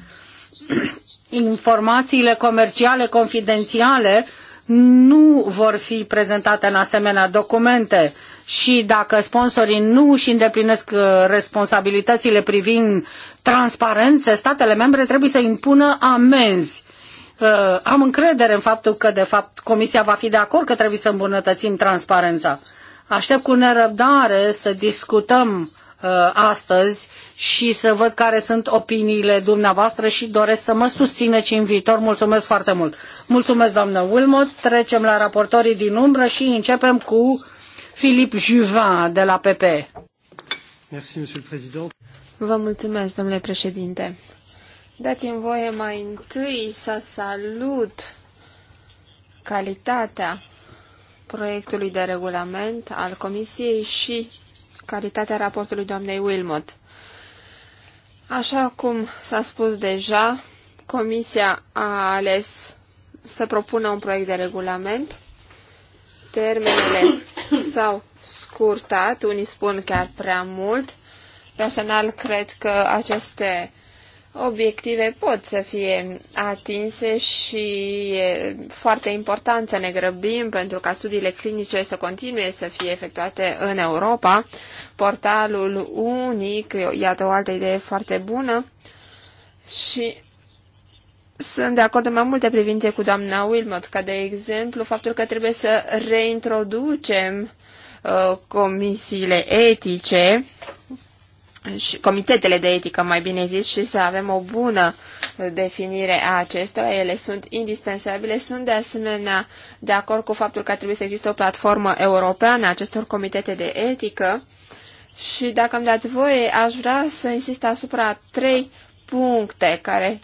Informațiile comerciale confidențiale nu vor fi prezentate în asemenea documente și dacă sponsorii nu își îndeplinesc uh, responsabilitățile privind transparență, statele membre trebuie să impună amenzi. Ă, am încredere în faptul că, de fapt, Comisia va fi de acord că trebuie să îmbunătățim transparența. Aștept cu nerăbdare să discutăm ă, astăzi și să văd care sunt opiniile dumneavoastră și doresc să mă susțineți în viitor. Mulțumesc foarte mult. Mulțumesc, doamnă Wilmot. Trecem la raportorii din umbră și începem cu Filip Juvin de la PP. Vă mulțumesc, domnule președinte. Dați-mi voie mai întâi să salut calitatea proiectului de regulament al Comisiei și calitatea raportului doamnei Wilmot. Așa cum s-a spus deja, Comisia a ales să propună un proiect de regulament. Termenele s-au scurtat, unii spun chiar prea mult. Personal, cred că aceste obiective pot să fie atinse și e foarte important să ne grăbim pentru ca studiile clinice să continue să fie efectuate în Europa. Portalul unic, iată o altă idee foarte bună și sunt de acord în mai multe privințe cu doamna Wilmot, ca de exemplu faptul că trebuie să reintroducem uh, comisiile etice și comitetele de etică, mai bine zis, și să avem o bună definire a acestora. Ele sunt indispensabile. Sunt de asemenea de acord cu faptul că trebuie să existe o platformă europeană a acestor comitete de etică. Și dacă îmi dați voie, aș vrea să insist asupra trei puncte care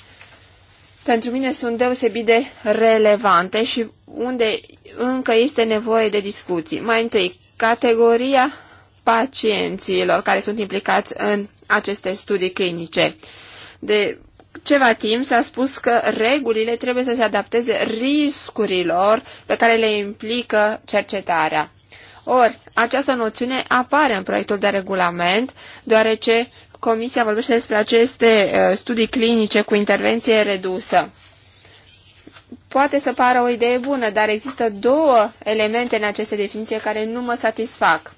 pentru mine sunt deosebit de relevante și unde încă este nevoie de discuții. Mai întâi, categoria pacienților care sunt implicați în aceste studii clinice. De ceva timp s-a spus că regulile trebuie să se adapteze riscurilor pe care le implică cercetarea. Ori, această noțiune apare în proiectul de regulament, deoarece Comisia vorbește despre aceste uh, studii clinice cu intervenție redusă. Poate să pară o idee bună, dar există două elemente în aceste definiție care nu mă satisfac.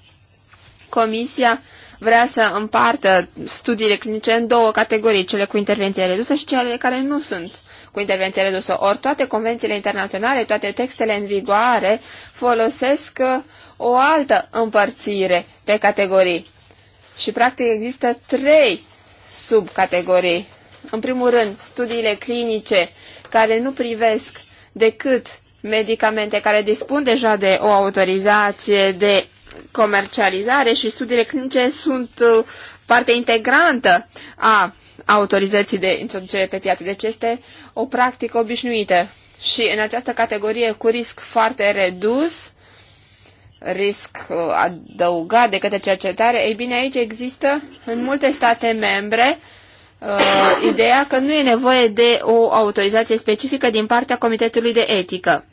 Comisia vrea să împartă studiile clinice în două categorii, cele cu intervenție redusă și cele care nu sunt cu intervenție redusă. Ori toate convențiile internaționale, toate textele în vigoare folosesc uh, o altă împărțire pe categorii. Și practic există trei subcategorii. În primul rând, studiile clinice care nu privesc decât medicamente care dispun deja de o autorizație de comercializare și studiile clinice sunt uh, parte integrantă a autorizații de introducere pe piață. Deci este o practică obișnuită. Și în această categorie cu risc foarte redus, risc uh, adăugat de către cercetare, ei bine, aici există în multe state membre uh, ideea că nu e nevoie de o autorizație specifică din partea Comitetului de Etică.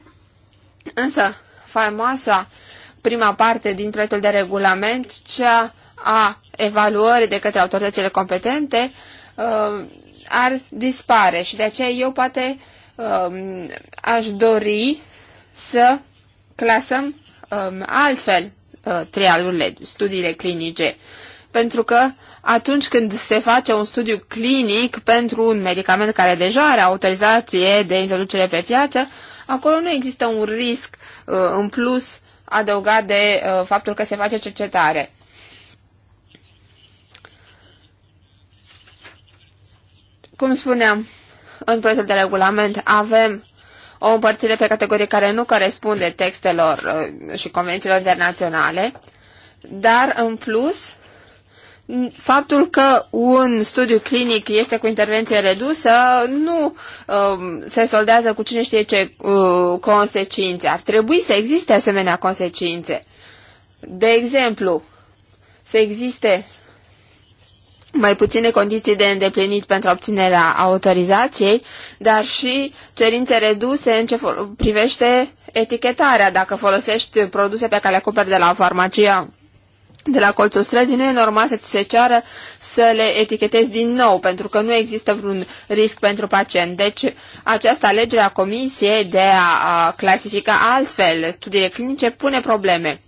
Însă, faimoasa prima parte din proiectul de regulament, cea a evaluării de către autoritățile competente, uh, ar dispare și de aceea eu poate um, aș dori să clasăm um, altfel uh, trialurile, studiile clinice pentru că atunci când se face un studiu clinic pentru un medicament care deja are autorizație de introducere pe piață, acolo nu există un risc uh, în plus adăugat de uh, faptul că se face cercetare. Cum spuneam, în proiectul de regulament avem o împărțire pe categorii care nu corespunde textelor uh, și convențiilor internaționale, dar în plus faptul că un studiu clinic este cu intervenție redusă nu uh, se soldează cu cine știe ce uh, consecințe. Ar trebui să existe asemenea consecințe. De exemplu, să existe mai puține condiții de îndeplinit pentru obținerea autorizației, dar și cerințe reduse în ce privește etichetarea, dacă folosești produse pe care le acoperi de la farmacia de la colțul străzii, nu e normal să ți se ceară să le etichetezi din nou, pentru că nu există vreun risc pentru pacient. Deci, această alegere a comisiei de a clasifica altfel studiile clinice pune probleme.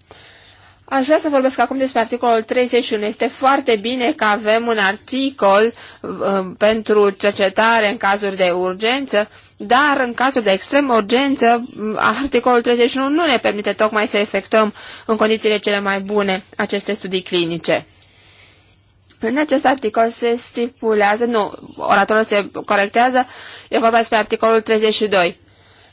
Aș vrea să vorbesc acum despre articolul 31. Este foarte bine că avem un articol uh, pentru cercetare în cazuri de urgență, dar în cazul de extremă urgență, uh, articolul 31 nu ne permite tocmai să efectuăm în condițiile cele mai bune aceste studii clinice. În acest articol se stipulează, nu, oratorul se corectează, e vorba despre articolul 32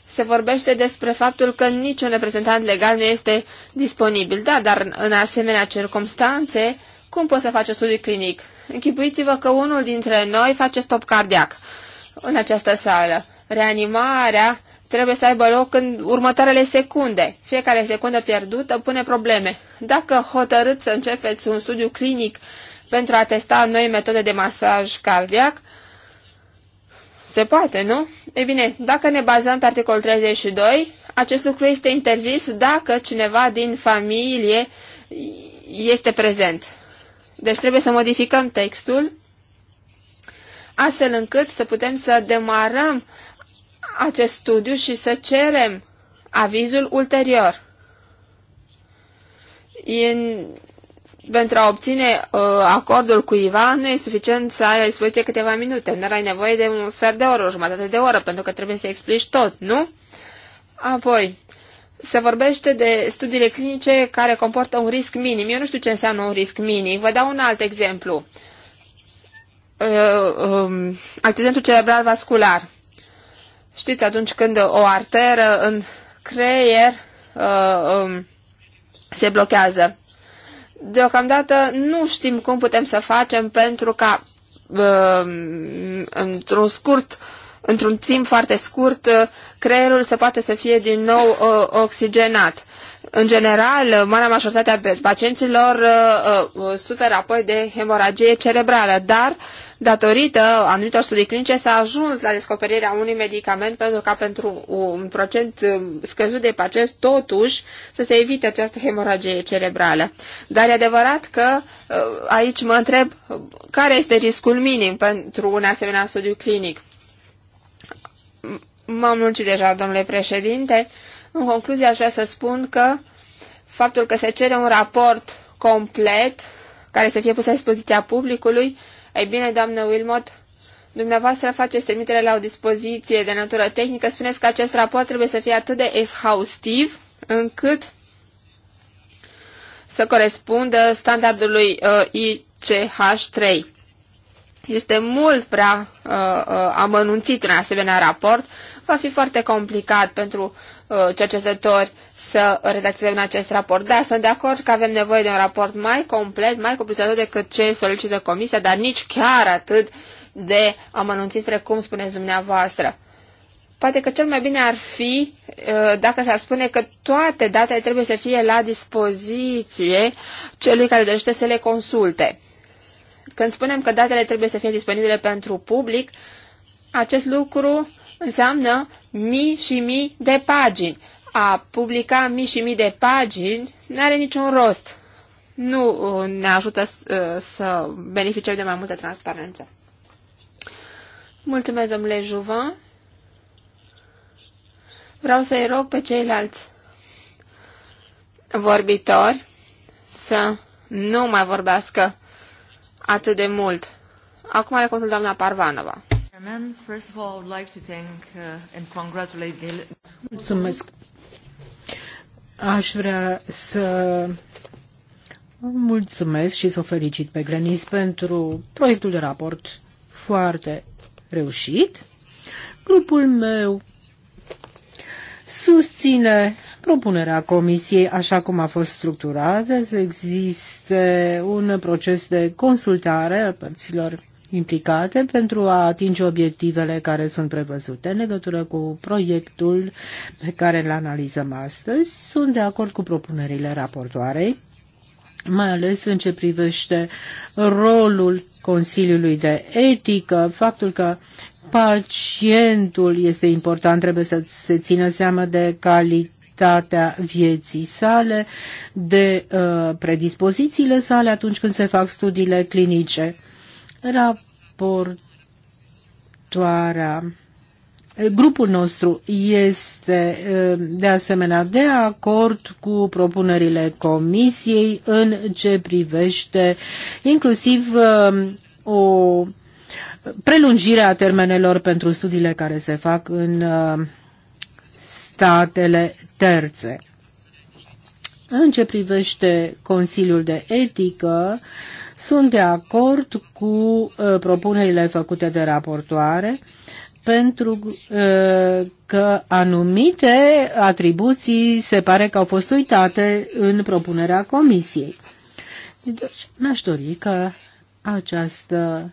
se vorbește despre faptul că niciun reprezentant legal nu este disponibil. Da, dar în asemenea circumstanțe, cum poți să faci un studiu clinic? Închipuiți-vă că unul dintre noi face stop cardiac în această sală. Reanimarea trebuie să aibă loc în următoarele secunde. Fiecare secundă pierdută pune probleme. Dacă hotărâți să începeți un studiu clinic pentru a testa noi metode de masaj cardiac, se poate, nu? E bine, dacă ne bazăm pe articolul 32, acest lucru este interzis dacă cineva din familie este prezent. Deci trebuie să modificăm textul astfel încât să putem să demarăm acest studiu și să cerem avizul ulterior pentru a obține uh, acordul cuiva, nu e suficient să ai la dispoziție câteva minute. Nu ai nevoie de un sfert de oră, o jumătate de oră, pentru că trebuie să explici tot, nu? Apoi, se vorbește de studiile clinice care comportă un risc minim. Eu nu știu ce înseamnă un risc minim. Vă dau un alt exemplu. Uh, um, accidentul cerebral vascular. Știți, atunci când o arteră în creier uh, um, se blochează. Deocamdată nu știm cum putem să facem pentru ca um, într-un scurt într-un timp foarte scurt, uh, creierul se poate să fie din nou uh, oxigenat. În general, uh, marea majoritatea pacienților uh, uh, suferă apoi de hemoragie cerebrală, dar uh, datorită anumitor studii clinice, s-a ajuns la descoperirea unui medicament pentru ca pentru un procent um, scăzut de pacienți, totuși, să se evite această hemoragie cerebrală. Dar e adevărat că uh, aici mă întreb care este riscul minim pentru un asemenea studiu clinic. M-am lungit deja, domnule președinte. În concluzie, aș vrea să spun că faptul că se cere un raport complet care să fie pus la dispoziția publicului ei bine, doamnă Wilmot, dumneavoastră faceți trimitere la o dispoziție de natură tehnică. Spuneți că acest raport trebuie să fie atât de exhaustiv încât să corespundă standardului uh, ICH3. Este mult prea uh, uh, amănunțit un asemenea raport. Va fi foarte complicat pentru uh, cercetători uh, să redacteze în acest raport. Da, sunt de acord că avem nevoie de un raport mai complet, mai cuprinzător decât ce solicită comisia, dar nici chiar atât de amănunțit precum spuneți dumneavoastră. Poate că cel mai bine ar fi uh, dacă s-ar spune că toate datele trebuie să fie la dispoziție celui care dorește să le consulte. Când spunem că datele trebuie să fie disponibile pentru public, acest lucru înseamnă mii și mii de pagini a publica mii și mii de pagini nu are niciun rost. Nu uh, ne ajută uh, să beneficiem de mai multă transparență. Mulțumesc, domnule Juvan. Vreau să-i rog pe ceilalți vorbitori să nu mai vorbească atât de mult. Acum are contul doamna Parvanova. Uh, Mulțumesc. Aș vrea să mulțumesc și să o felicit pe Glenis pentru proiectul de raport foarte reușit. Grupul meu susține propunerea comisiei așa cum a fost structurată, să existe un proces de consultare a părților implicate pentru a atinge obiectivele care sunt prevăzute. În legătură cu proiectul pe care îl analizăm astăzi, sunt de acord cu propunerile raportoarei mai ales în ce privește rolul Consiliului de Etică, faptul că pacientul este important, trebuie să se țină seama de calitatea vieții sale, de uh, predispozițiile sale atunci când se fac studiile clinice. Raportoarea eh, Grupul nostru este eh, de asemenea de acord cu propunerile Comisiei în ce privește inclusiv eh, o prelungire a termenelor pentru studiile care se fac în statele terțe. În ce privește Consiliul de Etică, sunt de acord cu uh, propunerile făcute de raportoare pentru uh, că anumite atribuții se pare că au fost uitate în propunerea comisiei. Deci mi-aș dori că această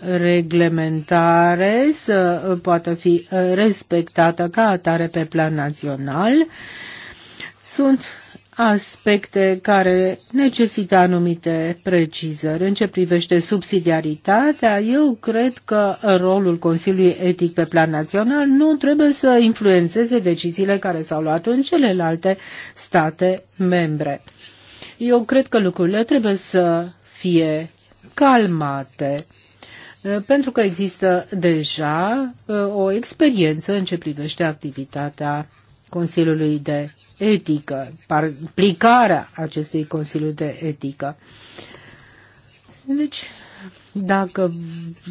reglementare să poată fi uh, respectată ca atare pe plan național. Sunt aspecte care necesită anumite precizări. În ce privește subsidiaritatea, eu cred că rolul Consiliului Etic pe plan național nu trebuie să influențeze deciziile care s-au luat în celelalte state membre. Eu cred că lucrurile trebuie să fie calmate pentru că există deja uh, o experiență în ce privește activitatea Consiliului de Etică, aplicarea acestui Consiliu de Etică. Deci, dacă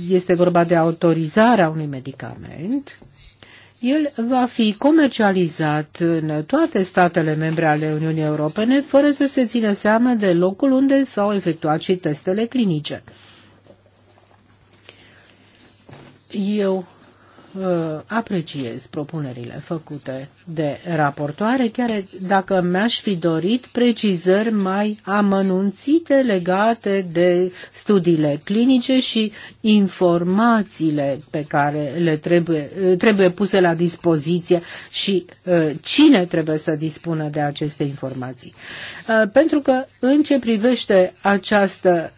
este vorba de autorizarea unui medicament, el va fi comercializat în toate statele membre ale Uniunii Europene, fără să se țină seama de locul unde s-au efectuat și testele clinice. Eu Uh, apreciez propunerile făcute de raportoare, chiar dacă mi-aș fi dorit precizări mai amănunțite legate de studiile clinice și informațiile pe care le trebuie, uh, trebuie puse la dispoziție și uh, cine trebuie să dispună de aceste informații. Pentru că în ce privește această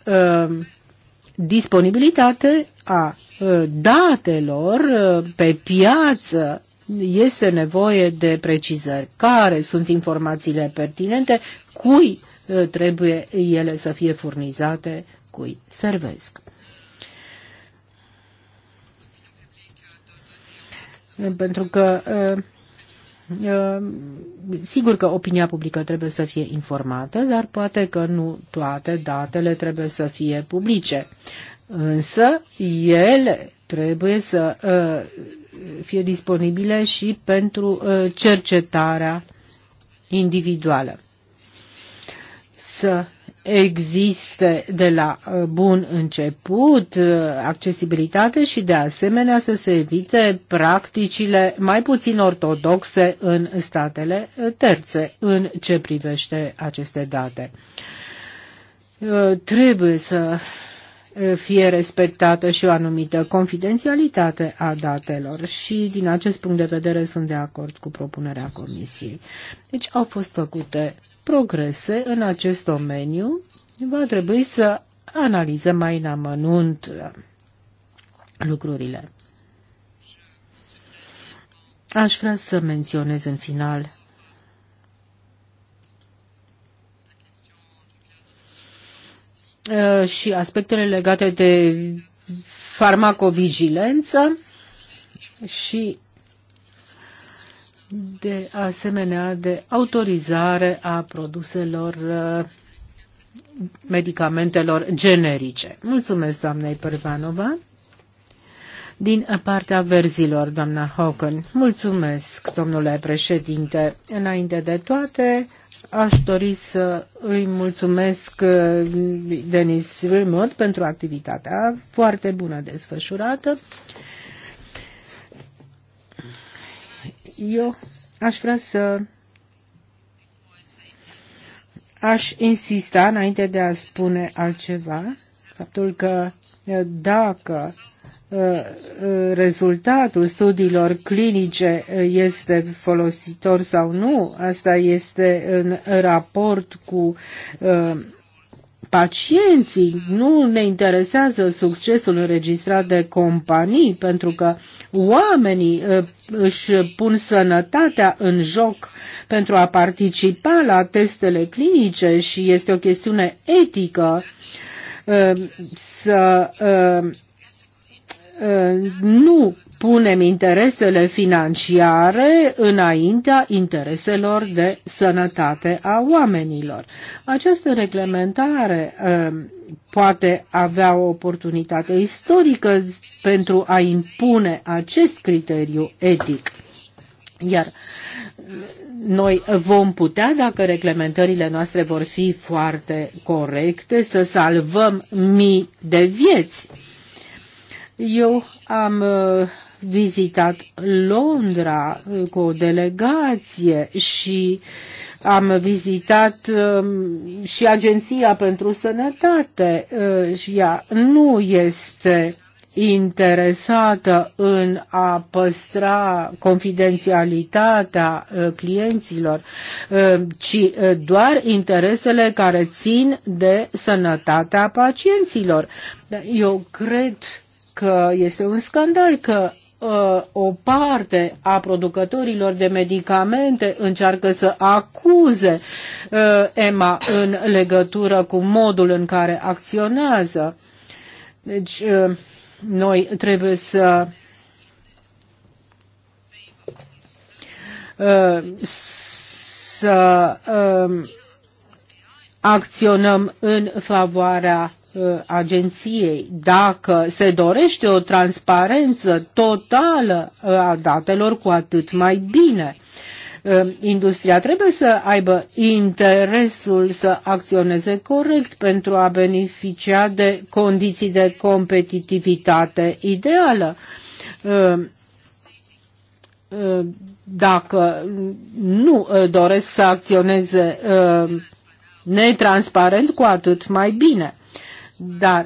disponibilitate a Uh, datelor uh, pe piață este nevoie de precizări. Care sunt informațiile pertinente, cui uh, trebuie ele să fie furnizate, cui servesc. Pentru că sigur că opinia publică trebuie să fie informată, dar poate că nu toate datele trebuie să fie publice. Însă ele trebuie să uh, fie disponibile și pentru uh, cercetarea individuală. Să existe de la uh, bun început accesibilitate și de asemenea să se evite practicile mai puțin ortodoxe în statele terțe în ce privește aceste date. Trebuie să fie respectată și o anumită confidențialitate a datelor și din acest punct de vedere sunt de acord cu propunerea Comisiei. Deci au fost făcute progrese în acest domeniu. Va trebui să analizăm mai în amănunt lucrurile. Aș vrea să menționez în final Uh, și aspectele legate de farmacovigilență și de asemenea de autorizare a produselor uh, medicamentelor generice. Mulțumesc, doamnei Pervanova. Din partea verzilor, doamna hogan. mulțumesc, domnule președinte. Înainte de toate, Aș dori să îi mulțumesc uh, Denis Wilmot pentru activitatea foarte bună desfășurată. Eu aș vrea să aș insista înainte de a spune altceva, faptul că uh, dacă Uh, uh, rezultatul studiilor clinice uh, este folositor sau nu, asta este în raport cu pacienții. Nu ne interesează succesul înregistrat de companii, pentru că oamenii își pun sănătatea în joc pentru a participa la testele clinice și este o chestiune etică să Uh, nu punem interesele financiare înaintea intereselor de sănătate a oamenilor. Această reglementare uh, poate avea o oportunitate istorică pentru a impune acest criteriu etic. Iar noi vom putea, dacă reglementările noastre vor fi foarte corecte, să salvăm mii de vieți eu am uh, vizitat Londra uh, cu o delegație și am vizitat um, și Agenția pentru Sănătate uh, și ea nu este interesată în a păstra confidențialitatea clienților, ci doar interesele care țin de sănătatea pacienților. Eu cred că este un scandal că uh, o parte a producătorilor de medicamente încearcă să acuze uh, EMA în legătură cu modul în care acționează. Deci, uh, noi trebuie să să acționăm în favoarea Uh, agenției. Dacă se dorește o transparență totală uh, a datelor, cu atât mai bine. Uh, industria trebuie să aibă interesul să acționeze corect pentru a beneficia de condiții de competitivitate ideală dacă nu doresc să acționeze netransparent, cu atât mai bine. Dar,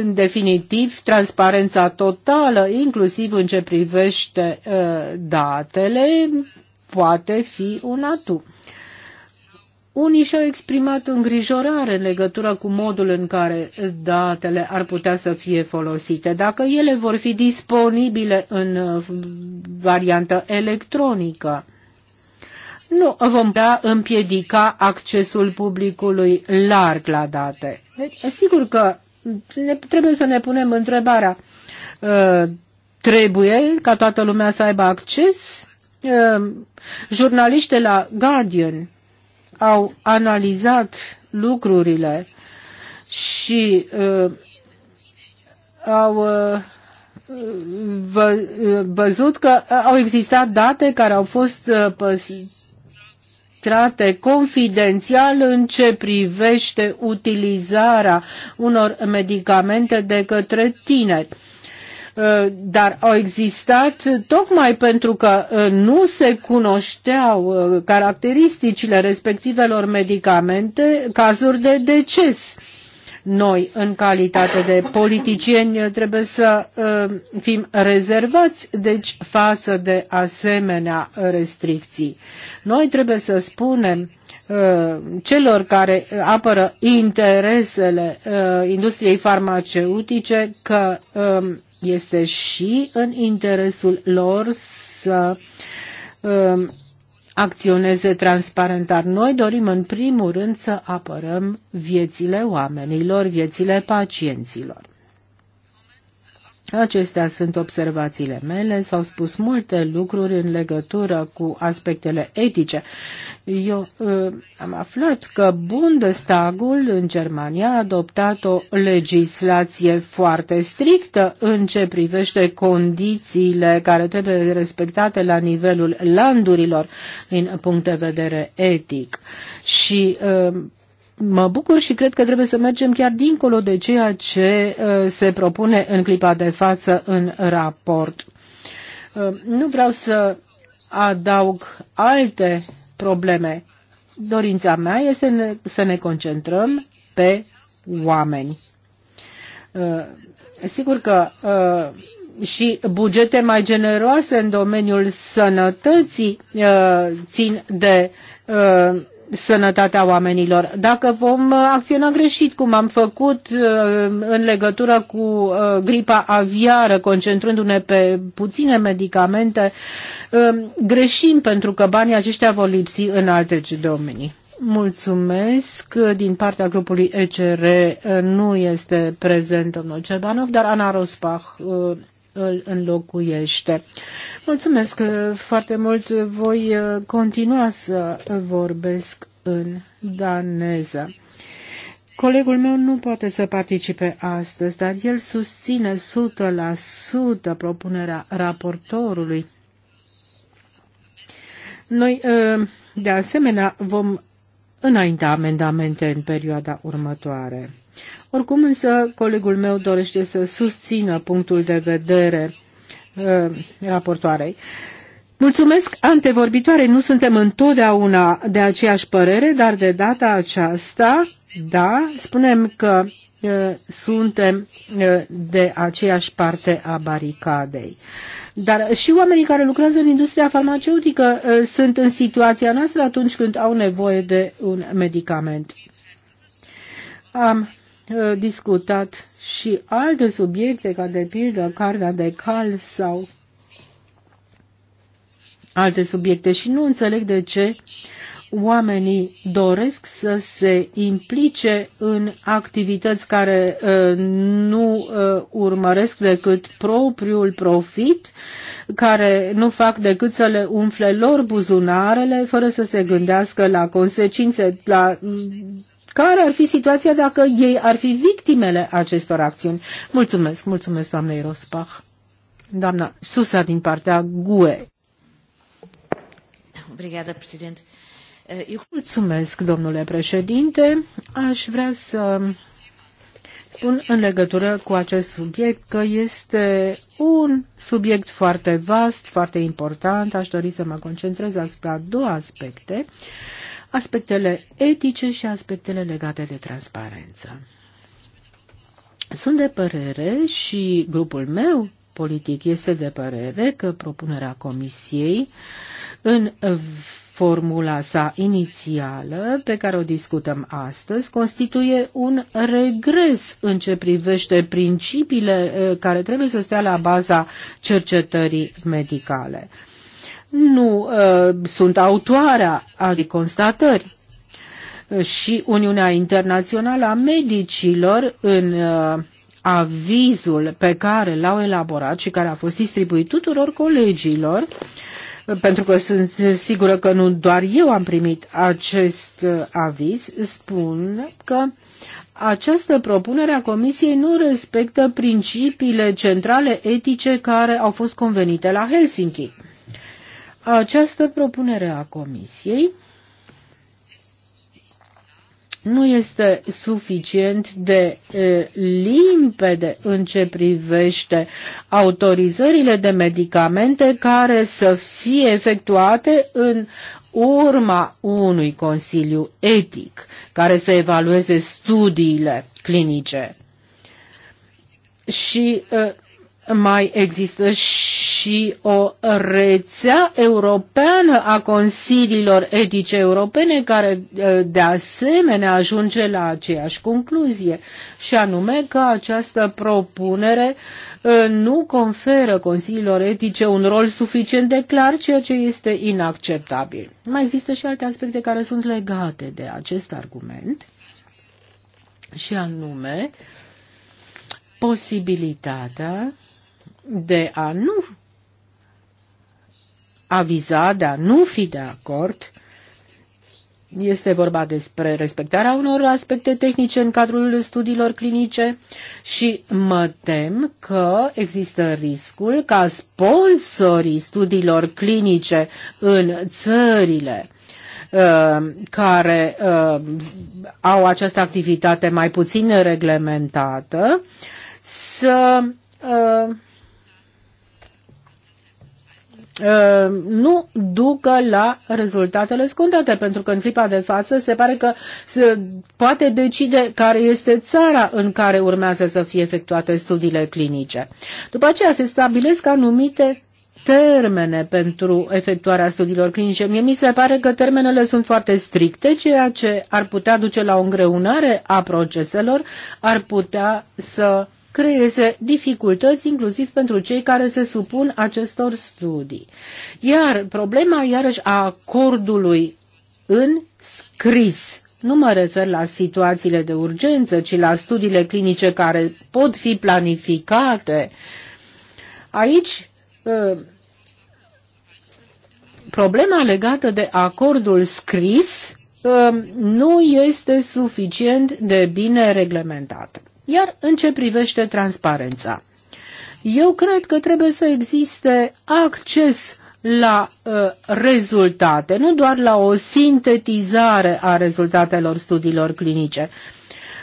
în definitiv, transparența totală, inclusiv în ce privește uh, datele, poate fi un atu. Unii și-au exprimat îngrijorare în legătură cu modul în care datele ar putea să fie folosite, dacă ele vor fi disponibile în uh, variantă electronică nu vom da împiedica accesul publicului larg la date. Deci, sigur că ne, trebuie să ne punem întrebarea, uh, trebuie ca toată lumea să aibă acces? Uh, Jurnaliști de la Guardian au analizat lucrurile și uh, au vă, văzut că au existat date care au fost trate confidențial în ce privește utilizarea unor medicamente de către tineri uh, dar au existat tocmai pentru că uh, nu se cunoșteau uh, caracteristicile respectivelor medicamente, cazuri de deces. Noi, în calitate de politicieni, trebuie să uh, fim rezervați, deci, față de asemenea uh, restricții. Noi trebuie să spunem uh, celor care apără interesele industriei farmaceutice că um, este și în interesul lor să um, acționeze transparent, dar noi dorim în primul rând să apărăm viețile oamenilor, viețile pacienților. Acestea sunt observațiile mele. S-au spus multe lucruri în legătură cu aspectele etice. Eu uh, am aflat că Bundestagul în Germania a adoptat o legislație foarte strictă în ce privește condițiile care trebuie respectate la nivelul landurilor din punct de vedere etic. Și uh, mă bucur și cred că trebuie să mergem chiar dincolo de ceea ce uh, se propune în clipa de față în raport. Uh, nu vreau să adaug alte probleme. Dorința mea este să ne concentrăm pe oameni. Uh, sigur că și bugete mai generoase în domeniul sănătății țin de sănătatea oamenilor. Dacă vom uh, acționa greșit, cum am făcut uh, în legătură cu uh, gripa aviară, concentrându-ne pe puține medicamente, greșim pentru că banii aceștia vor lipsi în alte domenii. Mulțumesc. Din partea grupului ECR nu este prezent domnul Cebanov, dar Ana Rosbach îl înlocuiește. Mulțumesc uh, foarte mult. Voi uh, continua să vorbesc în daneză. Colegul meu nu poate să participe astăzi, dar el susține 100% propunerea raportorului. Noi, uh, de asemenea, vom înainta amendamente în perioada următoare. Oricum însă colegul meu dorește să susțină punctul de vedere uh, raportoarei. Mulțumesc antevorbitoare, nu suntem întotdeauna de aceeași părere, dar de data aceasta, da, spunem că e, uh, suntem e, uh, de aceeași parte a baricadei. Dar și oamenii care lucrează în industria farmaceutică e, sunt în situația noastră atunci când au nevoie de un medicament. Am Uh, discutat și alte subiecte, ca de pildă carnea de cal sau alte subiecte și nu înțeleg de ce oamenii doresc să se implice în activități care uh, nu uh, urmăresc decât propriul profit, care nu fac decât să le umfle lor buzunarele fără să se gândească la consecințe, la care ar fi situația dacă ei ar fi victimele acestor acțiuni? Mulțumesc, mulțumesc doamnei Rospach. Doamna Susa din partea GUE. Obrigada, președinte. Eh, eu... Mulțumesc, domnule președinte. Aș vrea să spun în legătură cu acest subiect că este un subiect foarte vast, foarte important. Aș dori să mă concentrez asupra două aspecte. Uh, aspectele etice și aspectele legate de transparență. Sunt de părere și grupul meu politic este de părere că propunerea Comisiei în formula sa inițială, pe care o discutăm astăzi, constituie un regres în ce privește principiile eh, care trebuie să stea la baza cercetării medicale nu uh, sunt autoarea ale constatări. Uh, și Uniunea Internațională a Medicilor în uh, avizul pe care l-au elaborat și care a fost distribuit tuturor colegilor, uh, pentru că sunt sigură că nu doar eu am primit acest uh, aviz, spun că această propunere a Comisiei nu respectă principiile centrale etice care au fost convenite la Helsinki această propunere a Comisiei nu este suficient de limpede în ce privește autorizările de medicamente care să fie efectuate în urma unui consiliu etic care să evalueze studiile clinice. Și mai există și o rețea europeană a consiliilor etice europene care eh, de asemenea ajunge la aceeași concluzie și anume că această propunere eh, nu conferă consiliilor etice un rol suficient de clar, ceea ce este inacceptabil. Mai există și alte aspecte care sunt legate de acest argument și anume posibilitatea de a nu aviza, de a nu fi de acord, este vorba despre respectarea unor aspecte tehnice în cadrul studiilor clinice și mă tem că există riscul ca sponsorii studiilor clinice în țările uh, care uh, au această activitate mai puțin reglementată să uh, Uh, nu ducă la rezultatele scontate, pentru că în clipa de față se pare că se poate decide care este țara în care urmează să fie efectuate studiile clinice. După aceea se stabilesc anumite termene pentru efectuarea studiilor clinice. Mie mi se pare că termenele sunt foarte stricte, ceea ce ar putea duce la o îngreunare a proceselor, ar putea să creeze dificultăți inclusiv pentru cei care se supun acestor studii. Iar problema iarăși a acordului în scris. Nu mă refer la situațiile de urgență, ci la studiile clinice care pot fi planificate. Aici ă, problema legată de acordul scris ă, nu este suficient de bine reglementată. Iar în ce privește transparența? Eu cred că trebuie să existe acces la uh, rezultate, nu doar la o sintetizare a rezultatelor studiilor clinice.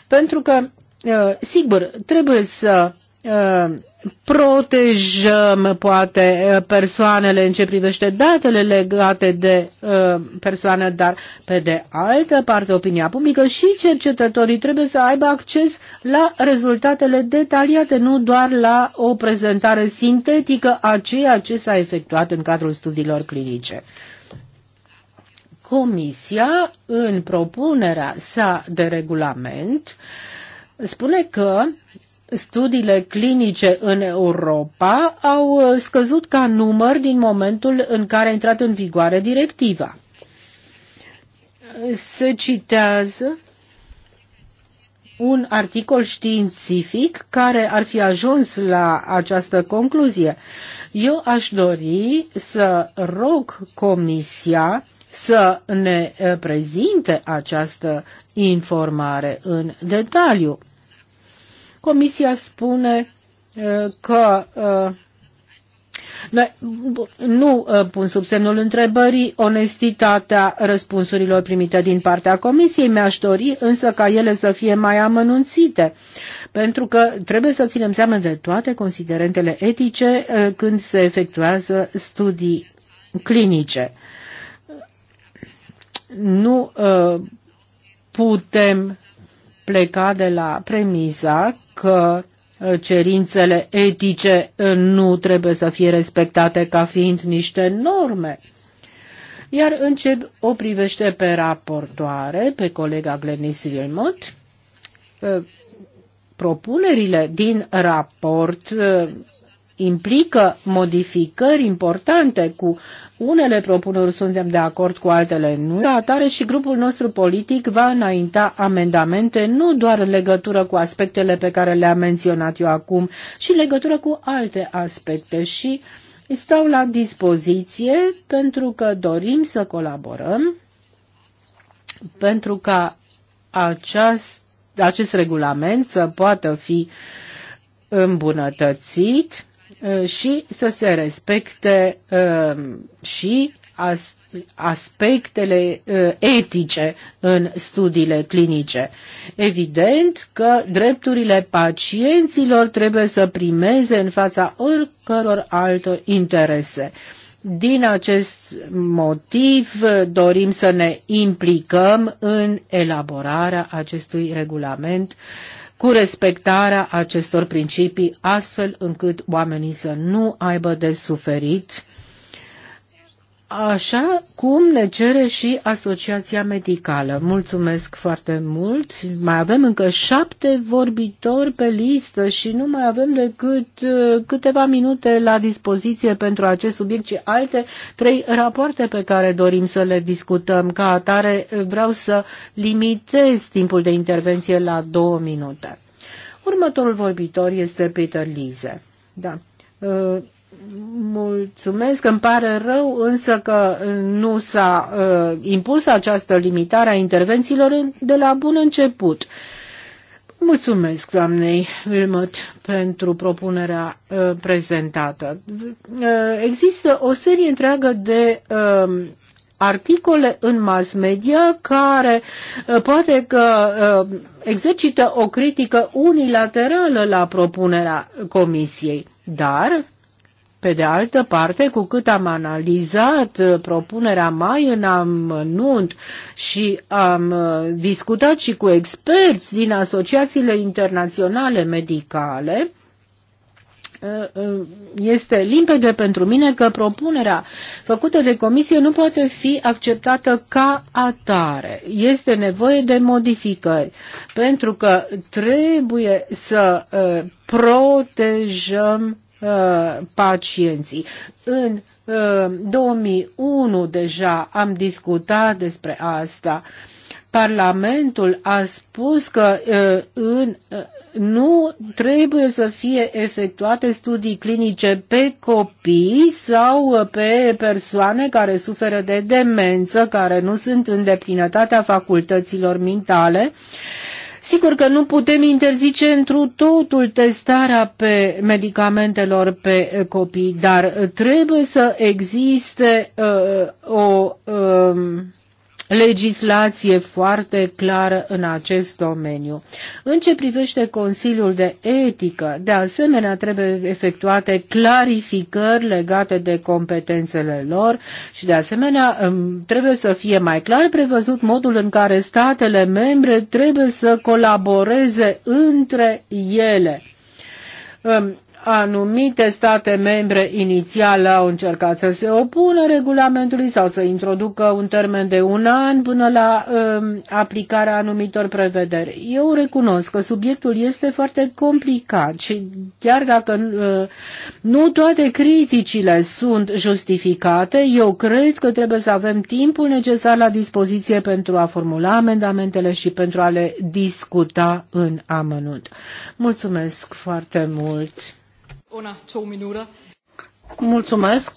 Pentru că, uh, sigur, trebuie să uh, protejăm poate persoanele în ce privește datele legate de uh, persoane, dar pe de altă parte opinia publică și cercetătorii trebuie să aibă acces la rezultatele detaliate, nu doar la o prezentare sintetică a ceea ce s-a efectuat în cadrul studiilor clinice. Comisia, în propunerea sa de regulament, spune că studiile clinice în Europa au uh, scăzut ca număr din momentul în care a intrat în vigoare directiva. Se citează un articol științific care ar fi ajuns la această concluzie. Eu aș dori să rog Comisia să ne uh, prezinte această informare în detaliu. Comisia spune uh, că uh, noi nu uh, pun sub semnul întrebării onestitatea răspunsurilor primite din partea Comisiei. Mi-aș dori însă ca ele să fie mai amănunțite, pentru că trebuie să ținem seama de toate considerentele etice când se efectuează studii clinice. Nu putem pleca de la premiza că uh, cerințele etice uh, nu trebuie să fie respectate ca fiind niște norme. Iar încep o privește pe raportoare, pe colega Glenis Wilmot, uh, propunerile din raport implică modificări importante cu unele propuneri suntem de acord cu altele nu. La atare și grupul nostru politic va înainta amendamente nu doar în legătură cu aspectele pe care le-am menționat eu acum, ci în legătură cu alte aspecte și stau la dispoziție pentru că dorim să colaborăm pentru ca aceast, acest regulament să poată fi îmbunătățit Uh, și să se respecte uh, și aspectele uh, etice în studiile clinice. Evident că drepturile pacienților trebuie să primeze în fața oricăror altor interese. Din acest motiv dorim să ne implicăm în elaborarea acestui regulament uh, cu respectarea acestor principii, astfel încât oamenii să nu aibă de suferit uh, așa cum ne cere și Asociația Medicală. Mulțumesc foarte mult. Mai avem încă șapte vorbitori pe listă și nu mai avem decât uh, câteva minute la dispoziție pentru acest subiect și alte trei rapoarte pe care dorim să le discutăm. Ca atare uh, vreau să limitez timpul de intervenție la două minute. Următorul vorbitor este Peter Lise. Da uh, Mulțumesc, îmi pare rău însă că nu s-a uh, impus această limitare a intervențiilor de la bun început. Mulțumesc doamnei Wilmot pentru propunerea uh, prezentată. Uh, există o serie întreagă de uh, articole în mass media care uh, poate că uh, exercită o critică unilaterală la propunerea comisiei, dar pe de altă parte, cu cât am analizat uh, propunerea mai în amănunt și am uh, discutat și cu experți din asociațiile internaționale medicale, uh, este limpede pentru mine că propunerea făcută de comisie nu poate fi acceptată ca atare. Este nevoie de modificări, pentru că trebuie să protejăm Uh, pacienții. În 2001 uh, deja am discutat despre asta. Parlamentul a spus că uh, în, nu trebuie să fie efectuate studii clinice pe copii sau pe persoane care suferă de demență, care nu sunt în deplinătatea facultăților mentale Sigur că nu putem interzice întru totul testarea pe medicamentelor pe eh, copii, dar trebuie să existe uh, o um, legislație foarte clară în acest domeniu. În ce privește Consiliul de Etică, de asemenea trebuie efectuate clarificări legate de competențele lor și de asemenea trebuie să fie mai clar prevăzut modul în care statele membre trebuie să colaboreze între ele anumite state membre inițial au încercat să se opună regulamentului sau să introducă un termen de un an până la um, aplicarea anumitor prevederi. Eu recunosc că subiectul este foarte complicat și chiar dacă uh, nu toate criticile sunt justificate, eu cred că trebuie să avem timpul necesar la dispoziție pentru a formula amendamentele și pentru a le discuta în amănunt. Mulțumesc foarte mult! Mulțumesc.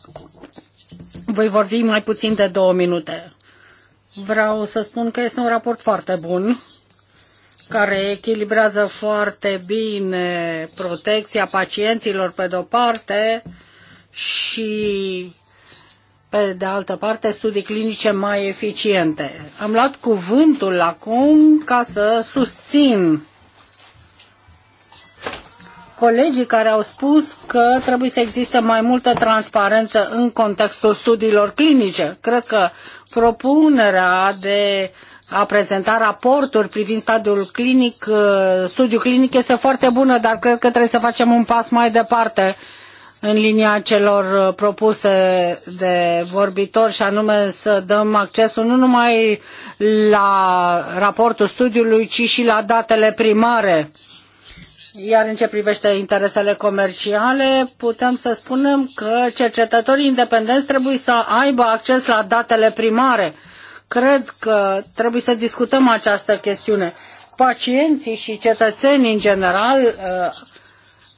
Voi vorbi mai puțin de două minute. Vreau să spun că este un raport foarte bun, care echilibrează foarte bine protecția pacienților pe de-o parte și pe de altă parte studii clinice mai eficiente. Am luat cuvântul acum ca să susțin colegii care au spus că trebuie să existe mai multă transparență în contextul studiilor clinice. Cred că propunerea de a prezenta raporturi privind stadiul clinic, uh, studiul clinic este foarte bună, dar cred că trebuie să facem un pas mai departe în linia celor uh, propuse de vorbitori și anume să dăm accesul nu numai la raportul studiului, ci și la datele primare. Iar în ce privește interesele comerciale, putem să spunem că cercetătorii independenți trebuie să aibă acces la datele primare. Cred că trebuie să discutăm această chestiune. Pacienții și cetățenii în general uh,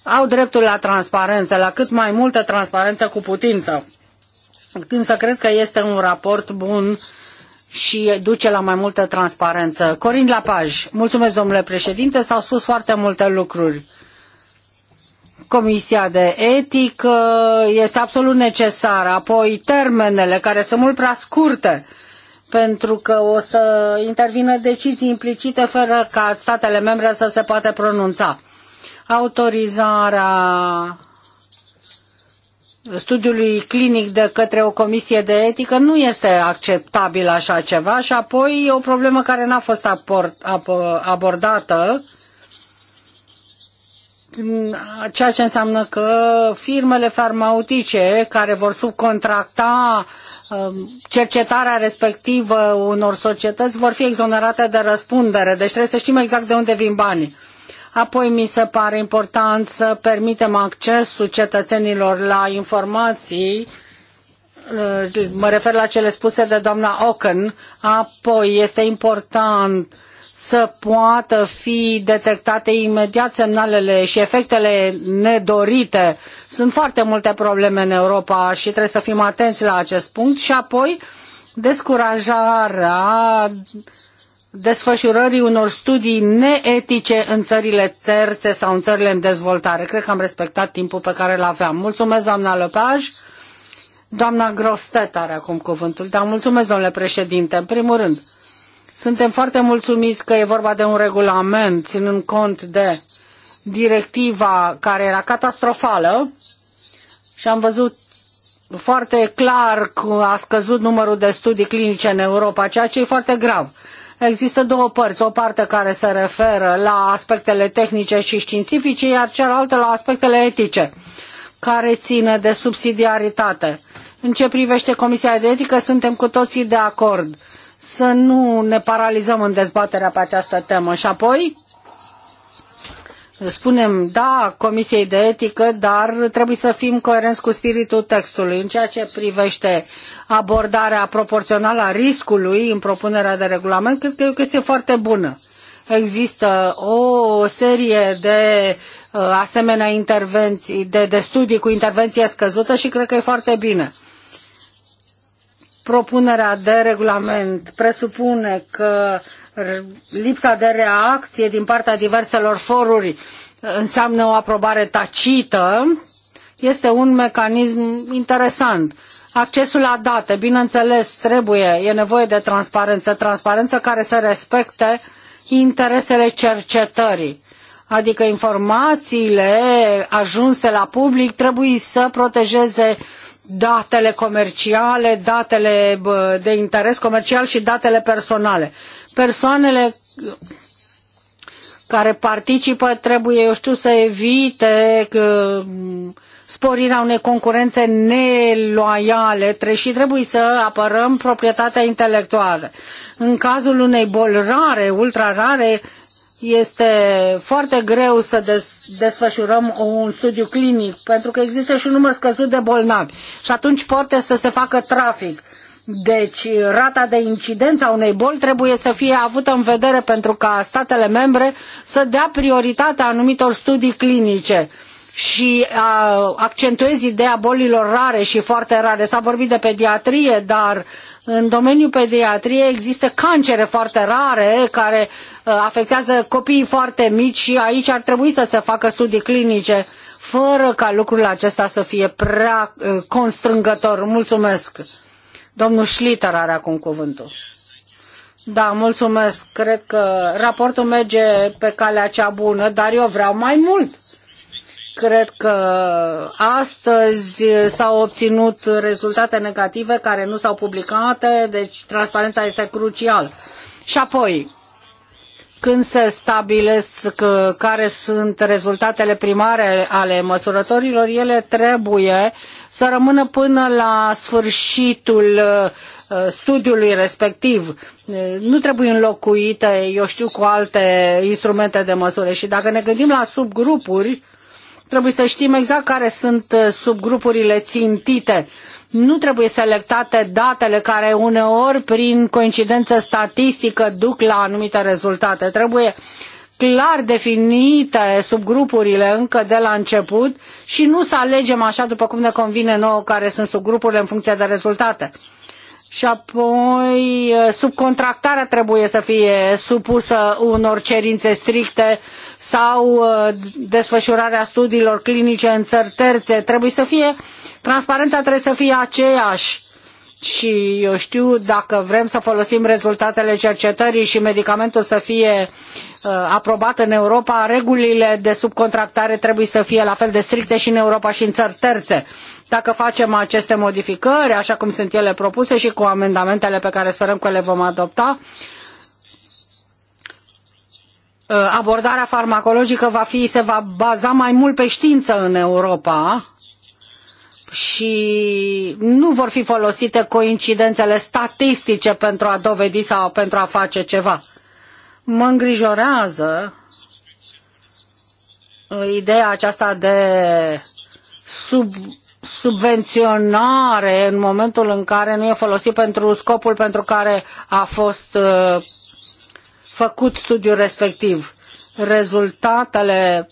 au dreptul la transparență, la cât mai multă transparență cu putință. Însă cred că este un raport bun și duce la mai multă transparență. Corin Lapaj, mulțumesc domnule președinte, s-au spus foarte multe lucruri. Comisia de etică este absolut necesară, apoi termenele care sunt mult prea scurte pentru că o să intervină decizii implicite fără ca statele membre să se poată pronunța. Autorizarea studiului clinic de către o comisie de etică nu este acceptabil așa ceva și apoi e o problemă care n-a fost abordată ceea ce înseamnă că firmele farmautice care vor subcontracta um, cercetarea respectivă unor societăți vor fi exonerate de răspundere. Deci trebuie să știm exact de unde vin banii. Apoi mi se pare important să permitem accesul cetățenilor la informații uh, mă refer la cele spuse de doamna Ocken, apoi este important să poată fi detectate imediat semnalele și efectele nedorite. Sunt foarte multe probleme în Europa și trebuie să fim atenți la acest punct și apoi descurajarea desfășurării unor studii neetice în țările terțe sau în țările în dezvoltare. Cred că am respectat timpul pe care îl aveam. Mulțumesc, doamna Lepaj. Doamna Grostet are acum cuvântul. Dar mulțumesc, domnule președinte. În primul rând, suntem foarte mulțumiți că e vorba de un regulament, ținând cont de directiva care era catastrofală și am văzut foarte clar că a scăzut numărul de studii clinice în Europa, ceea ce e foarte grav. Există două părți, o parte care se referă la aspectele tehnice și științifice, iar cealaltă la aspectele etice, care ține de subsidiaritate. În ce privește Comisia de Etică, suntem cu toții de acord să nu ne paralizăm în dezbaterea pe această temă. Și apoi, spunem da Comisiei de Etică, dar trebuie să fim coerenți cu spiritul textului. În ceea ce privește abordarea proporțională a riscului în propunerea de regulament, cred că e o chestie foarte bună. Există o serie de uh, asemenea intervenții, de, de studii cu intervenție scăzută și cred că e foarte bine propunerea de regulament presupune că lipsa de reacție din partea diverselor foruri înseamnă o aprobare tacită, este un mecanism interesant. Accesul la date, bineînțeles, trebuie, e nevoie de transparență, transparență care să respecte interesele cercetării. Adică informațiile ajunse la public trebuie să protejeze uh, datele comerciale, datele de interes comercial și datele personale. Persoanele care participă trebuie, eu știu, să evite sporirea unei concurențe neloiale și trebuie să apărăm proprietatea intelectuală. În cazul unei boli rare, ultra rare, este foarte greu să des, desfășurăm un studiu clinic, pentru că există și un număr scăzut de bolnavi și atunci poate să se facă trafic. Deci rata de incidență a unei boli trebuie să fie avută în vedere pentru ca statele membre să dea prioritate anumitor studii clinice și accentuez ideea bolilor rare și foarte rare. S-a vorbit de pediatrie, dar în domeniul pediatriei există cancere foarte rare care uh, afectează copiii foarte mici și aici ar trebui să se facă studii clinice fără ca lucrul acesta să fie prea uh, constrângător. Mulțumesc. Domnul Schlitter are acum cuvântul. Da, mulțumesc. Cred că raportul merge pe calea cea bună, dar eu vreau mai mult. Cred că astăzi s-au obținut rezultate negative care nu s-au publicate, deci transparența este crucială. Și apoi, când se stabilesc care sunt rezultatele primare ale măsurătorilor, ele trebuie să rămână până la sfârșitul uh, studiului respectiv. Nu trebuie înlocuite, eu știu, cu alte instrumente de măsură. Și dacă ne gândim la subgrupuri, Trebuie să știm exact care sunt uh, subgrupurile țintite. Nu trebuie selectate datele care uneori, prin coincidență statistică, duc la anumite rezultate. Trebuie clar definite subgrupurile încă de la început și nu să alegem așa după cum ne convine nouă care sunt subgrupurile în funcție de rezultate și apoi ă, subcontractarea trebuie să fie supusă unor cerințe stricte sau ă, desfășurarea studiilor clinice în țări terțe. Trebuie să fie, transparența trebuie să fie aceeași și eu știu dacă vrem să folosim rezultatele cercetării și medicamentul să fie uh, aprobat în Europa, regulile de subcontractare trebuie să fie la fel de stricte și în Europa și în țări terțe. Dacă facem aceste modificări, așa cum sunt ele propuse și cu amendamentele pe care sperăm că le vom adopta, uh, abordarea farmacologică va fi, se va baza mai mult pe știință în Europa și nu vor fi folosite coincidențele statistice pentru a dovedi sau pentru a face ceva. Mă îngrijorează uh, ideea aceasta de sub subvenționare în momentul în care nu e folosit pentru scopul pentru care a fost uh, făcut studiul respectiv. Rezultatele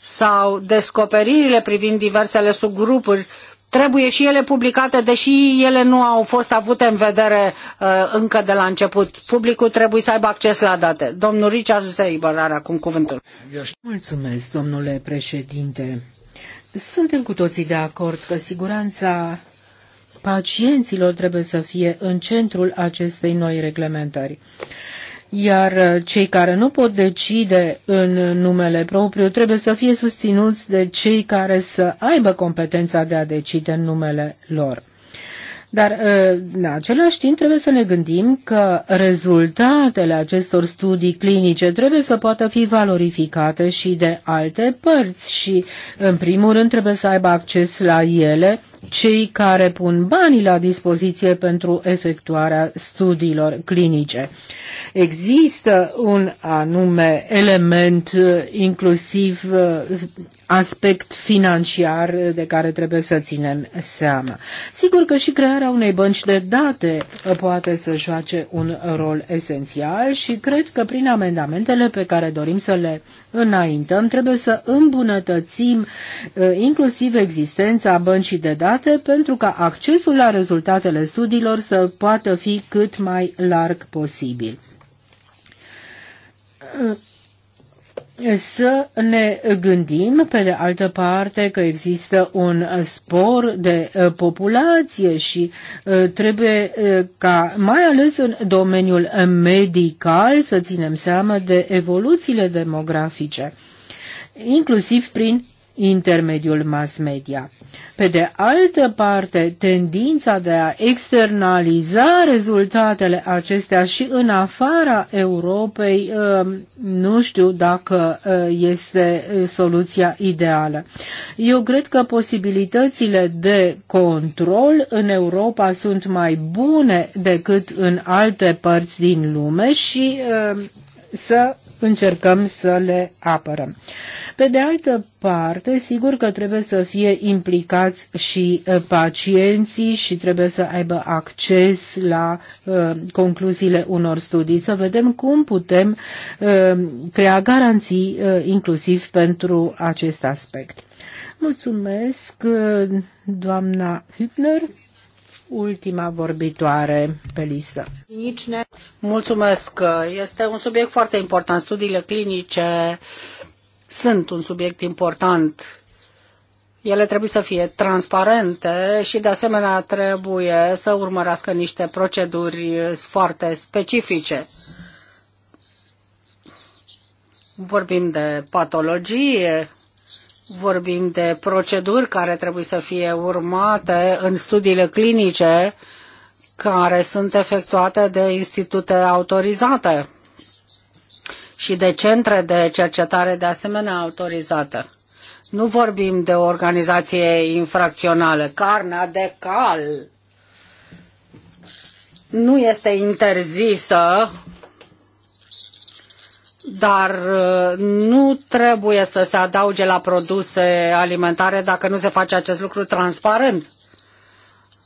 sau descoperirile privind diversele subgrupuri trebuie și ele publicate, deși ele nu au fost avute în vedere uh, încă de la început. Publicul trebuie să aibă acces la date. Domnul Richard Zeiber are acum cuvântul. Mulțumesc, domnule președinte. Suntem cu toții de acord că siguranța pacienților trebuie să fie în centrul acestei noi reglementări. Iar cei care nu pot decide în numele propriu trebuie să fie susținuți de cei care să aibă competența de a decide în numele lor. Dar, uh, în același timp, trebuie să ne gândim că rezultatele acestor studii clinice trebuie să poată fi valorificate și de alte părți și, în primul rând, trebuie să aibă acces la ele cei care pun banii la dispoziție pentru efectuarea studiilor clinice. Există un anume element, uh, inclusiv uh, aspect financiar uh, de care trebuie să ținem seama. Sigur că și crearea unei bănci de date poate să joace un rol esențial și cred că prin amendamentele pe care dorim să le înaintăm, trebuie să îmbunătățim uh, inclusiv existența băncii de date pentru ca accesul la rezultatele studiilor să poată fi cât mai larg posibil uh, să ne gândim, pe de altă parte, că există un spor de populație și trebuie ca, mai ales în domeniul medical, să ținem seama de evoluțiile demografice, inclusiv prin intermediul mass media. Pe de altă parte, tendința de a externaliza rezultatele acestea și în afara Europei, ă, nu știu dacă ă, este ă, soluția ideală. Eu cred că posibilitățile de control în Europa sunt mai bune decât în alte părți din lume și să încercăm să le apărăm. Pe de altă parte, sigur că trebuie să fie implicați și uh, pacienții și trebuie să aibă acces la uh, concluziile unor studii, să vedem cum putem uh, crea garanții uh, inclusiv pentru acest aspect. Mulțumesc, uh, doamna Hübner ultima vorbitoare pe listă. Mulțumesc. Este un subiect foarte important. Studiile clinice sunt un subiect important. Ele trebuie să fie transparente și, de asemenea, trebuie să urmărească niște proceduri foarte specifice. Vorbim de patologie, Vorbim de proceduri care trebuie să fie urmate în studiile clinice care sunt efectuate de institute autorizate și de centre de cercetare de asemenea autorizate. Nu vorbim de o organizație infracțională. Carnea de cal nu este interzisă dar uh, nu trebuie să se adauge la produse alimentare dacă nu se face acest lucru transparent.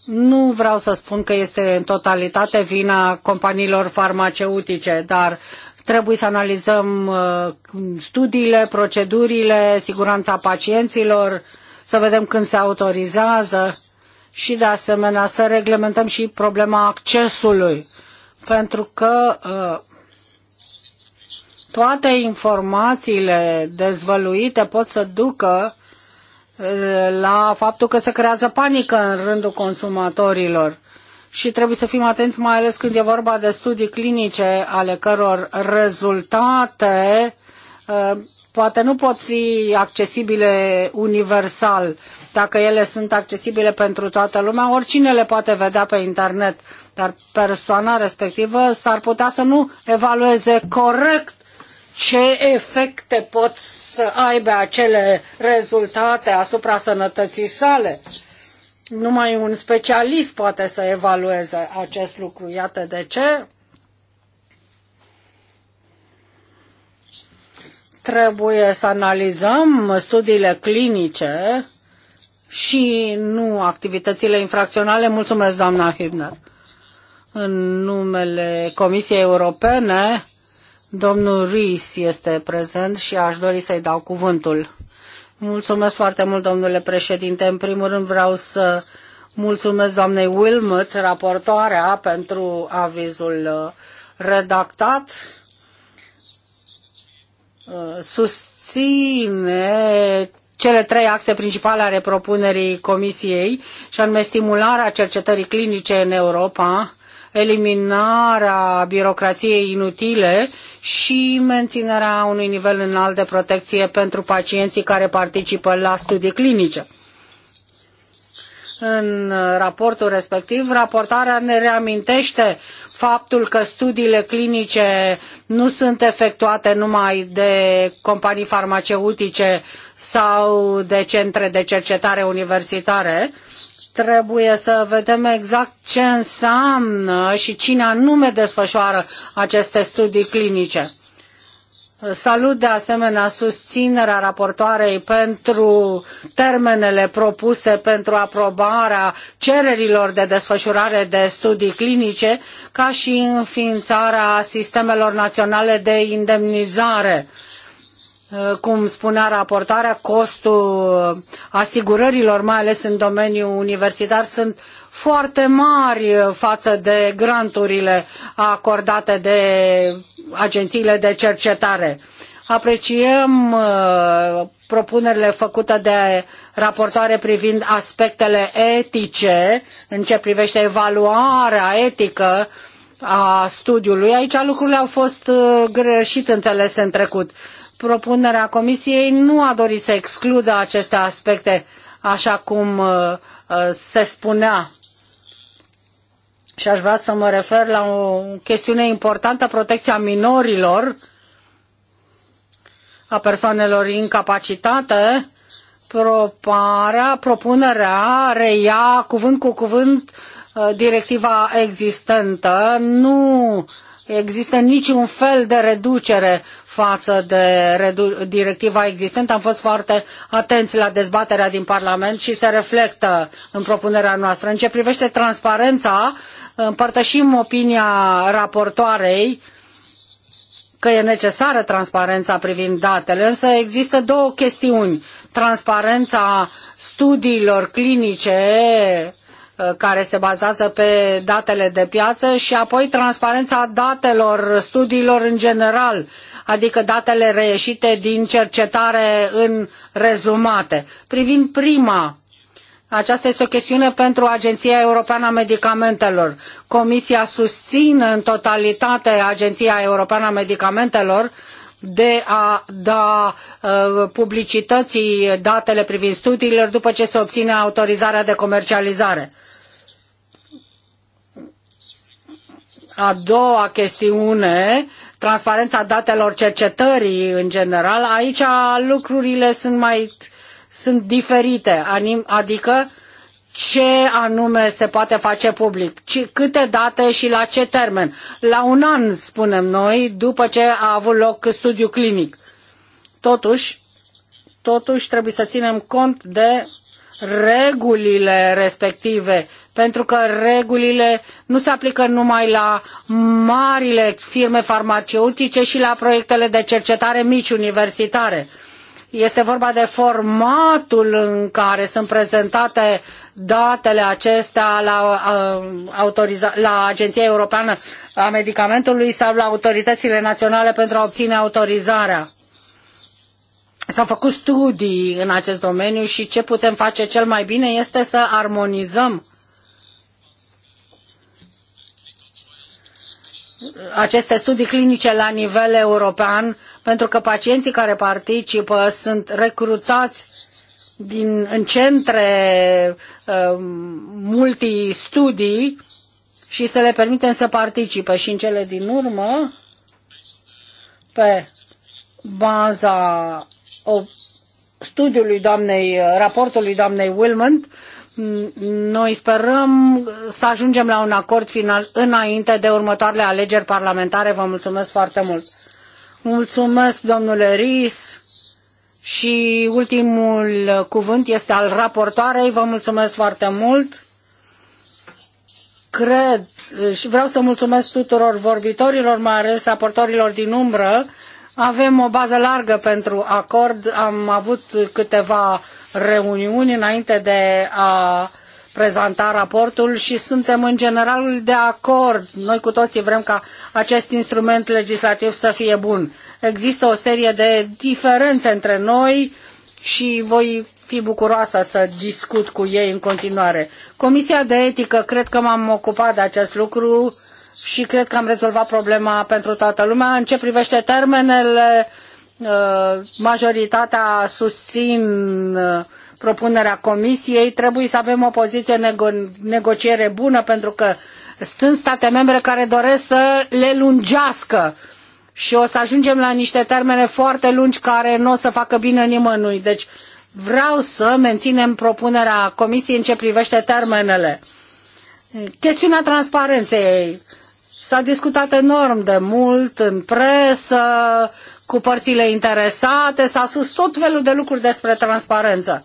Nu vreau să spun că este în totalitate vina companiilor farmaceutice, dar trebuie să analizăm uh, studiile, procedurile, siguranța pacienților, să vedem când se autorizează și de asemenea să reglementăm și problema accesului, pentru că uh, toate informațiile dezvăluite pot să ducă uh, la faptul că se creează panică în rândul consumatorilor și trebuie să fim atenți mai ales când e vorba de studii clinice ale căror rezultate uh, poate nu pot fi accesibile universal. Dacă ele sunt accesibile pentru toată lumea, oricine le poate vedea pe internet, dar persoana respectivă s-ar putea să nu evalueze corect ce efecte pot să aibă acele rezultate asupra sănătății sale. Numai un specialist poate să evalueze acest lucru. Iată de ce trebuie să analizăm studiile clinice și nu activitățile infracționale. Mulțumesc, doamna Hübner. În numele Comisiei Europene, Domnul Ruiz este prezent și aș dori să-i dau cuvântul. Mulțumesc foarte mult, domnule președinte. În primul rând vreau să mulțumesc doamnei Wilmot, raportoarea, pentru avizul uh, redactat. Uh, susține cele trei axe principale ale propunerii Comisiei, și anume stimularea cercetării clinice în Europa, eliminarea birocrației inutile și menținerea unui nivel înalt de protecție pentru pacienții care participă la studii clinice. În raportul respectiv, raportarea ne reamintește faptul că studiile clinice nu sunt efectuate numai de companii farmaceutice sau de centre de cercetare universitare, Trebuie să vedem exact ce înseamnă și cine anume desfășoară aceste studii clinice. Salut de asemenea susținerea raportoarei pentru termenele propuse pentru aprobarea cererilor de desfășurare de studii clinice, ca și înființarea sistemelor naționale de indemnizare. Uh, Uh, cum spunea raportarea, costul uh, asigurărilor, mai ales în domeniul universitar, sunt foarte mari uh, față de granturile acordate de agențiile de cercetare. Apreciem propunerile făcute de raportoare privind aspectele etice în ce privește evaluarea etică a studiului. Aici lucrurile au fost uh, greșit înțelese în trecut. Propunerea comisiei nu a dorit să excludă aceste aspecte, așa cum uh, uh, se spunea. Și aș vrea să mă refer la o chestiune importantă, protecția minorilor, a persoanelor incapacitate, proparea, propunerea reia cuvânt cu cuvânt Uh, directiva existentă, nu există niciun fel de reducere față de redu- directiva existentă. Am fost foarte atenți la dezbaterea din Parlament și se reflectă în propunerea noastră. În ce privește transparența, împărtășim opinia raportoarei că e necesară transparența privind datele, însă există două chestiuni. Transparența studiilor clinice care se bazează pe datele de piață și apoi transparența datelor, studiilor în general, adică datele reieșite din cercetare în rezumate. Privind prima, aceasta este o chestiune pentru Agenția Europeană a Medicamentelor. Comisia susține în totalitate Agenția Europeană a Medicamentelor de a da uh, publicității datele privind studiilor după ce se obține autorizarea de comercializare. A doua chestiune, transparența datelor cercetării în general, aici lucrurile sunt mai sunt diferite, adică uh, ce anume se poate face public, ci câte date și la ce termen. La un an, spunem noi, după ce a avut loc studiu clinic. Totuși, totuși trebuie să ținem cont de regulile respective, pentru că regulile nu se aplică numai la marile firme farmaceutice și la proiectele de cercetare mici universitare este vorba de formatul în care sunt prezentate datele acestea la, autoriza- la Agenția Europeană a Medicamentului sau la autoritățile naționale pentru a obține autorizarea. S-au făcut studii în acest domeniu și ce putem face cel mai bine este să armonizăm aceste studii clinice la nivel european pentru că pacienții care participă sunt recrutați din, în centre uh, multistudii și să le permitem să participe. Și în cele din urmă, pe baza o, studiului doamnei, raportului doamnei Wilmont, noi sperăm să ajungem la un acord final înainte de următoarele alegeri parlamentare. Vă mulțumesc foarte mult! Mulțumesc, domnule Ris. Și ultimul cuvânt este al raportoarei. Vă mulțumesc foarte mult. Cred și vreau să mulțumesc tuturor vorbitorilor, mai ales raportorilor din umbră. Avem o bază largă pentru acord. Am avut câteva reuniuni înainte de a prezenta raportul și suntem în general de acord. Noi cu toții vrem ca acest instrument legislativ să fie bun. Există o serie de diferențe între noi și voi fi bucuroasă să discut cu ei în continuare. Comisia de etică, cred că m-am ocupat de acest lucru și cred că am rezolvat problema pentru toată lumea. În ce privește termenele, uh, majoritatea susțin uh, propunerea Comisiei, trebuie să avem o poziție nego- negociere bună, pentru că sunt state membre care doresc să le lungească și o să ajungem la niște termene foarte lungi care nu o să facă bine nimănui. Deci vreau să menținem propunerea Comisiei în ce privește termenele. Chestiunea transparenței s-a discutat enorm de mult în presă, cu părțile interesate, s-a spus tot felul de lucruri despre transparență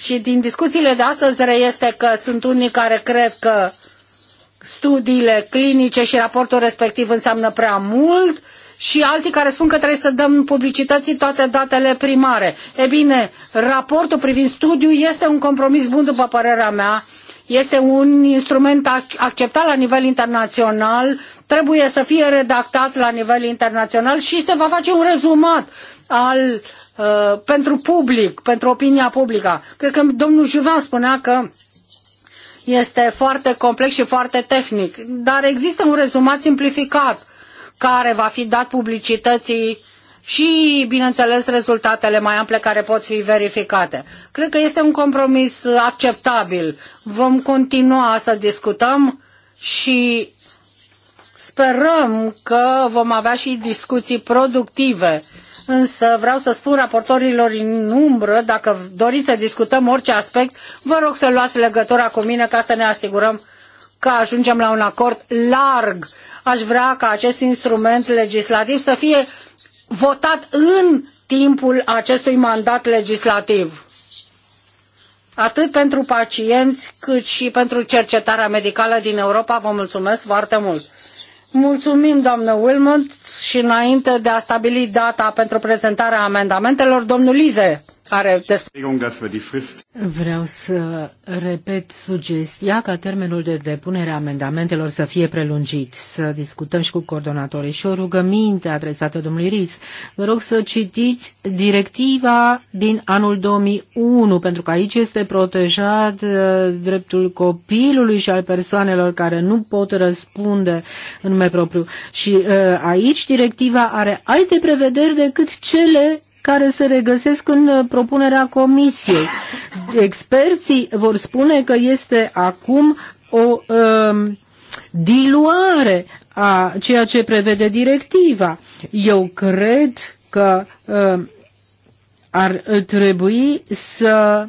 și din discuțiile de astăzi reiese că sunt unii care cred că studiile clinice și raportul respectiv înseamnă prea mult și alții care spun că trebuie să dăm publicității toate datele primare. E bine, raportul privind studiu este un compromis bun, după părerea mea, este un instrument acceptat la nivel internațional, trebuie să fie redactat la nivel internațional și se va face un rezumat al, uh, pentru public, pentru opinia publică. Cred că domnul Juvan spunea că este foarte complex și foarte tehnic, dar există un rezumat simplificat care va fi dat publicității și, bineînțeles, rezultatele mai ample care pot fi verificate. Cred că este un compromis acceptabil. Vom continua să discutăm și Sperăm că vom avea și discuții productive, însă vreau să spun raportorilor în umbră, dacă doriți să discutăm orice aspect, vă rog să luați legătura cu mine ca să ne asigurăm că ajungem la un acord larg. Aș vrea ca acest instrument legislativ să fie votat în timpul acestui mandat legislativ atât pentru pacienți cât și pentru cercetarea medicală din Europa. Vă mulțumesc foarte mult! Mulțumim, doamnă Wilmot, și înainte de a stabili data pentru prezentarea amendamentelor, domnul Lize care Vreau să repet sugestia ca termenul de depunere a amendamentelor să fie prelungit, să discutăm și cu coordonatorii și o rugăminte adresată domnului Ris. Vă rog să citiți directiva din anul 2001, pentru că aici este protejat uh, dreptul copilului și al persoanelor care nu pot răspunde în nume propriu. Și uh, aici directiva are alte prevederi decât cele care se regăsesc în uh, propunerea comisiei. Experții vor spune că este acum o um, diluare a ceea ce prevede directiva. Eu cred că uh, ar trebui să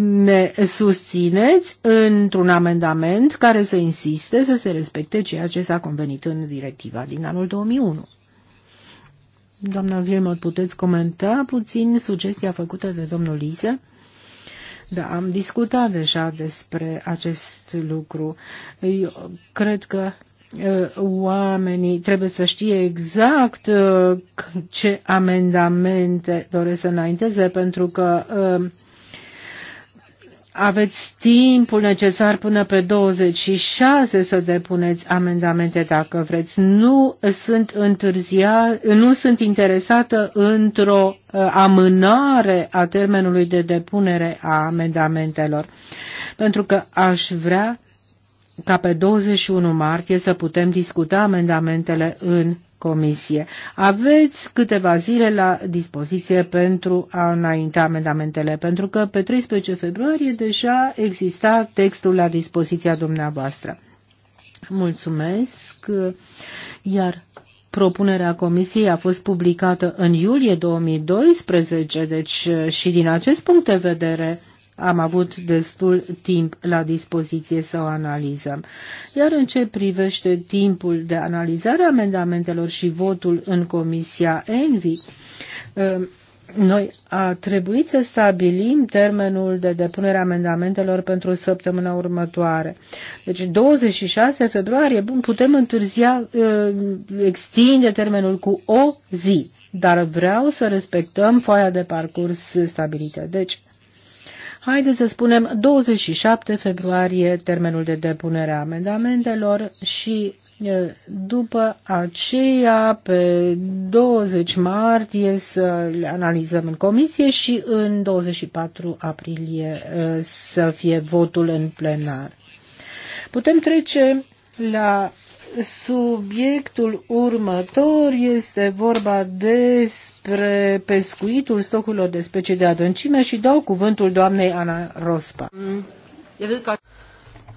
ne susțineți într-un amendament care să insiste să se respecte ceea ce s-a convenit în directiva din anul 2001. Doamna Vilmot, puteți comenta puțin sugestia făcută de domnul Lise? Da, am discutat deja despre acest lucru. Eu cred că uh, oamenii trebuie să știe exact uh, ce amendamente doresc să înainteze, pentru că uh, aveți timpul necesar până pe 26 să depuneți amendamente dacă vreți. Nu sunt, întârzia, nu sunt interesată într-o uh, amânare a termenului de depunere a amendamentelor, pentru că aș vrea ca pe 21 martie să putem discuta amendamentele în comisie. Aveți câteva zile la dispoziție pentru a înainta amendamentele, pentru că pe 13 februarie deja exista textul la dispoziția dumneavoastră. Mulțumesc. Iar Propunerea comisiei a fost publicată în iulie 2012, deci și din acest punct de vedere am avut destul timp la dispoziție să o analizăm. Iar în ce privește timpul de analizare a amendamentelor și votul în Comisia Envi, um, noi a trebuit să stabilim termenul de depunere a amendamentelor pentru săptămâna următoare. Deci 26 februarie, putem întârzia, um, extinde termenul cu o zi, dar vreau să respectăm foaia de parcurs stabilită. Deci Haideți să spunem 27 februarie termenul de depunere a amendamentelor și după aceea pe 20 martie să le analizăm în comisie și în 24 aprilie să fie votul în plenar. Putem trece la Subiectul următor este vorba despre pescuitul stocurilor de specii de adâncime și dau cuvântul doamnei Ana Rospa.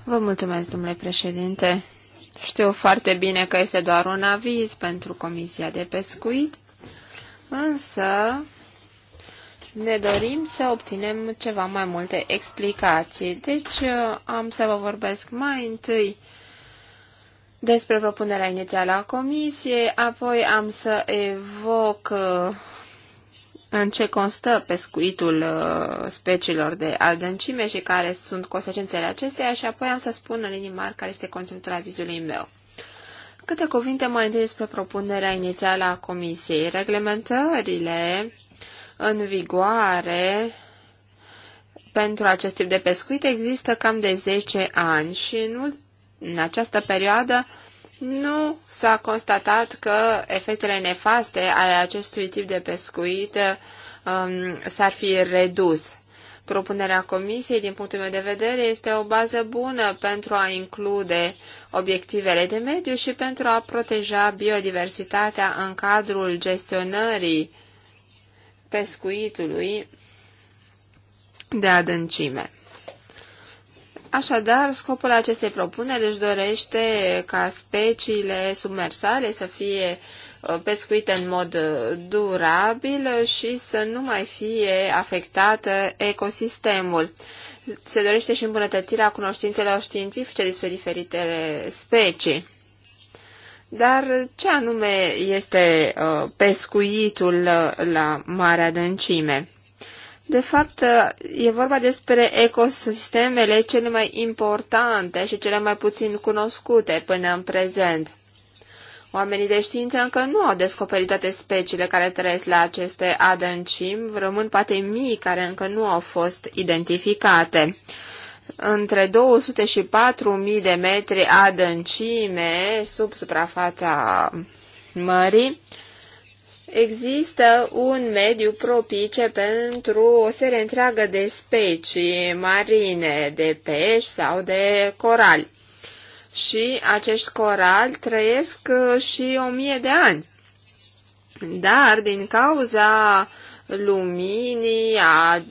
Vă mulțumesc, domnule președinte. Știu foarte bine că este doar un aviz pentru Comisia de Pescuit, însă ne dorim să obținem ceva mai multe explicații. Deci am să vă vorbesc mai întâi despre propunerea inițială a comisiei, apoi am să evoc uh, în ce constă pescuitul uh, speciilor de adâncime și care sunt consecințele acesteia și apoi am să spun în linii mari care este conținutul avizului meu. Câte cuvinte mai întâi despre propunerea inițială a comisiei. Reglementările în vigoare pentru acest tip de pescuit există cam de 10 ani și în în această perioadă nu s-a constatat că efectele nefaste ale acestui tip de pescuit um, s-ar fi redus. Propunerea comisiei, din punctul meu de vedere, este o bază bună pentru a include obiectivele de mediu și pentru a proteja biodiversitatea în cadrul gestionării pescuitului de adâncime. Așadar, scopul acestei propuneri își dorește ca speciile submersale să fie uh, pescuite în mod uh, durabil și să nu mai fie afectat ecosistemul. Se dorește și îmbunătățirea cunoștințelor științifice despre diferitele specii. Dar ce anume este uh, pescuitul la mare adâncime? De fapt, e vorba despre ecosistemele cele mai importante și cele mai puțin cunoscute până în prezent. Oamenii de știință încă nu au descoperit toate speciile care trăiesc la aceste adâncimi, rămân poate mii care încă nu au fost identificate. Între 200 și 4000 de metri adâncime sub suprafața mării, Există un mediu propice pentru o serie întreagă de specii marine, de pești sau de corali. Și acești corali trăiesc uh, și o mie de ani. Dar din cauza luminii, a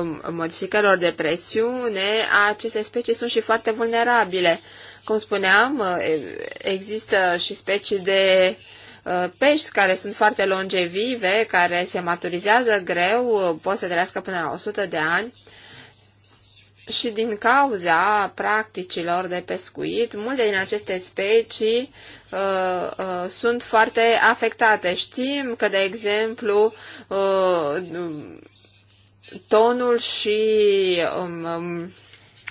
um, modificărilor de presiune, aceste specii sunt și foarte vulnerabile. Cum spuneam, uh, există și specii de Uh, pești care sunt foarte longevive, care se maturizează greu, uh, pot să trăiască până la 100 de ani. Și din cauza practicilor de pescuit, multe din aceste specii uh, uh, sunt foarte afectate. Știm că, de exemplu, uh, tonul și um, um,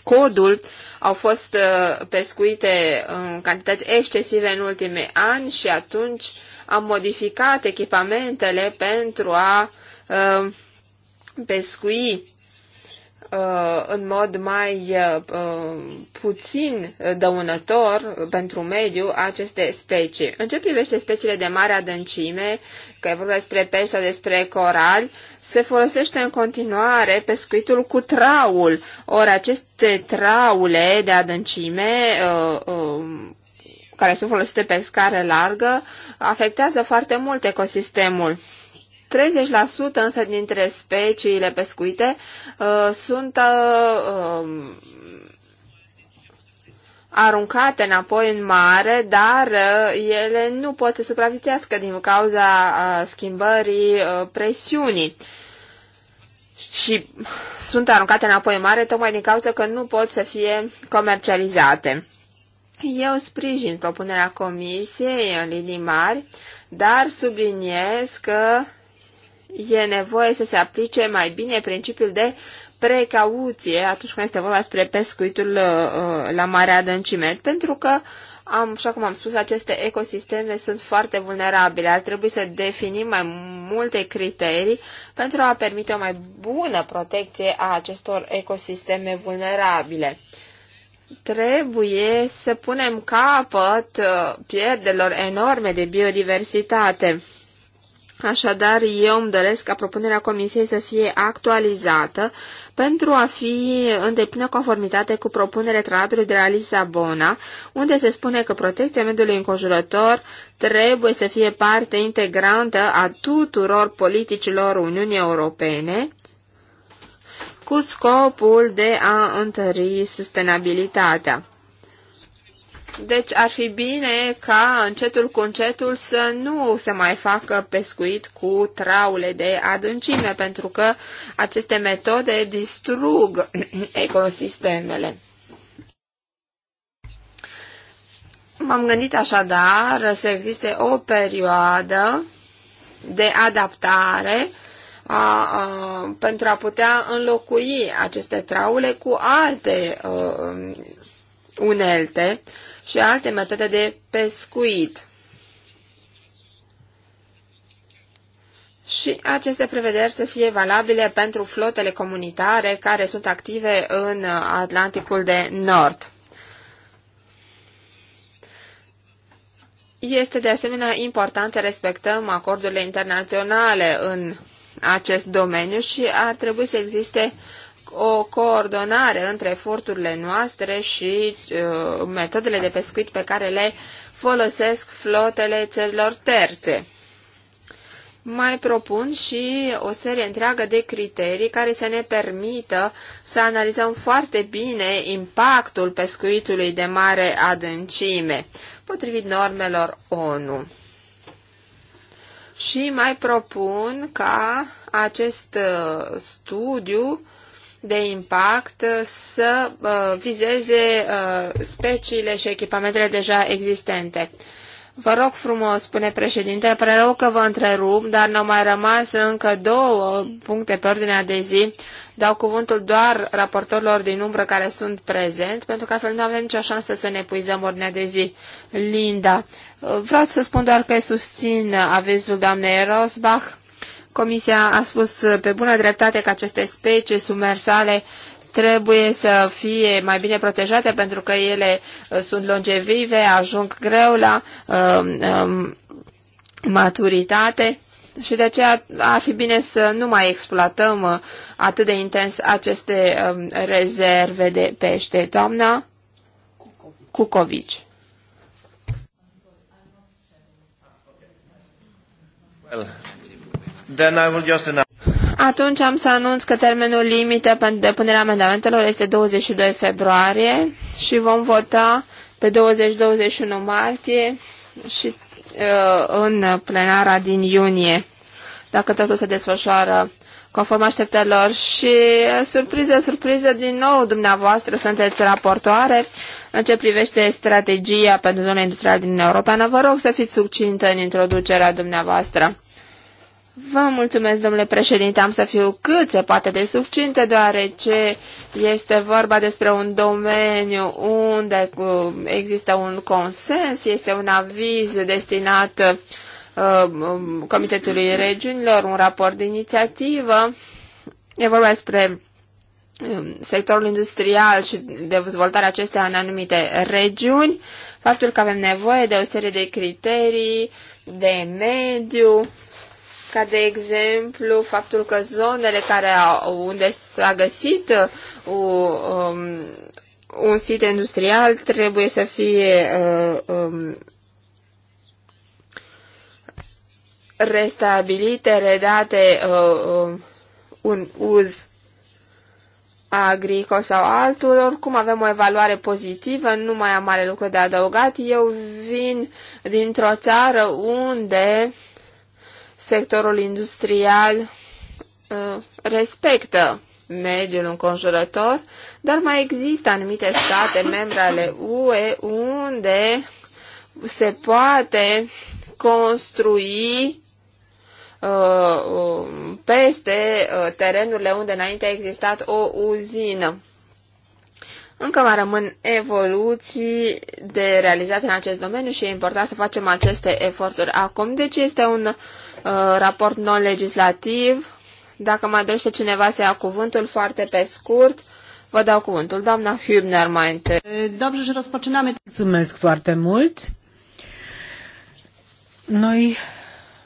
codul uh, au fost uh, pescuite în cantități excesive în ultimii ani și atunci am modificat echipamentele pentru a uh, pescui Uh, în mod mai uh, puțin dăunător pentru mediu aceste specii. În ce privește speciile de mare adâncime, că e vorba despre pești sau despre corali, se folosește în continuare pescuitul cu traul. Ori aceste traule de adâncime uh, um, care sunt folosite pe scară largă afectează foarte mult ecosistemul. 30% însă dintre speciile pescuite uh, sunt uh, uh, aruncate înapoi în mare, dar uh, ele nu pot să supraviețuiască din cauza uh, schimbării uh, presiunii. Și sunt aruncate înapoi în mare tocmai din cauza că nu pot să fie comercializate. Eu sprijin propunerea comisiei în linii mari, dar subliniez că e nevoie să se aplice mai bine principiul de precauție atunci când este vorba despre pescuitul uh, uh, la mare adâncime, pentru că am, așa cum am spus, aceste ecosisteme sunt foarte vulnerabile. Ar trebui să definim mai multe criterii pentru a permite o mai bună protecție a acestor ecosisteme vulnerabile. Trebuie să punem capăt uh, pierderilor enorme de biodiversitate. Așadar, eu îmi doresc ca propunerea Comisiei să fie actualizată pentru a fi în deplină conformitate cu propunerea Tratului de la Lisabona, unde se spune că protecția mediului înconjurător trebuie să fie parte integrantă a tuturor politicilor Uniunii Europene, cu scopul de a întări sustenabilitatea. Deci ar fi bine ca încetul cu încetul să nu se mai facă pescuit cu traule de adâncime, pentru că aceste metode distrug ecosistemele. M-am gândit așadar să existe o perioadă de adaptare a, a, pentru a putea înlocui aceste traule cu alte a, um, unelte și alte metode de pescuit. Și aceste prevederi să fie valabile pentru flotele comunitare care sunt active în Atlanticul de Nord. Este de asemenea important să respectăm acordurile internaționale în acest domeniu și ar trebui să existe o coordonare între eforturile noastre și uh, metodele de pescuit pe care le folosesc flotele țărilor terțe. Mai propun și o serie întreagă de criterii care să ne permită să analizăm foarte bine impactul pescuitului de mare adâncime, potrivit normelor ONU. Și mai propun ca acest uh, studiu de impact să uh, vizeze uh, speciile și echipamentele deja existente. Vă rog frumos, spune președintele, pare rău că vă întrerup, dar ne-au mai rămas încă două puncte pe ordinea de zi. Dau cuvântul doar raportorilor din umbră care sunt prezent, pentru că altfel nu avem nicio șansă să ne puizăm ordinea de zi. Linda, uh, vreau să spun doar că susțin avizul doamnei Rosbach Comisia a spus pe bună dreptate că aceste specii submersale trebuie să fie mai bine protejate pentru că ele uh, sunt longevive, ajung greu la um, um, maturitate și de aceea ar fi bine să nu mai exploatăm uh, atât de intens aceste um, rezerve de pește. Doamna Cucovici. Well, Then I will just Atunci am să anunț că termenul limită pentru depunerea amendamentelor este 22 februarie și vom vota pe 20-21 martie și uh, în plenara din iunie, dacă totul se desfășoară conform așteptărilor și surpriză, uh, surpriză din nou dumneavoastră sunteți raportoare în ce privește strategia pentru zona industrială din Europeană. Vă rog să fiți succintă în introducerea dumneavoastră. Vă mulțumesc, domnule președinte, am să fiu cât se poate de succintă, deoarece este vorba despre un domeniu unde uh, există un consens, este un aviz destinat uh, um, Comitetului Regiunilor, un raport de inițiativă. E vorba despre um, sectorul industrial și dezvoltarea acestea în anumite regiuni, faptul că avem nevoie de o serie de criterii de mediu, ca de exemplu faptul că zonele care au, unde s-a găsit o, uh, um, un sit industrial trebuie să fie uh, um, restabilite, redate uh, uh, un uz agricol sau altul, oricum avem o evaluare pozitivă, nu mai am mare lucru de adăugat. Eu vin dintr-o țară unde uh, sectorul industrial uh, respectă mediul înconjurător, dar mai există anumite state membre ale UE unde se poate construi uh, um, peste uh, terenurile unde înainte a existat o uzină. Încă mai rămân evoluții de realizate în acest domeniu și e important să facem aceste eforturi acum. Deci este un uh, Uh, raport non-legislativ. Dacă mai dorește cineva să ia cuvântul foarte pe scurt, vă dau cuvântul. Doamna Hübner mai întâi. Dobrze, și rozpoczynamy. Mulțumesc foarte mult. Noi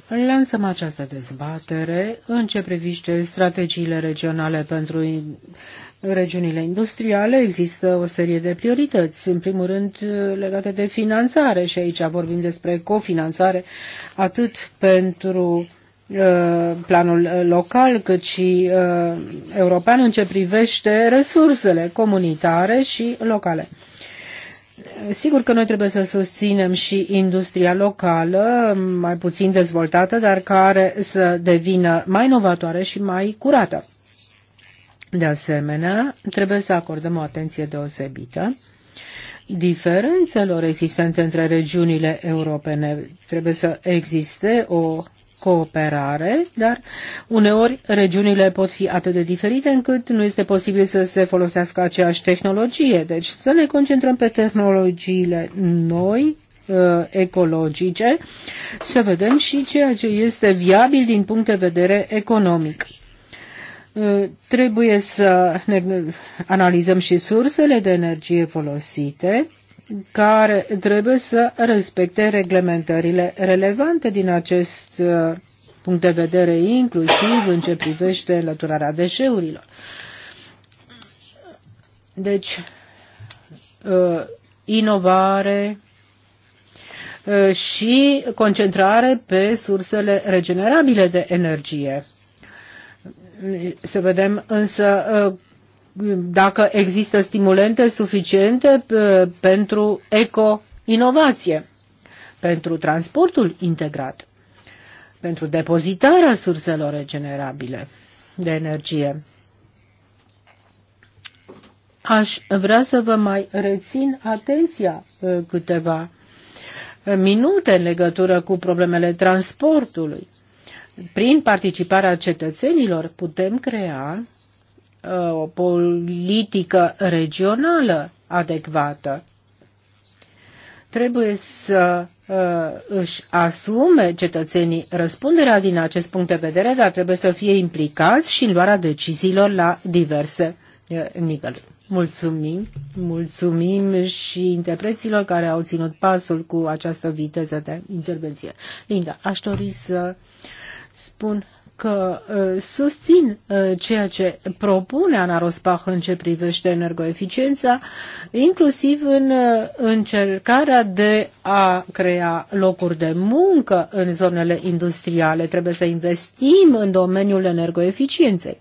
lansăm această dezbatere în ce privește strategiile regionale pentru regiunile industriale există o serie de priorități, în primul rând legate de finanțare și aici vorbim despre cofinanțare atât pentru uh, planul local cât și uh, european în ce privește resursele comunitare și locale. Sigur că noi trebuie să susținem și industria locală, mai puțin dezvoltată, dar care să devină mai inovatoare și mai curată. De asemenea, trebuie să acordăm o atenție deosebită diferențelor existente între regiunile europene. Trebuie să existe o cooperare, dar uneori regiunile pot fi atât de diferite încât nu este posibil să se folosească aceeași tehnologie. Deci să ne concentrăm pe tehnologiile noi, uh, ecologice, să vedem și ceea ce este viabil din punct de vedere economic. Ă, trebuie să ne analizăm și sursele de energie folosite, care trebuie să respecte reglementările relevante din acest ă, punct de vedere, inclusiv în ce privește înlăturarea deșeurilor. Deci, ă, inovare și concentrare pe sursele regenerabile de energie. Să vedem însă uh, dacă există stimulente suficiente uh, pentru eco-inovație, pentru transportul integrat, pentru depozitarea surselor regenerabile de energie. Aș vrea să vă mai rețin atenția uh, câteva minute în legătură cu problemele transportului prin participarea cetățenilor putem crea uh, o politică regională adecvată. Trebuie să uh, își asume cetățenii răspunderea din acest punct de vedere, dar trebuie să fie implicați și în luarea deciziilor la diverse uh, niveluri. Mulțumim, mulțumim și interpreților care au ținut pasul cu această viteză de intervenție. Linda, aș dori să spun că uh, susțin uh, ceea ce propune Ana Rosbach în ce privește energoeficiența, inclusiv în uh, încercarea de a crea locuri de muncă în zonele industriale. Trebuie să investim în domeniul energoeficienței.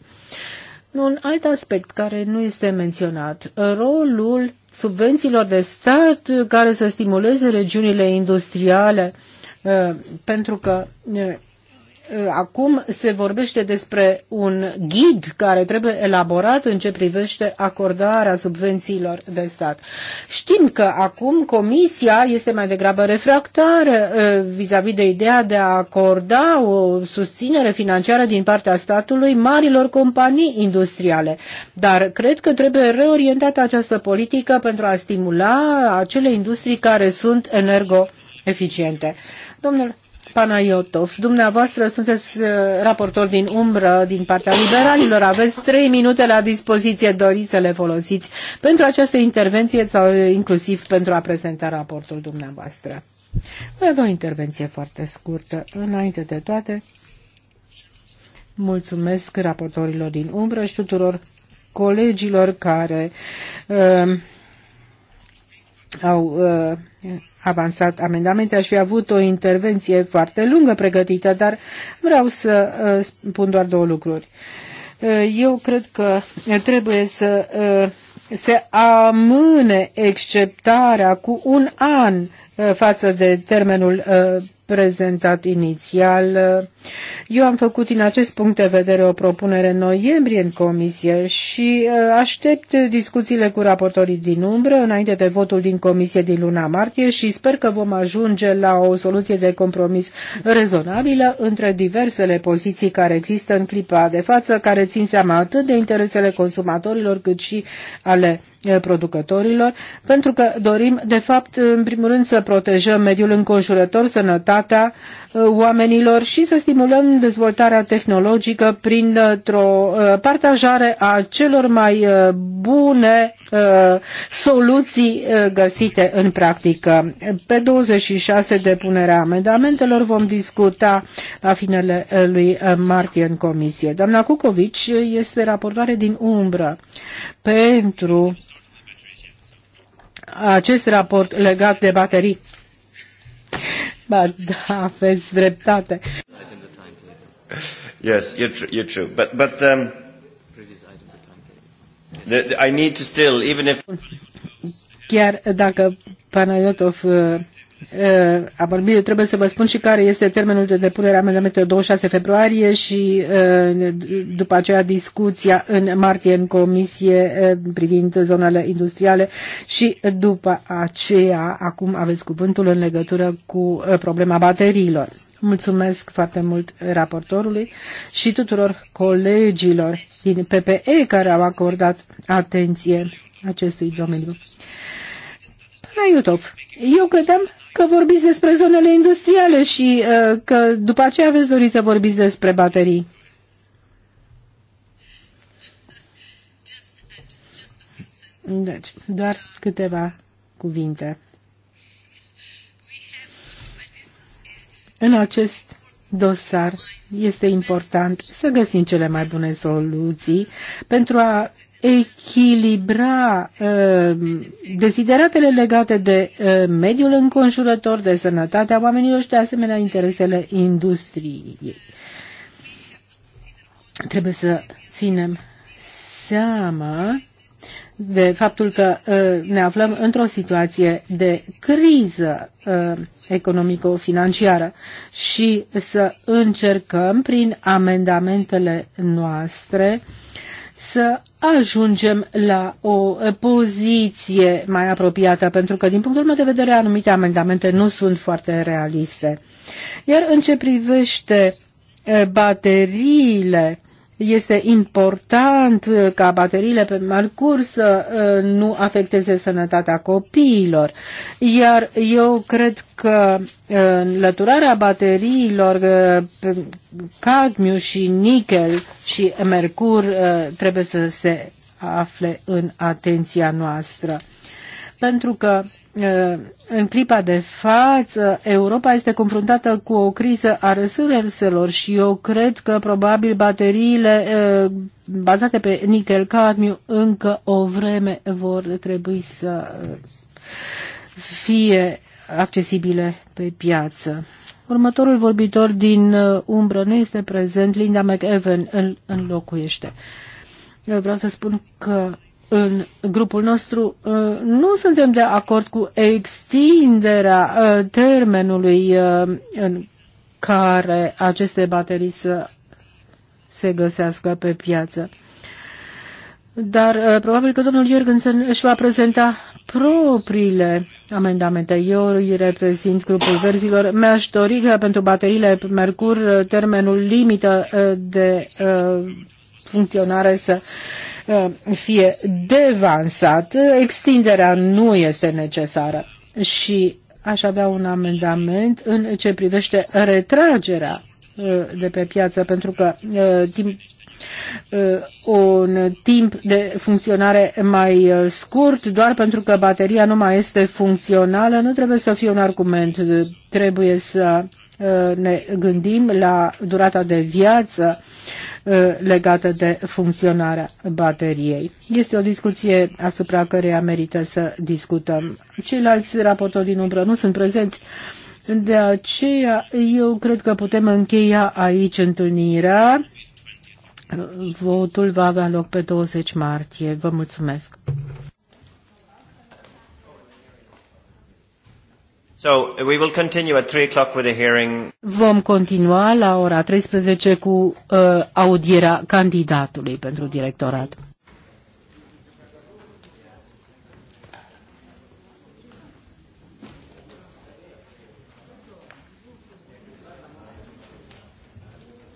Un alt aspect care nu este menționat, rolul subvențiilor de stat care să stimuleze regiunile industriale, pentru că Uh, acum se vorbește despre un ghid care trebuie elaborat în ce privește acordarea subvențiilor de stat. Știm că acum Comisia este mai degrabă refractară uh, vis-a-vis -vis de ideea de a acorda o susținere financiară din partea statului marilor companii industriale. Dar cred că trebuie reorientată această politică pentru a stimula acele industrii care sunt energo eficiente. Panayotov. Dumneavoastră sunteți uh, raportor din umbră din partea liberalilor. Aveți trei minute la dispoziție. Doriți să le folosiți pentru această intervenție sau inclusiv pentru a prezenta raportul dumneavoastră. Voi avea o intervenție foarte scurtă. Înainte de toate, mulțumesc raportorilor din umbră și tuturor colegilor care uh, au uh, avansat amendamente, aș fi avut o intervenție foarte lungă pregătită, dar vreau să uh, spun doar două lucruri. Uh, eu cred că trebuie să uh, se amâne exceptarea cu un an față de termenul prezentat inițial. Eu am făcut din acest punct de vedere o propunere în noiembrie în comisie și uh, aștept discuțiile cu raportorii din umbră înainte de votul din comisie din luna martie și sper că vom ajunge la o soluție de compromis rezonabilă între diversele poziții care există în clipa de față, care țin seama atât de interesele consumatorilor cât și ale uh, producătorilor, pentru că dorim, de fapt, în primul rând să protejăm mediul înconjurător, sănătatea, sănătatea uh, oamenilor și să stimulăm dezvoltarea tehnologică prin o uh, partajare a celor mai uh, bune soluții găsite în practică. Pe 26 de punerea amendamentelor vom discuta la finele lui martie în comisie. Doamna Cucovici este raportoare din umbră pentru acest raport legat de baterii Ba da, aveți dreptate. Yes, you're, tr- you're true. But, but um, the, the, I need to still, even if... Chiar dacă Panayotov uh, a vorbit, trebuie să vă spun și care este termenul de depunere a amendamentelor 26 februarie și după aceea discuția în martie în comisie privind zonele industriale și după aceea acum aveți cuvântul în legătură cu problema bateriilor. Mulțumesc foarte mult raportorului și tuturor colegilor din PPE care au acordat atenție acestui domeniu. Raiutov, eu credeam că vorbiți despre zonele industriale și uh, că după aceea aveți dorit să vorbiți despre baterii. Deci, doar câteva cuvinte. În acest dosar este important să găsim cele mai bune soluții pentru a echilibra uh, desideratele legate de uh, mediul înconjurător, de sănătatea oamenilor și de asemenea interesele industriei. Trebuie să ținem seama de faptul că uh, ne aflăm într-o situație de criză economico-financiară și să încercăm prin amendamentele noastre să ajungem la o poziție mai apropiată, pentru că, din punctul meu de vedere, anumite amendamente nu sunt foarte realiste. Iar în ce privește bateriile, este important uh, ca bateriile pe parcurs să uh, nu afecteze sănătatea copiilor. Iar eu cred că uh, înlăturarea bateriilor cadmiu și nichel și mercur trebuie să se afle în atenția noastră pentru că în clipa de față Europa este confruntată cu o criză a resurselor și eu cred că probabil bateriile bazate pe nickel cadmiu încă o vreme vor trebui să fie accesibile pe piață. Următorul vorbitor din umbră nu este prezent, Linda McEwen îl înlocuiește. Eu vreau să spun că în grupul nostru uh, nu suntem de acord cu extinderea uh, termenului uh, în care aceste baterii să se găsească pe piață. Dar probabil că domnul Jorgensen își va prezenta propriile amendamente. Eu îi reprezint grupul verzilor. Mi-aș dori că pentru bateriile Mercur termenul limită de funcționare să fie devansat, extinderea nu este necesară. Și aș avea un amendament în ce privește retragerea uh, de pe piață, pentru că uh, timp Uh, un timp de funcționare mai uh, scurt doar pentru că bateria nu mai este funcțională, nu trebuie să fie un argument. Trebuie să uh, ne gândim la durata de viață legată de funcționarea bateriei. Este o discuție asupra căreia merită să discutăm. Ceilalți raportori din umbră nu sunt prezenți. De aceea, eu cred că putem încheia aici întâlnirea. Votul va avea loc pe 20 martie. Vă mulțumesc. So we will continue at 3 o'clock with a hearing. Vom continua la ora 13 cu uh, audierea candidatului pentru directorat.